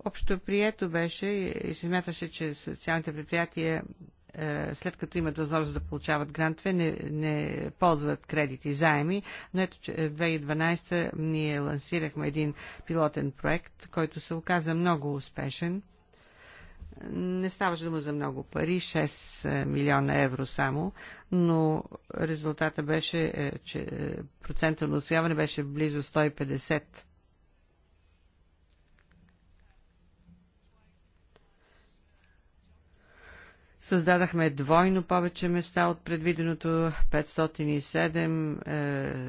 Общо прието беше и се смяташе, че социалните предприятия след като имат възможност да получават грантове, не, не ползват кредити, заеми. Но ето, че е, в 2012 ние лансирахме един пилотен проект, който се оказа много успешен. Не ставаше дума за много пари, 6 е, милиона евро само, но резултата беше, е, че процента на освояване беше близо 150 Създадахме двойно повече места от предвиденото 507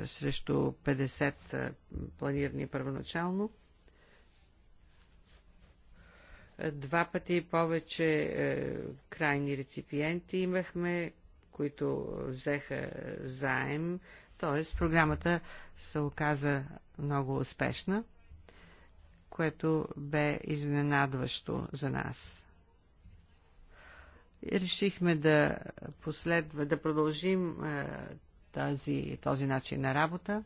е, срещу 50 е, планирани първоначално. Е, два пъти повече е, крайни реципиенти имахме, които взеха е, заем, т.е. програмата се оказа много успешна, което бе изненадващо за нас решихме да последва, да продължим тази, този начин на работа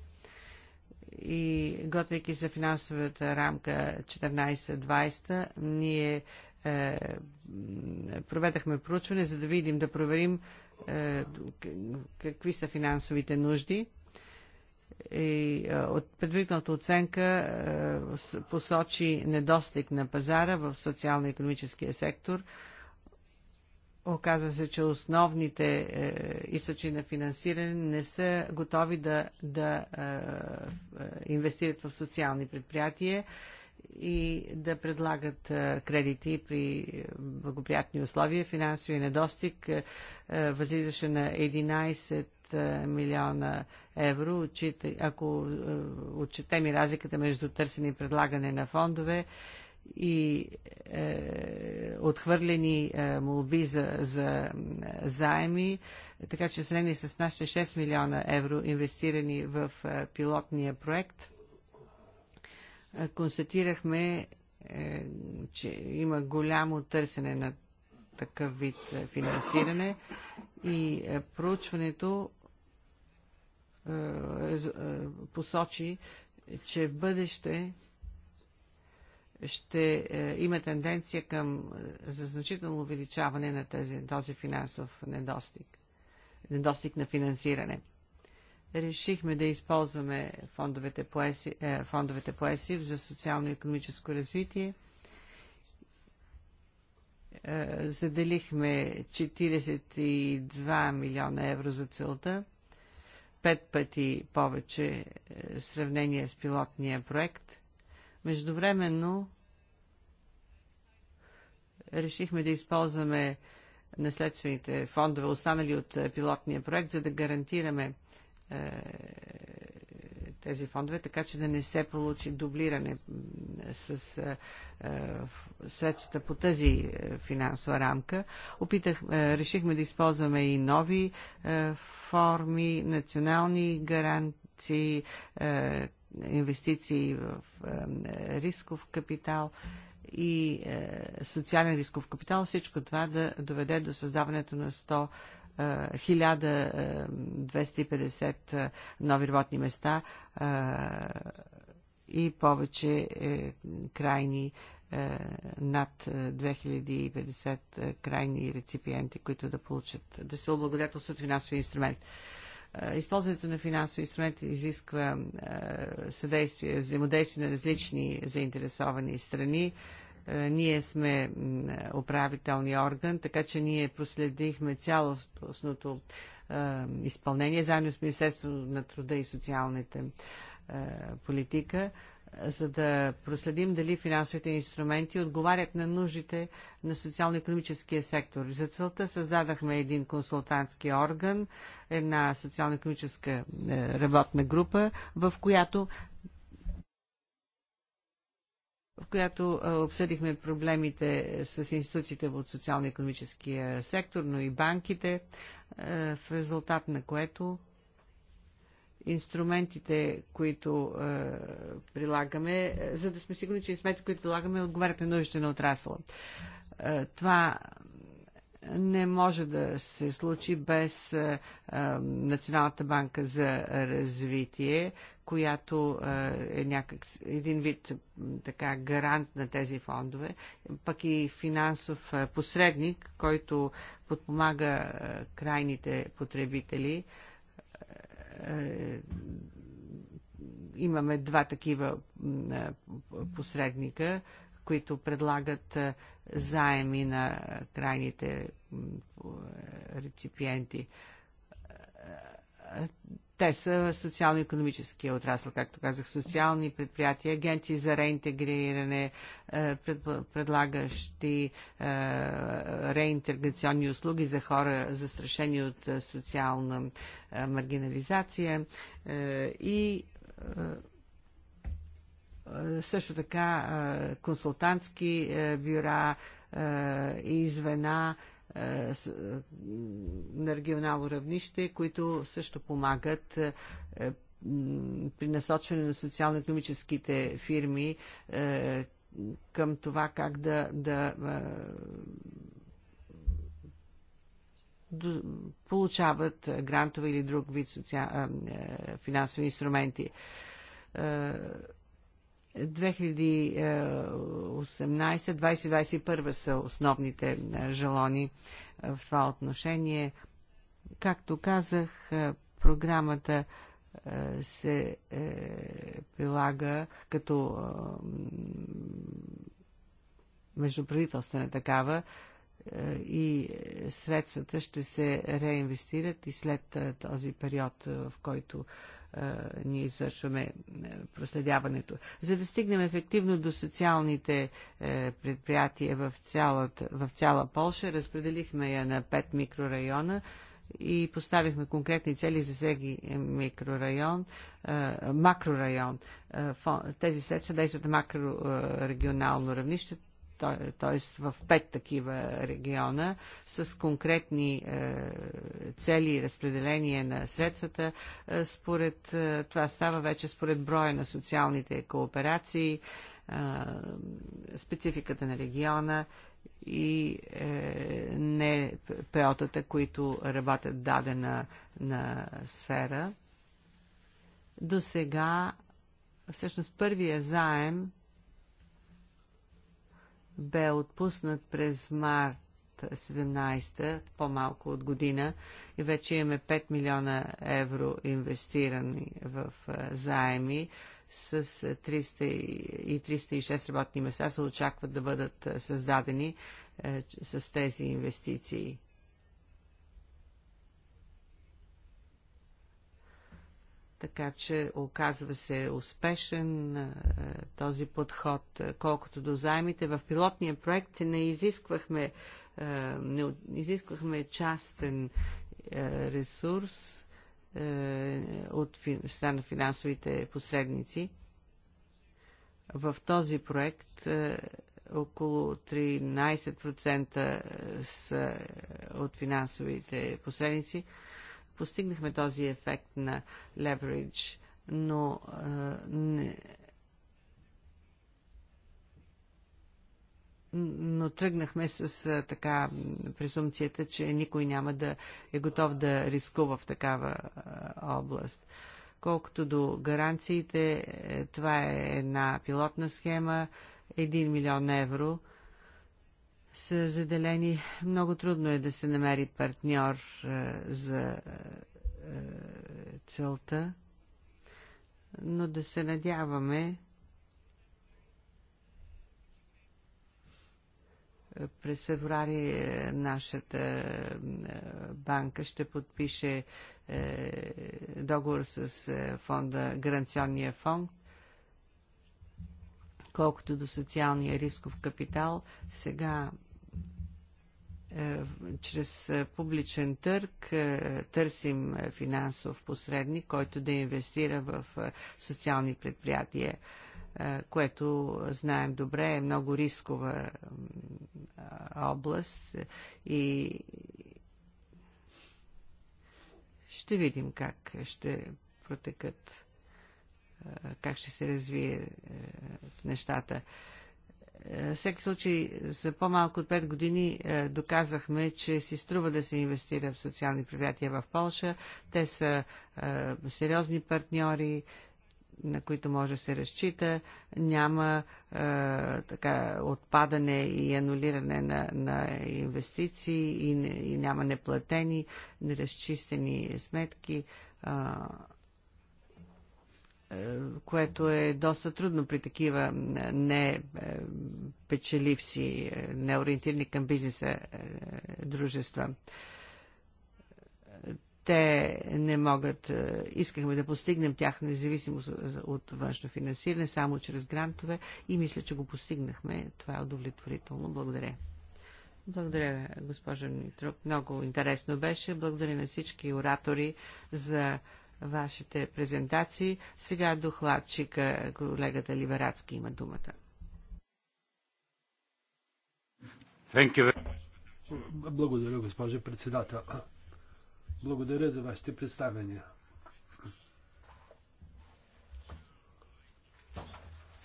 и готвейки за финансовата рамка 14-20, ние е, проведахме проучване, за да видим, да проверим е, какви са финансовите нужди. И, е, от предварителната оценка е, посочи недостиг на пазара в социално-економическия сектор – Оказва се, че основните е, източи на финансиране не са готови да, да е, е инвестират в социални предприятия и да предлагат е, кредити при е, благоприятни условия. Финансови недостиг възлизаше на 11 милиона евро. Ако отчетем и разликата между търсене и предлагане на фондове, и е, отхвърлени е, молби за, за е, заеми, така че сравнени с нашите 6 милиона евро инвестирани в е, пилотния проект, е, констатирахме, е, че има голямо търсене на такъв вид е, финансиране и е, проучването е, е, посочи, че в бъдеще ще е, има тенденция към е, за значително увеличаване на тези, този финансов недостиг, недостиг на финансиране. Решихме да използваме фондовете по, ЕСИ, е, фондовете по ЕСИВ за социално-економическо развитие. Заделихме 42 милиона евро за целта, пет пъти повече в сравнение с пилотния проект – Междувременно решихме да използваме наследствените фондове, останали от е, пилотния проект, за да гарантираме е, тези фондове, така че да не се получи дублиране с е, средствата по тази финансова рамка. Опитах, решихме да използваме и нови форми, национални гаранции, инвестиции в рисков капитал и е, социален рисков капитал, всичко това да доведе до създаването на 100 1250 е, е, нови работни места и повече крайни над 2050 крайни реципиенти, които да получат, да се облагодетелстват финансови инструмент. Е, използването на финансови инструменти изисква е, съдействие, взаимодействие на различни заинтересовани страни. Е, ние сме управителния орган, така че ние проследихме цялостното изпълнение заедно с Министерството на труда и социалните политика за да проследим дали финансовите инструменти отговарят на нуждите на социално-економическия сектор. За целта създадахме един консултантски орган, една социално-економическа е, работна група, в която в която е, обсъдихме проблемите с институциите от социално-економическия сектор, но и банките, е, в резултат на което инструментите, които е, прилагаме, е, за да сме сигурни, че инструментите, които прилагаме, отговарят на нуждите на отрасъла. Е, това не може да се случи без е, е, Националната банка за развитие, която е, е някак един вид така гарант на тези фондове, пък и финансов е, посредник, който подпомага крайните потребители. Е, е, имаме два такива е, посредника, които предлагат е, заеми на крайните реципиенти те са социално-економическия отрасъл, както казах, социални предприятия, агенции за реинтегриране, е, предлагащи е, реинтеграционни услуги за хора, застрашени от е, социална маргинализация и също така консултантски бюра и звена е, е, на регионално равнище, които също помагат е, при насочване на социално-економическите фирми към това как да, да получават грантове или друг вид социал... финансови инструменти. 2018-2021 е, са основните е, желони е, в това отношение. Както казах, програмата се прилага като междуправителствена такава и средствата ще се реинвестират и след този период, в който ние извършваме е, проследяването. За да стигнем ефективно до социалните е, предприятия в, цялата, в цяла Полша, разпределихме я на пет микрорайона и поставихме конкретни цели за всеки е, микрорайон, макрорайон. Тези средства действат на макрорегионално равнище т.е. в пет такива региона, с конкретни е, цели и разпределение на средствата. Е, според, е, това става вече според броя на социалните кооперации, спецификата на региона и е, не пеотата, които работят дадена на сфера. До сега, всъщност първия заем бе отпуснат през март 17 по-малко от година, и вече имаме 5 милиона евро инвестирани в заеми с 300 и 306 работни места се очакват да бъдат създадени е, с тези инвестиции. така че оказва се успешен е, този подход. Е, колкото до заемите, в пилотния проект не изисквахме, е, не изисквахме частен ресурс от страна на финансовите посредници. В този проект около 13% са от финансовите посредници Постигнахме този ефект на leverage, но а, не, но тръгнахме с а, така презумцията, че никой няма да е готов да рискува в такава а, област. Колкото до гаранциите, е, това е една пилотна схема, 1 милион евро – са заделени. Много трудно е да се намери партньор е, за е, целта, но да се надяваме е, през феврари нашата банка ще подпише договор с фонда, гаранционния фонд Колкото до социалния рисков капитал, сега е, чрез е, публичен търг е, търсим финансов посредник, който да инвестира в социални предприятия, което знаем добре е много рискова област и ще видим как ще протекат как ще се развие е, нещата. Е, всеки случай, за по-малко от 5 години е, доказахме, че си струва да се инвестира в социални предприятия в Польша. Те са сериозни партньори, на които може да се разчита, няма така, отпадане и анулиране на, на инвестиции и, и няма неплатени, неразчистени сметки което е доста трудно при такива е, не е, печеливши, е, неориентирани към бизнеса дружества. Те не могат, искахме да постигнем тях независимост от външно финансиране, само чрез грантове и мисля, че го постигнахме. Това е удовлетворително. Благодаря. Благодаря, госпожо Нитрук. Много интересно беше. Благодаря на всички оратори за вашите презентации. Сега докладчика, колегата Либерацки има думата. Благодаря, госпожо председател. Благодаря за вашите представения.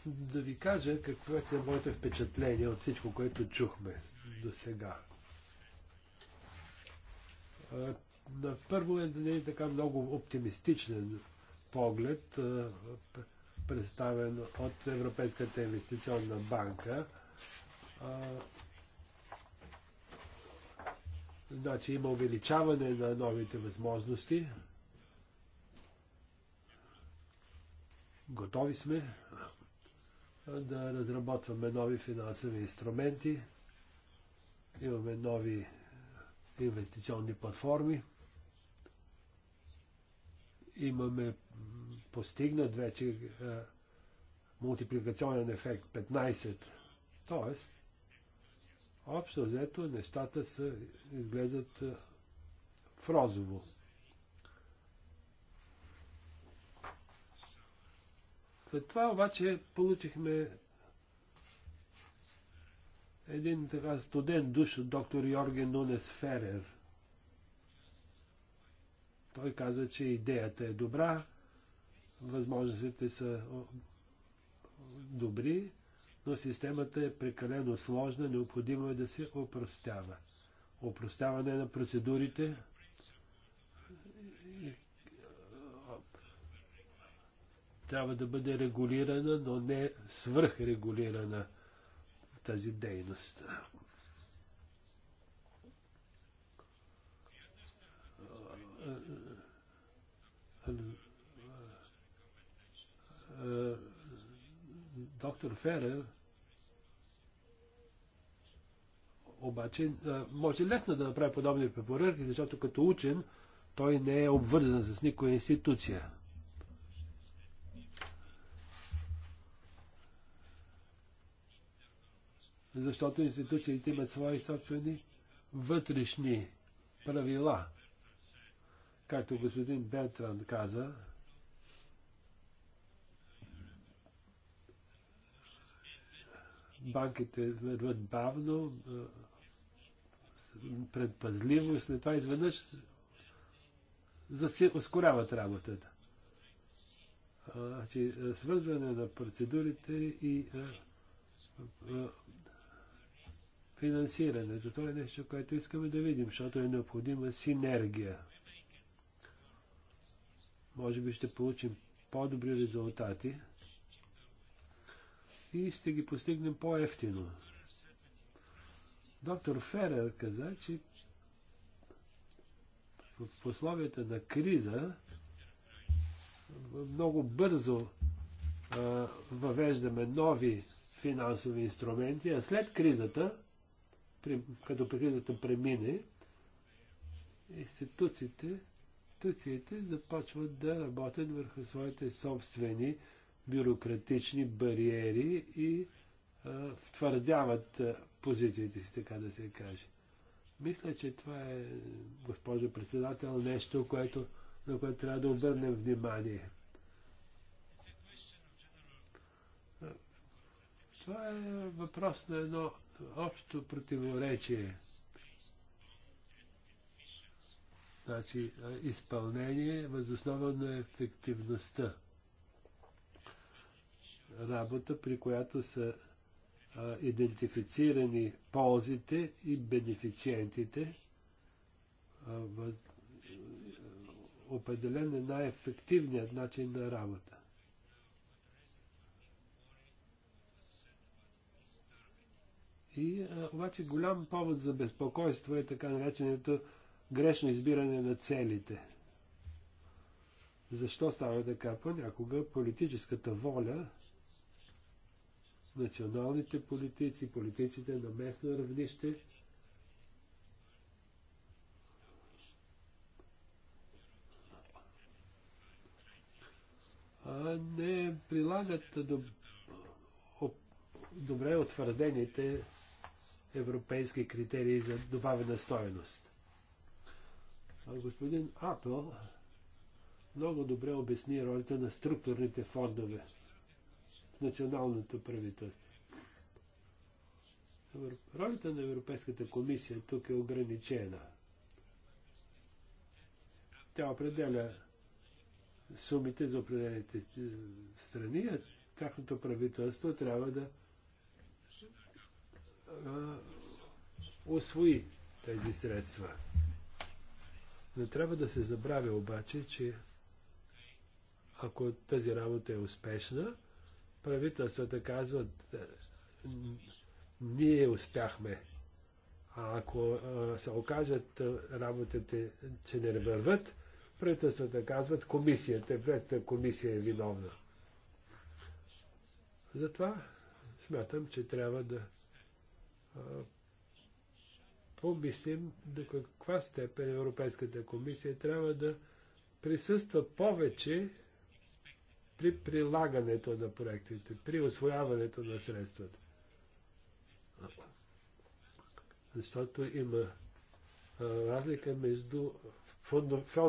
Да ви кажа какво е моите впечатление от всичко, което чухме до сега на първо е да не е така много оптимистичен поглед, представен от Европейската инвестиционна банка. Значи има увеличаване на новите възможности. Готови сме да разработваме нови финансови инструменти. Имаме нови инвестиционни платформи имаме постигнат вече е, мултипликационен ефект 15. Тоест, общо взето нещата са, изглеждат е, в розово. След това обаче получихме един така студент душ от доктор Йорген Нунес Ферер – той каза, че идеята е добра, възможностите са добри, но системата е прекалено сложна, необходимо е да се опростява. Опростяване на процедурите, трябва да бъде регулирана, но не свръхрегулирана тази дейност. Е, доктор Ферер обаче е, може лесно да направи подобни препоръки, защото като учен той не е обвързан с никоя институция. Защото институциите имат свои собствени вътрешни правила както господин Бертранд каза, банките върват бавно, е, предпазливо и след това изведнъж ускоряват работата. Значи, е, свързване на процедурите и е, финансирането. Това е нещо, което искаме да видим, защото е необходима синергия може би ще получим по-добри резултати и ще ги постигнем по-ефтино. Доктор Ферер каза, че в условията на криза много бързо а, въвеждаме нови финансови инструменти, а след кризата, при, като кризата премине, институциите институциите започват да работят върху своите собствени бюрократични бариери и а, твърдяват а, позициите си, така да се каже. Мисля, че това е, госпожо председател, нещо, което, на което трябва да обърнем внимание. Това е въпрос на едно общо противоречие. Значи изпълнение възоснова на ефективността. Работа, при която са а, идентифицирани ползите и бенефициентите, а, въз... определен е най-ефективният начин на работа. И а, обаче голям повод за безпокойство е така нареченото грешно избиране на целите. Защо става така? Понякога политическата воля, националните политици, политиците на местно равнище, не прилагат добре утвърдените европейски критерии за добавена стоеност. Господин Апел много добре обясни ролята на структурните фондове в националното правителство. Ролята на Европейската комисия тук е ограничена. Тя определя сумите за определените е, страни, а тяхното правителство трябва да а, е, освои тези средства. Не трябва да се забравя обаче, че ако тази работа е успешна, правителствата казват, е, ние успяхме. А ако а, се окажат е, работите, че не върват, правителствата казват, комисията, Европейската комисия е виновна. Затова смятам, че трябва да помислим до каква степен Европейската комисия трябва да присъства повече при прилагането на проектите, при освояването на средствата. Защото има разлика между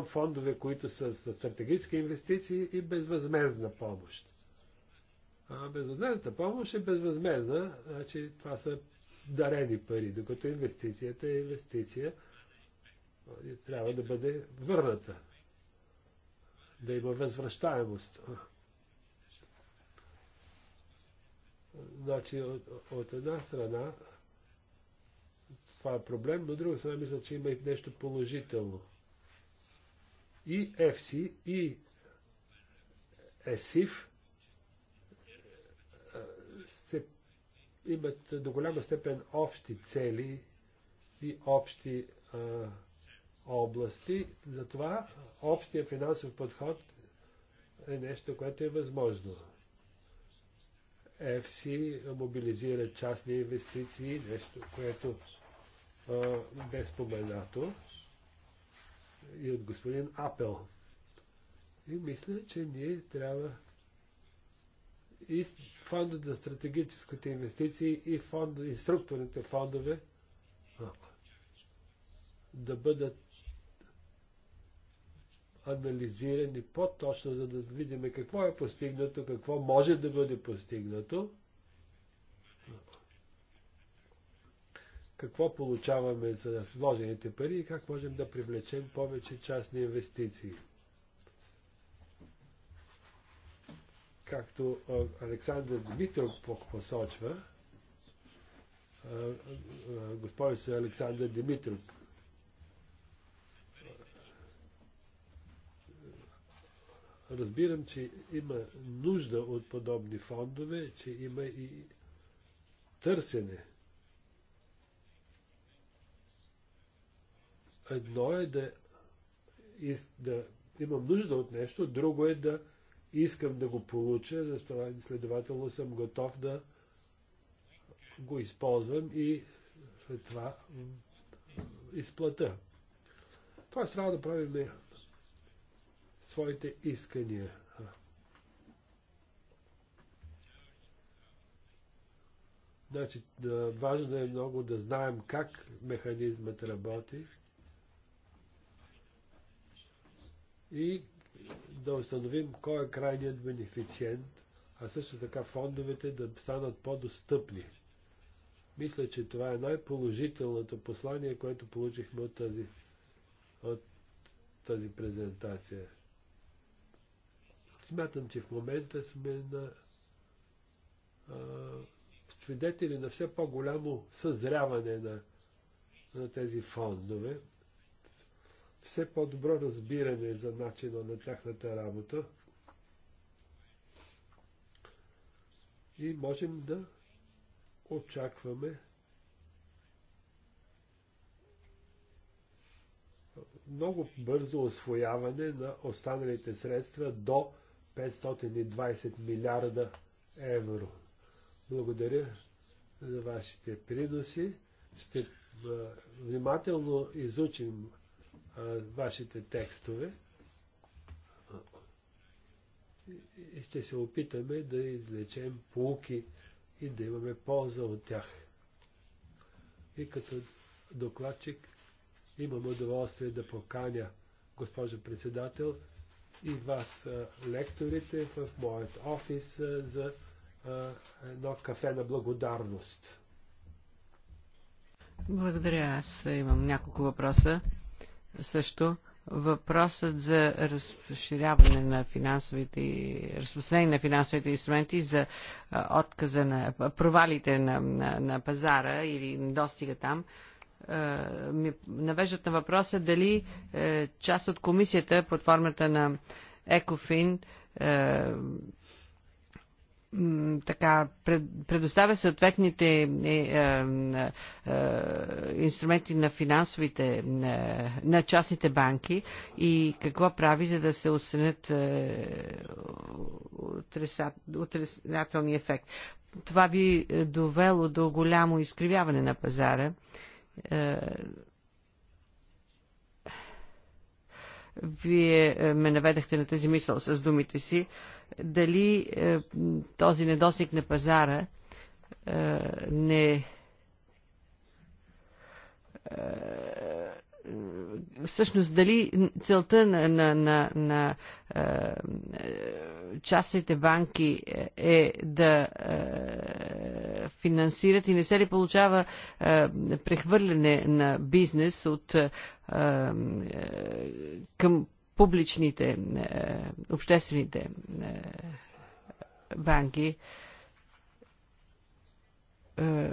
фондове, които са с стратегически инвестиции и безвъзмезна помощ. А безвъзмезната помощ е безвъзмезна, значи това са дарени пари, докато инвестицията е инвестиция и трябва да бъде върната. Да има възвръщаемост. Значи, от, от една страна това е проблем, но от друга страна мисля, че има и нещо положително. И FC, и ЕСИФ имат до голяма степен общи цели и общи а, области. Затова общия финансов подход е нещо, което е възможно. ЕФСИ мобилизира частни инвестиции, нещо, което а, бе споменато и от господин Апел. И мисля, че ние трябва и фонда за стратегическите инвестиции и, фонд, и структурните фондове да бъдат анализирани по-точно, за да видим какво е постигнато, какво може да бъде постигнато, какво получаваме за вложените пари и как можем да привлечем повече частни инвестиции. както Александър Димитров посочва, се Александър Димитров, разбирам, че има нужда от подобни фондове, че има и търсене. Едно е да, да имам нужда от нещо, друго е да искам да го получа, затова следователно съм готов да го използвам и след това изплата. Това е трябва да правим своите искания. Значи, да, важно е много да знаем как механизмът работи и да установим кой е крайният бенефициент, а също така фондовете да станат по-достъпни. Мисля, че това е най-положителното послание, което получихме от тази, от тази презентация. Смятам, че в момента сме на а, свидетели на все по-голямо съзряване на, на тези фондове все по-добро разбиране за начина на тяхната работа и можем да очакваме много бързо освояване на останалите средства до 520 милиарда евро. Благодаря за вашите приноси. Ще внимателно изучим вашите текстове и ще се опитаме да излечем полуки и да имаме полза от тях. И като докладчик имам удоволствие да поканя, госпожа председател, и вас, лекторите, в моят офис за едно кафе на благодарност. Благодаря. Аз имам няколко въпроса. Също въпросът за разширяване на финансовите, разпространение на финансовите инструменти, за отказа на провалите на, на, на пазара или достига там, ми навеждат на въпроса дали е, част от комисията под формата на Екофин е, така, предоставя съответните е, е, е, инструменти на финансовите, е, на частните банки и какво прави, за да се осенят е, отрицателния ефект. Това би е, довело до голямо изкривяване на пазара. Е, вие е, ме наведахте на тази мисъл с думите си. Е, дали е, този недостиг на пазара е, не е, всъщност дали целта на, на, на, на е, частните банки е да е, финансират и не се ли получава е, прехвърляне на бизнес от е, е към публичните, е, обществените е, банки, е,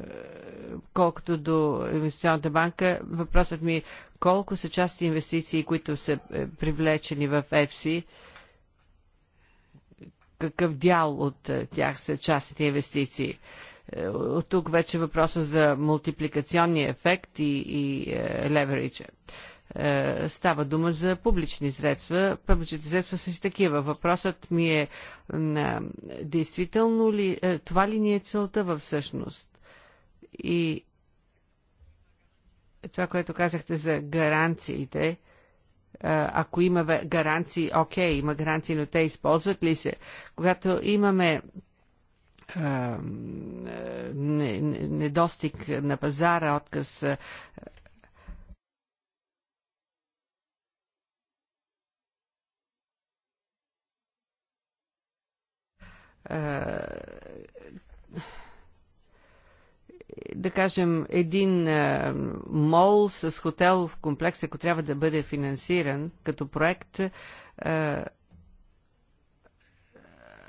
колкото до инвестиционната банка, въпросът ми е колко са части инвестиции, които са привлечени в ЕФСИ, какъв дял от тях са частните инвестиции. От тук вече въпроса за мултипликационния ефект и, и левериджа. Е, става дума за публични средства. Публичните средства са си такива. Въпросът ми е, на, е, действително ли, е, това ли ни е целта във всъщност? И това, което казахте за гаранциите, ако има гаранции, окей, има гаранции, но те използват ли се? Когато имаме недостиг на пазара, отказ Е, да кажем, един е, мол с хотел в комплекс, ако трябва да бъде финансиран като проект, е,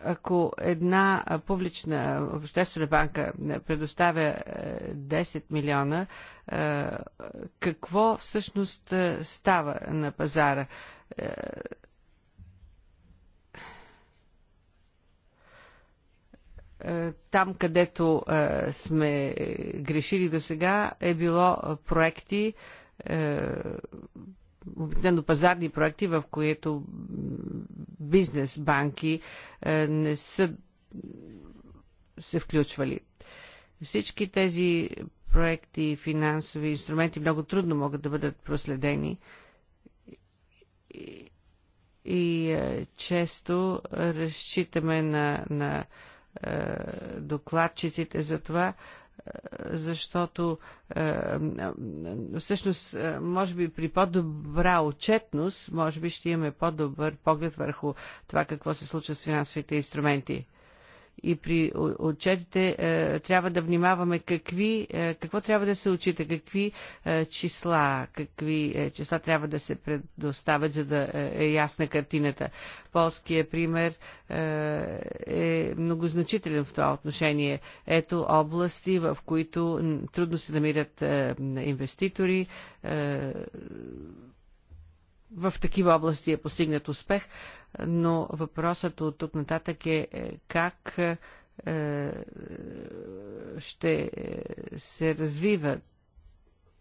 ако една публична обществена банка предоставя 10 милиона, какво всъщност става на пазара? Е, там, където е, сме грешили до сега, е било проекти, е, обикновено пазарни проекти, в които бизнес банки не са се включвали. Всички тези проекти финансови инструменти много трудно могат да бъдат проследени и, и често разчитаме на, на е, докладчиците за това, е, защото е, всъщност, може би при по-добра отчетност, може би ще имаме по-добър поглед върху това какво се случва с финансовите инструменти и при отчетите е, трябва да внимаваме какви, е, какво трябва да се отчита, какви е, числа, какви е, числа трябва да се предоставят, за да е, е ясна картината. Полският пример е, е многозначителен в това отношение. Ето области, в които трудно се намират инвеститори, в такива области е постигнат успех, но въпросът от тук нататък е, е как е, е, ще се развива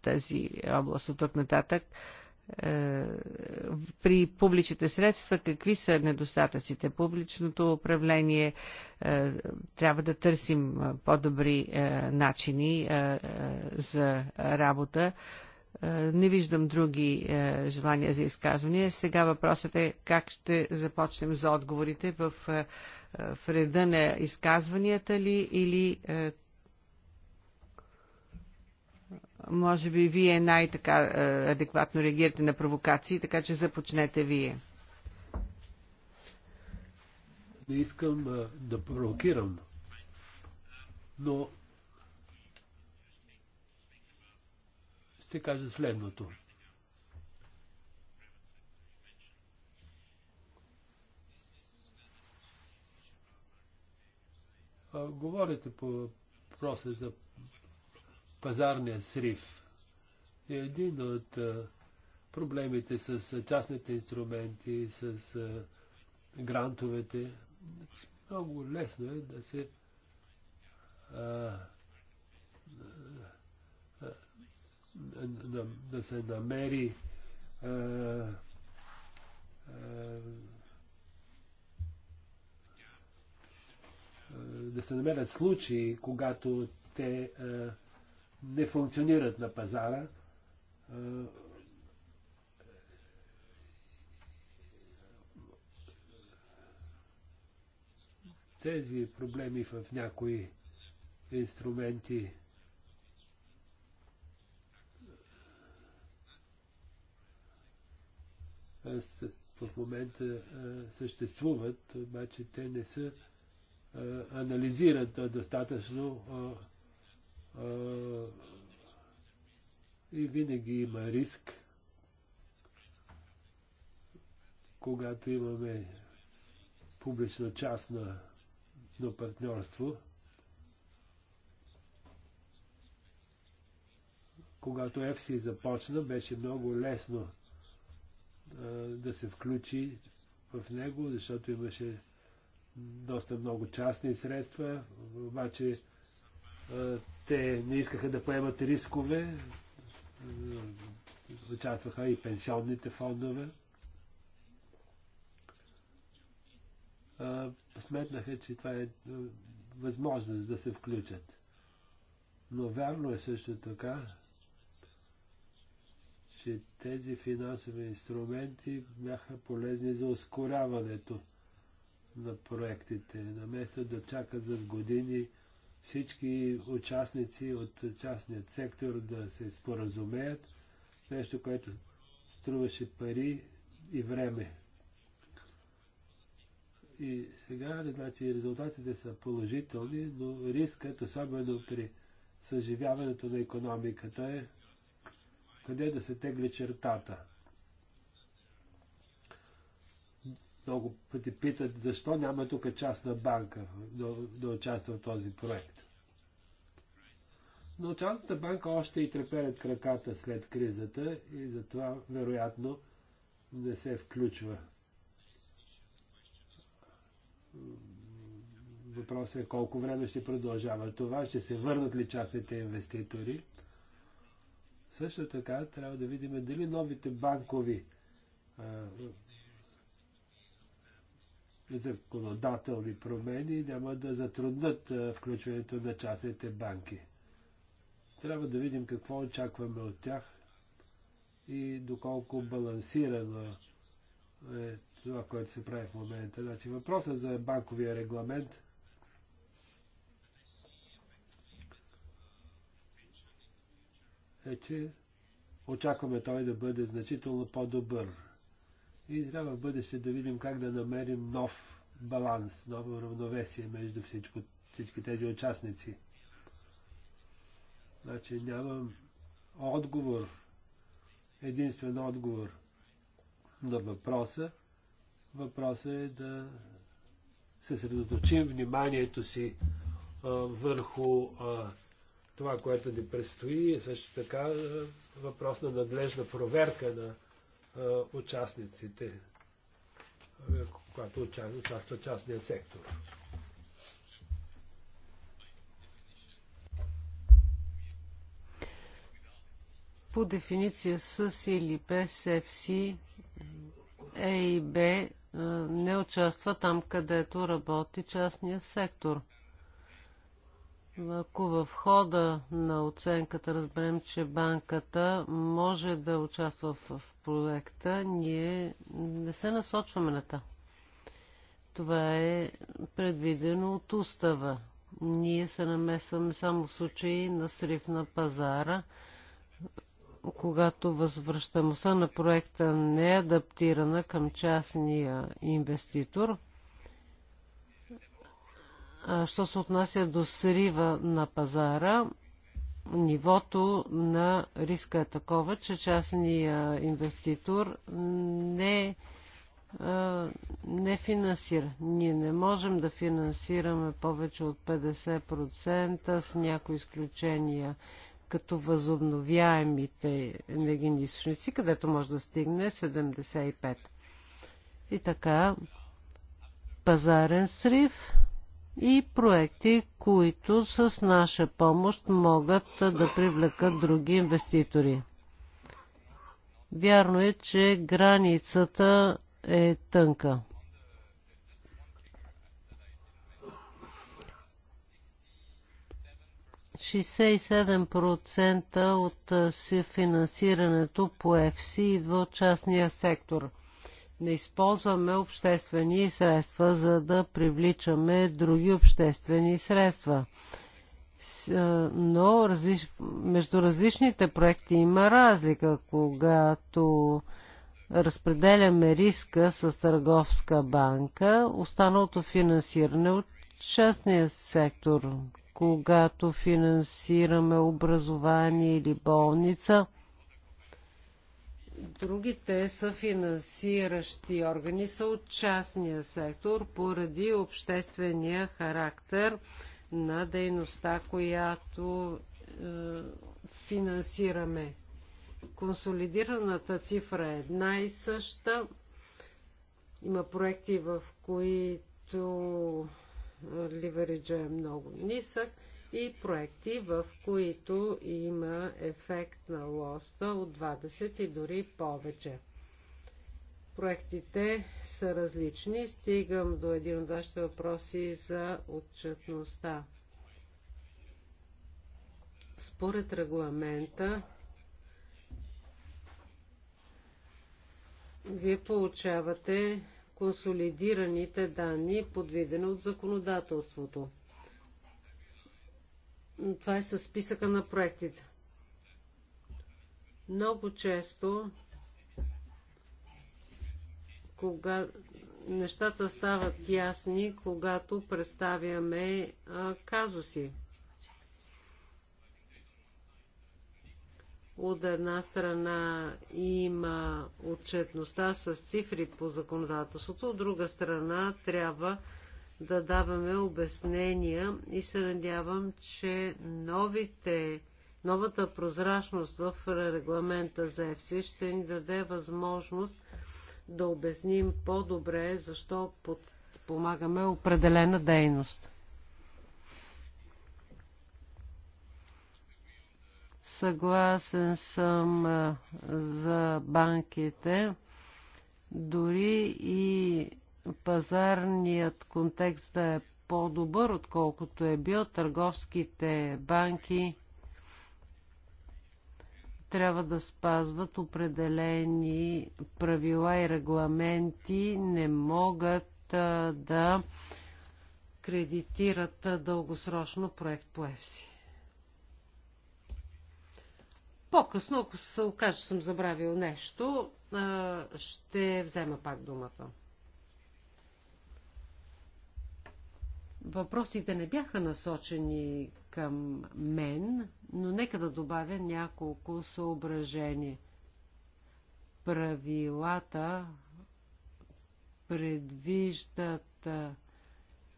тази област от тук нататък при публичните средства, какви са недостатъците? Публичното управление трябва да търсим по-добри начини за работа е, не виждам други е, желания за изказвания. Сега въпросът е как ще започнем за отговорите в, е, в реда на изказванията ли или може би вие най-така адекватно реагирате на провокации, така че започнете вие. Не искам да провокирам, но ще кажа следното. говорите по въпроса за пазарния срив. И е един от проблемите с частните инструменти, с грантовете, много лесно е да се а, да, да се намери а, е, а, е, да се намерят случаи, когато те а, е, не функционират на пазара. А, тези проблеми в някои инструменти в момента съществуват, обаче те не са анализират достатъчно и винаги има риск, когато имаме публично-частно партньорство, когато ЕФСИ започна, беше много лесно да се включи в него, защото имаше доста много частни средства, обаче те не искаха да поемат рискове, участваха и пенсионните фондове. Сметнаха, че това е възможност да се включат. Но вярно е също така, че тези финансови инструменти бяха полезни за ускоряването на проектите, наместо да чакат за години всички участници от частният сектор да се споразумеят, нещо, което струваше пари и време. И сега, значи, резултатите са положителни, но рискът, особено при съживяването на економиката е къде да се тегли чертата. Много пъти питат защо няма тук частна банка да, да участва в този проект. Но частната банка още и треперят краката след кризата и затова вероятно не се включва. Въпросът е колко време ще продължава това, ще се върнат ли частните инвеститори. Също така трябва да видим дали новите банкови законодателни промени няма да затруднат включването на частните банки. Трябва да видим какво очакваме от тях и доколко балансирано е това, което се прави в момента. Значи въпросът за банковия регламент е, че очакваме той да бъде значително по-добър. И трябва в бъдеще да видим как да намерим нов баланс, ново равновесие между всичко, всички тези участници. Значи нямам отговор, единствен отговор на въпроса. Въпросът е да съсредоточим вниманието си а, върху а, това, което ни предстои, е също така е, въпрос на надлежна проверка на а, е, участниците, е, когато участва, участва частния сектор. По дефиниция с или без FC A и B не участва там, където работи частния сектор – ако в хода на оценката разберем, че банката може да участва в проекта, ние не се насочваме на та. Това е предвидено от устава. Ние се намесваме само в случаи на срив на пазара, когато възвръщаемостта на проекта не е адаптирана към частния инвеститор – Що се отнася до срива на пазара, нивото на риска е такова, че частния инвеститор не, не финансира. Ние не можем да финансираме повече от 50% с някои изключения като възобновяемите енергийни източници, където може да стигне 75. И така, пазарен срив, и проекти, които с наша помощ могат да привлекат други инвеститори. Вярно е, че границата е тънка. от финансирането по ЕФСИ идва от частния сектор не използваме обществени средства, за да привличаме други обществени средства. Но различ... между различните проекти има разлика, когато разпределяме риска с търговска банка, останалото финансиране от частния сектор, когато финансираме образование или болница – Другите съфинансиращи органи са от частния сектор поради обществения характер на дейността, която е, финансираме. Консолидираната цифра е една и съща. Има проекти, в които е, ливериджа е много нисък и проекти, в които има ефект на лоста от 20 и дори повече. Проектите са различни. Стигам до един от вашите въпроси за отчетността. Според регламента, вие получавате консолидираните данни, подвидени от законодателството – това е със списъка на проектите. Много често, кога нещата стават ясни, когато представяме а, казуси. От една страна има отчетността с цифри по законодателството, от друга страна трябва да даваме обяснения и се надявам, че новите, новата прозрачност в регламента за ЕФСИ ще ни даде възможност да обясним по-добре защо подпомагаме определена дейност. Съгласен съм за банките. Дори и пазарният контекст да е по-добър, отколкото е бил. Търговските банки трябва да спазват определени правила и регламенти, не могат а, да кредитират а, дългосрочно проект по ЕФСИ. По-късно, ако се окаже, че съм забравил нещо, а, ще взема пак думата. Въпросите не бяха насочени към мен, но нека да добавя няколко съображения. Правилата предвиждат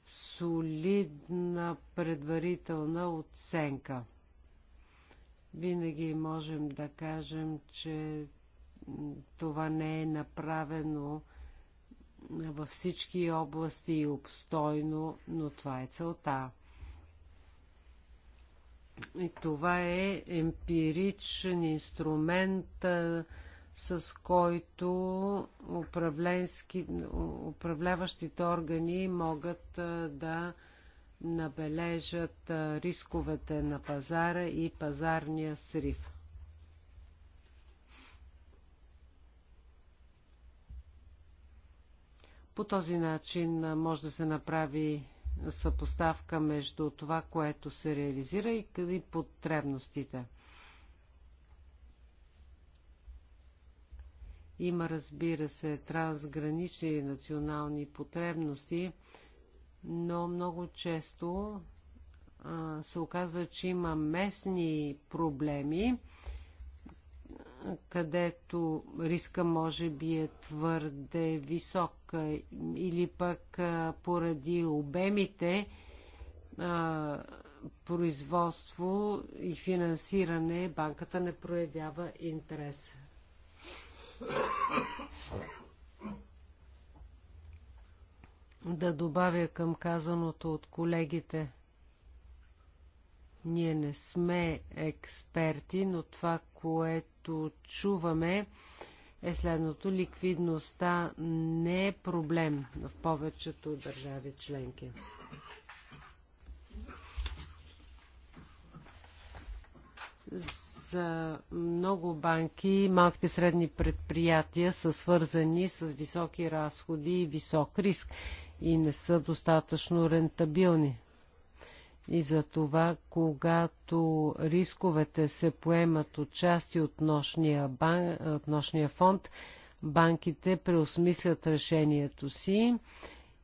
солидна предварителна оценка. Винаги можем да кажем, че това не е направено във всички области и обстойно, но това е целта. И това е емпиричен инструмент, с който управляващите органи могат да набележат рисковете на пазара и пазарния срив. По този начин може да се направи съпоставка между това, което се реализира и, къде потребностите. Има, разбира се, трансгранични национални потребности, но много често а, се оказва, че има местни проблеми, където риска може би е твърде висок или пък поради обемите производство и финансиране банката не проявява интерес. Да добавя към казаното от колегите. Ние не сме експерти, но това, което което чуваме, е следното. Ликвидността не е проблем в повечето държави членки. За много банки малките и средни предприятия са свързани с високи разходи и висок риск и не са достатъчно рентабилни. И за това, когато рисковете се поемат от части от нощния, бан... от нощния фонд, банките преосмислят решението си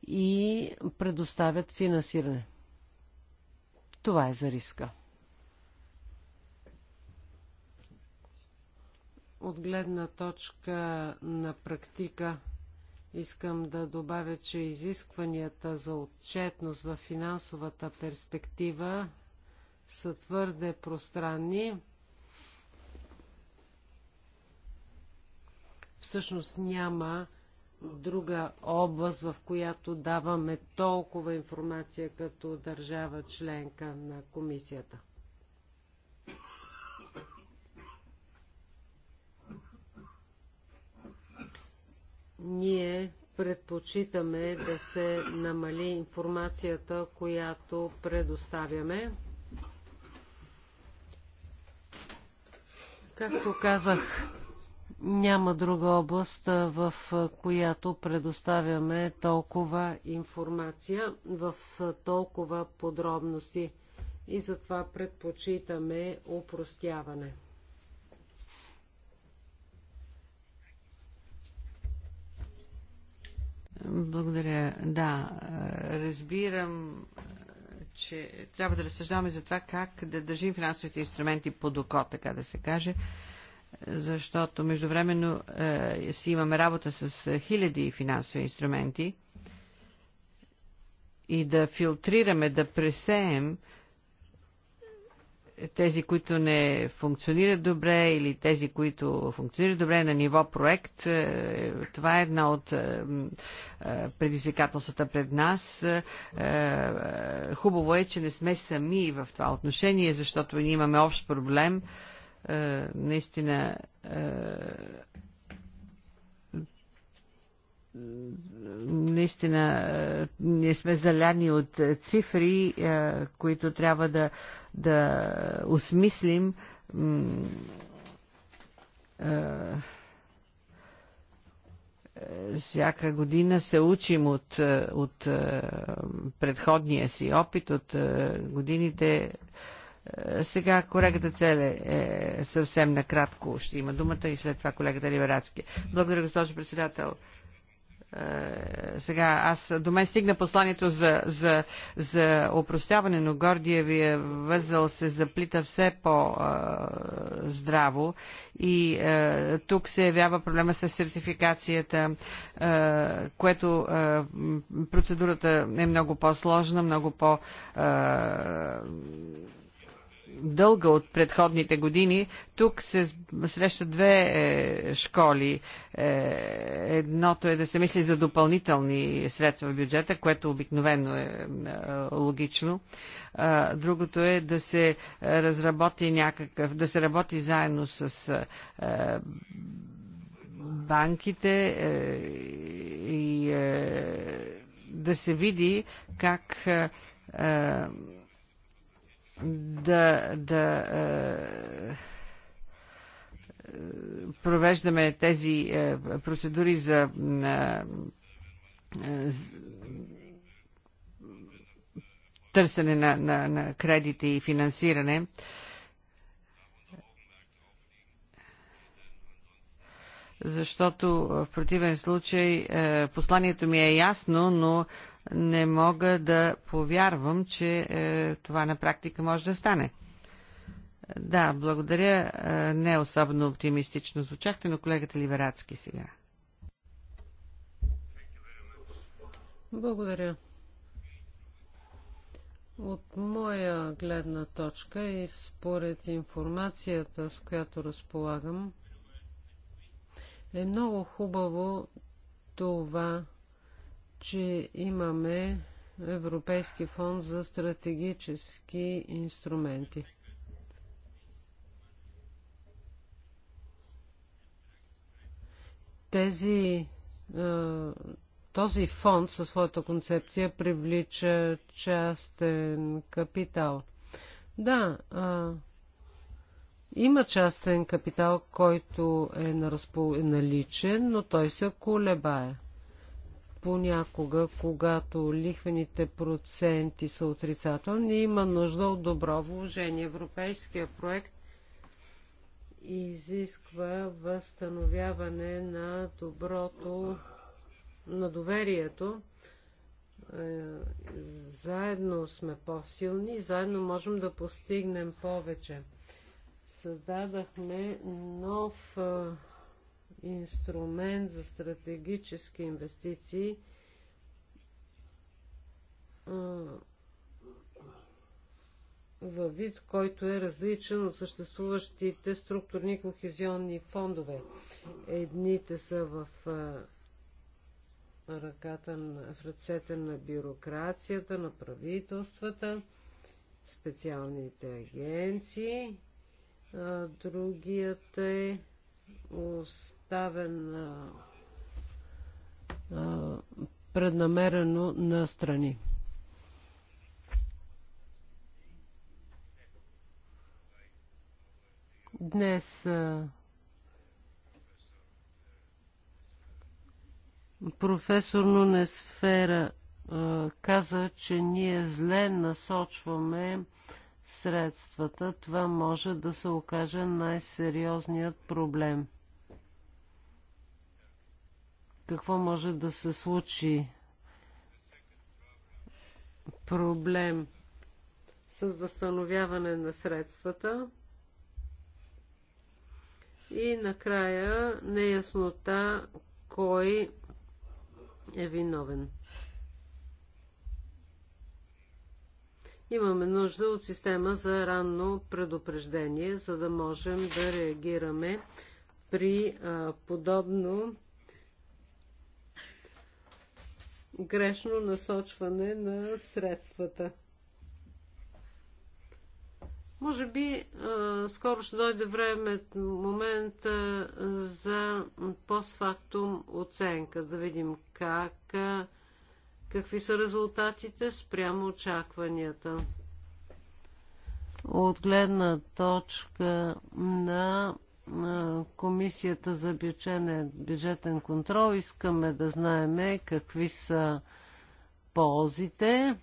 и предоставят финансиране. Това е за риска. От гледна точка на практика, Искам да добавя, че изискванията за отчетност в финансовата перспектива са твърде пространни. Всъщност няма друга област, в която даваме толкова информация като държава членка на комисията. Ние предпочитаме да се намали информацията, която предоставяме. Както казах, няма друга област, в която предоставяме толкова информация, в толкова подробности и затова предпочитаме упростяване. Благодаря. Да, разбирам, че трябва да разсъждаваме за това как да държим финансовите инструменти под око, така да се каже, защото междувременно е, си имаме работа с е, хиляди финансови инструменти и да филтрираме, да пресеем тези, които не функционират добре или тези, които функционират добре на ниво проект. Е, това е една от е, е, предизвикателствата пред нас. Хубаво е, че не сме сами в това отношение, защото ние имаме общ проблем. Наистина наистина не сме заляни от цифри, които трябва да да осмислим всяка година се учим от, от предходния си опит, от годините. Сега колегата Целе е съвсем накратко ще има думата и след това колегата Либерацки. Благодаря, госпожо председател. Е, сега аз до мен стигна посланието за, за, за опростяване, но Гордиевия възъл се заплита все по-здраво и а, е, тук се явява проблема с сертификацията, а, е, което а, процедурата е много по-сложна, много по- е, дълга от предходните години. Тук се срещат две е, школи. Е, едното е да се мисли за допълнителни средства в бюджета, което обикновено е, е логично. А, другото е да се разработи някакъв, да се работи заедно с е, банките е, и е, да се види как е, е да, да е, провеждаме тези е, процедури за е, е търсене на, на, на кредити и финансиране. Защото в противен случай е, посланието ми е ясно, но не мога да повярвам, че е, това на практика може да стане. Да, благодаря. Е, не особено оптимистично звучахте, но колегата Либерацки сега. Благодаря. От моя гледна точка и според информацията, с която разполагам, е много хубаво това че имаме Европейски фонд за стратегически инструменти. Тези, този фонд със своята концепция привлича частен капитал. Да, а, има частен капитал, който е на е наличен, но той се колебае понякога, когато лихвените проценти са отрицателни, има нужда от добро вложение. Европейския проект изисква възстановяване на доброто, на доверието. Е, заедно сме по-силни, заедно можем да постигнем повече. Създадахме нов е, инструмент за стратегически инвестиции във вид, който е различен от съществуващите структурни кохезионни фондове. Едните са в ръката, в ръцете на бюрокрацията, на правителствата, специалните агенции. Другият е а, преднамерено на страни. Днес професор Нунесфера каза, че ние зле насочваме средствата. Това може да се окаже най-сериозният проблем какво може да се случи. Проблем с възстановяване на средствата. И накрая неяснота кой е виновен. Имаме нужда от система за ранно предупреждение, за да можем да реагираме при а, подобно грешно насочване на средствата. Може би а, скоро ще дойде време, момент а, за постфактум оценка, да видим как, а, какви са резултатите спрямо очакванията. От гледна точка на Комисията за бюджетен, бюджетен контрол искаме да знаеме какви са ползите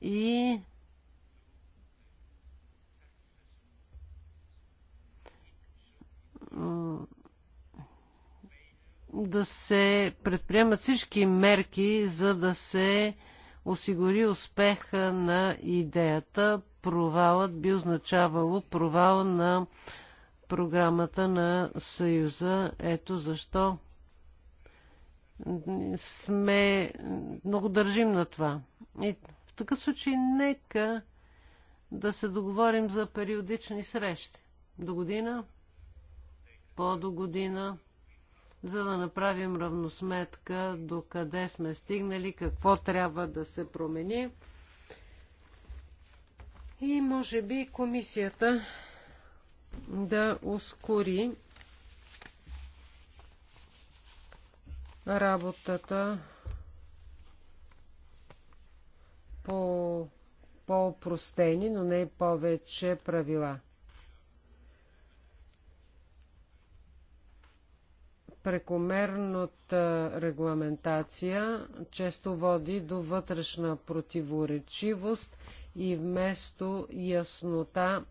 и да се предприемат всички мерки, за да се осигури успеха на идеята провалът би означавало провал на програмата на Съюза. Ето защо сме много държим на това. И в такъв случай нека да се договорим за периодични срещи. До година, по-до година, за да направим равносметка до къде сме стигнали, какво трябва да се промени. И може би комисията да ускори работата по по-простени, но не повече правила. Прекомерната регламентация често води до вътрешна противоречивост – и вместо яснота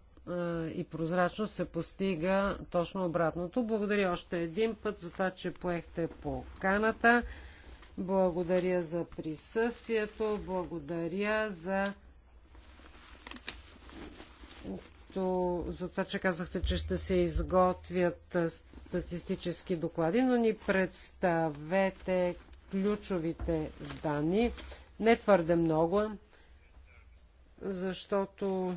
и прозрачност се постига точно обратното. Благодаря още един път за това, че поехте по каната. Благодаря за присъствието. Благодаря за за това, че казахте, че ще се изготвят статистически доклади, но ни представете ключовите данни. Не твърде много защото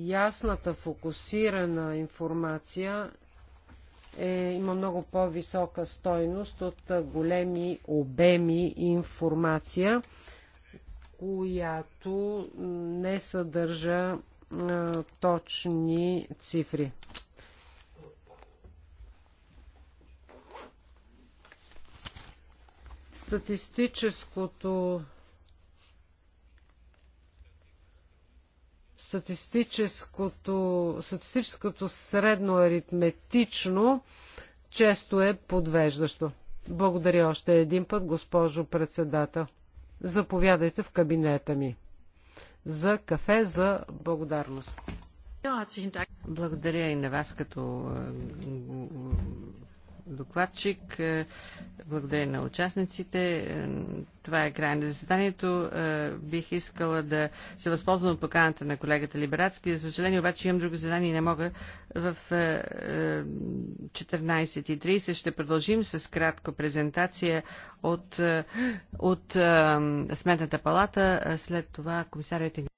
ясната фокусирана информация е, има много по-висока стойност от големи обеми информация, която не съдържа а, точни цифри. Статистическото статистическото, статистическото средно аритметично често е подвеждащо. Благодаря още един път, госпожо председател. Заповядайте в кабинета ми за кафе за благодарност. Благодаря и на вас като е, докладчик. Е, благодаря на участниците. Е, това е край на заседанието. Е, бих искала да се възползвам от поканата на колегата Либерацки. За съжаление обаче имам друго задание и не мога. В 14.30 ще продължим с кратка презентация от, от Сметната палата. След това комисарят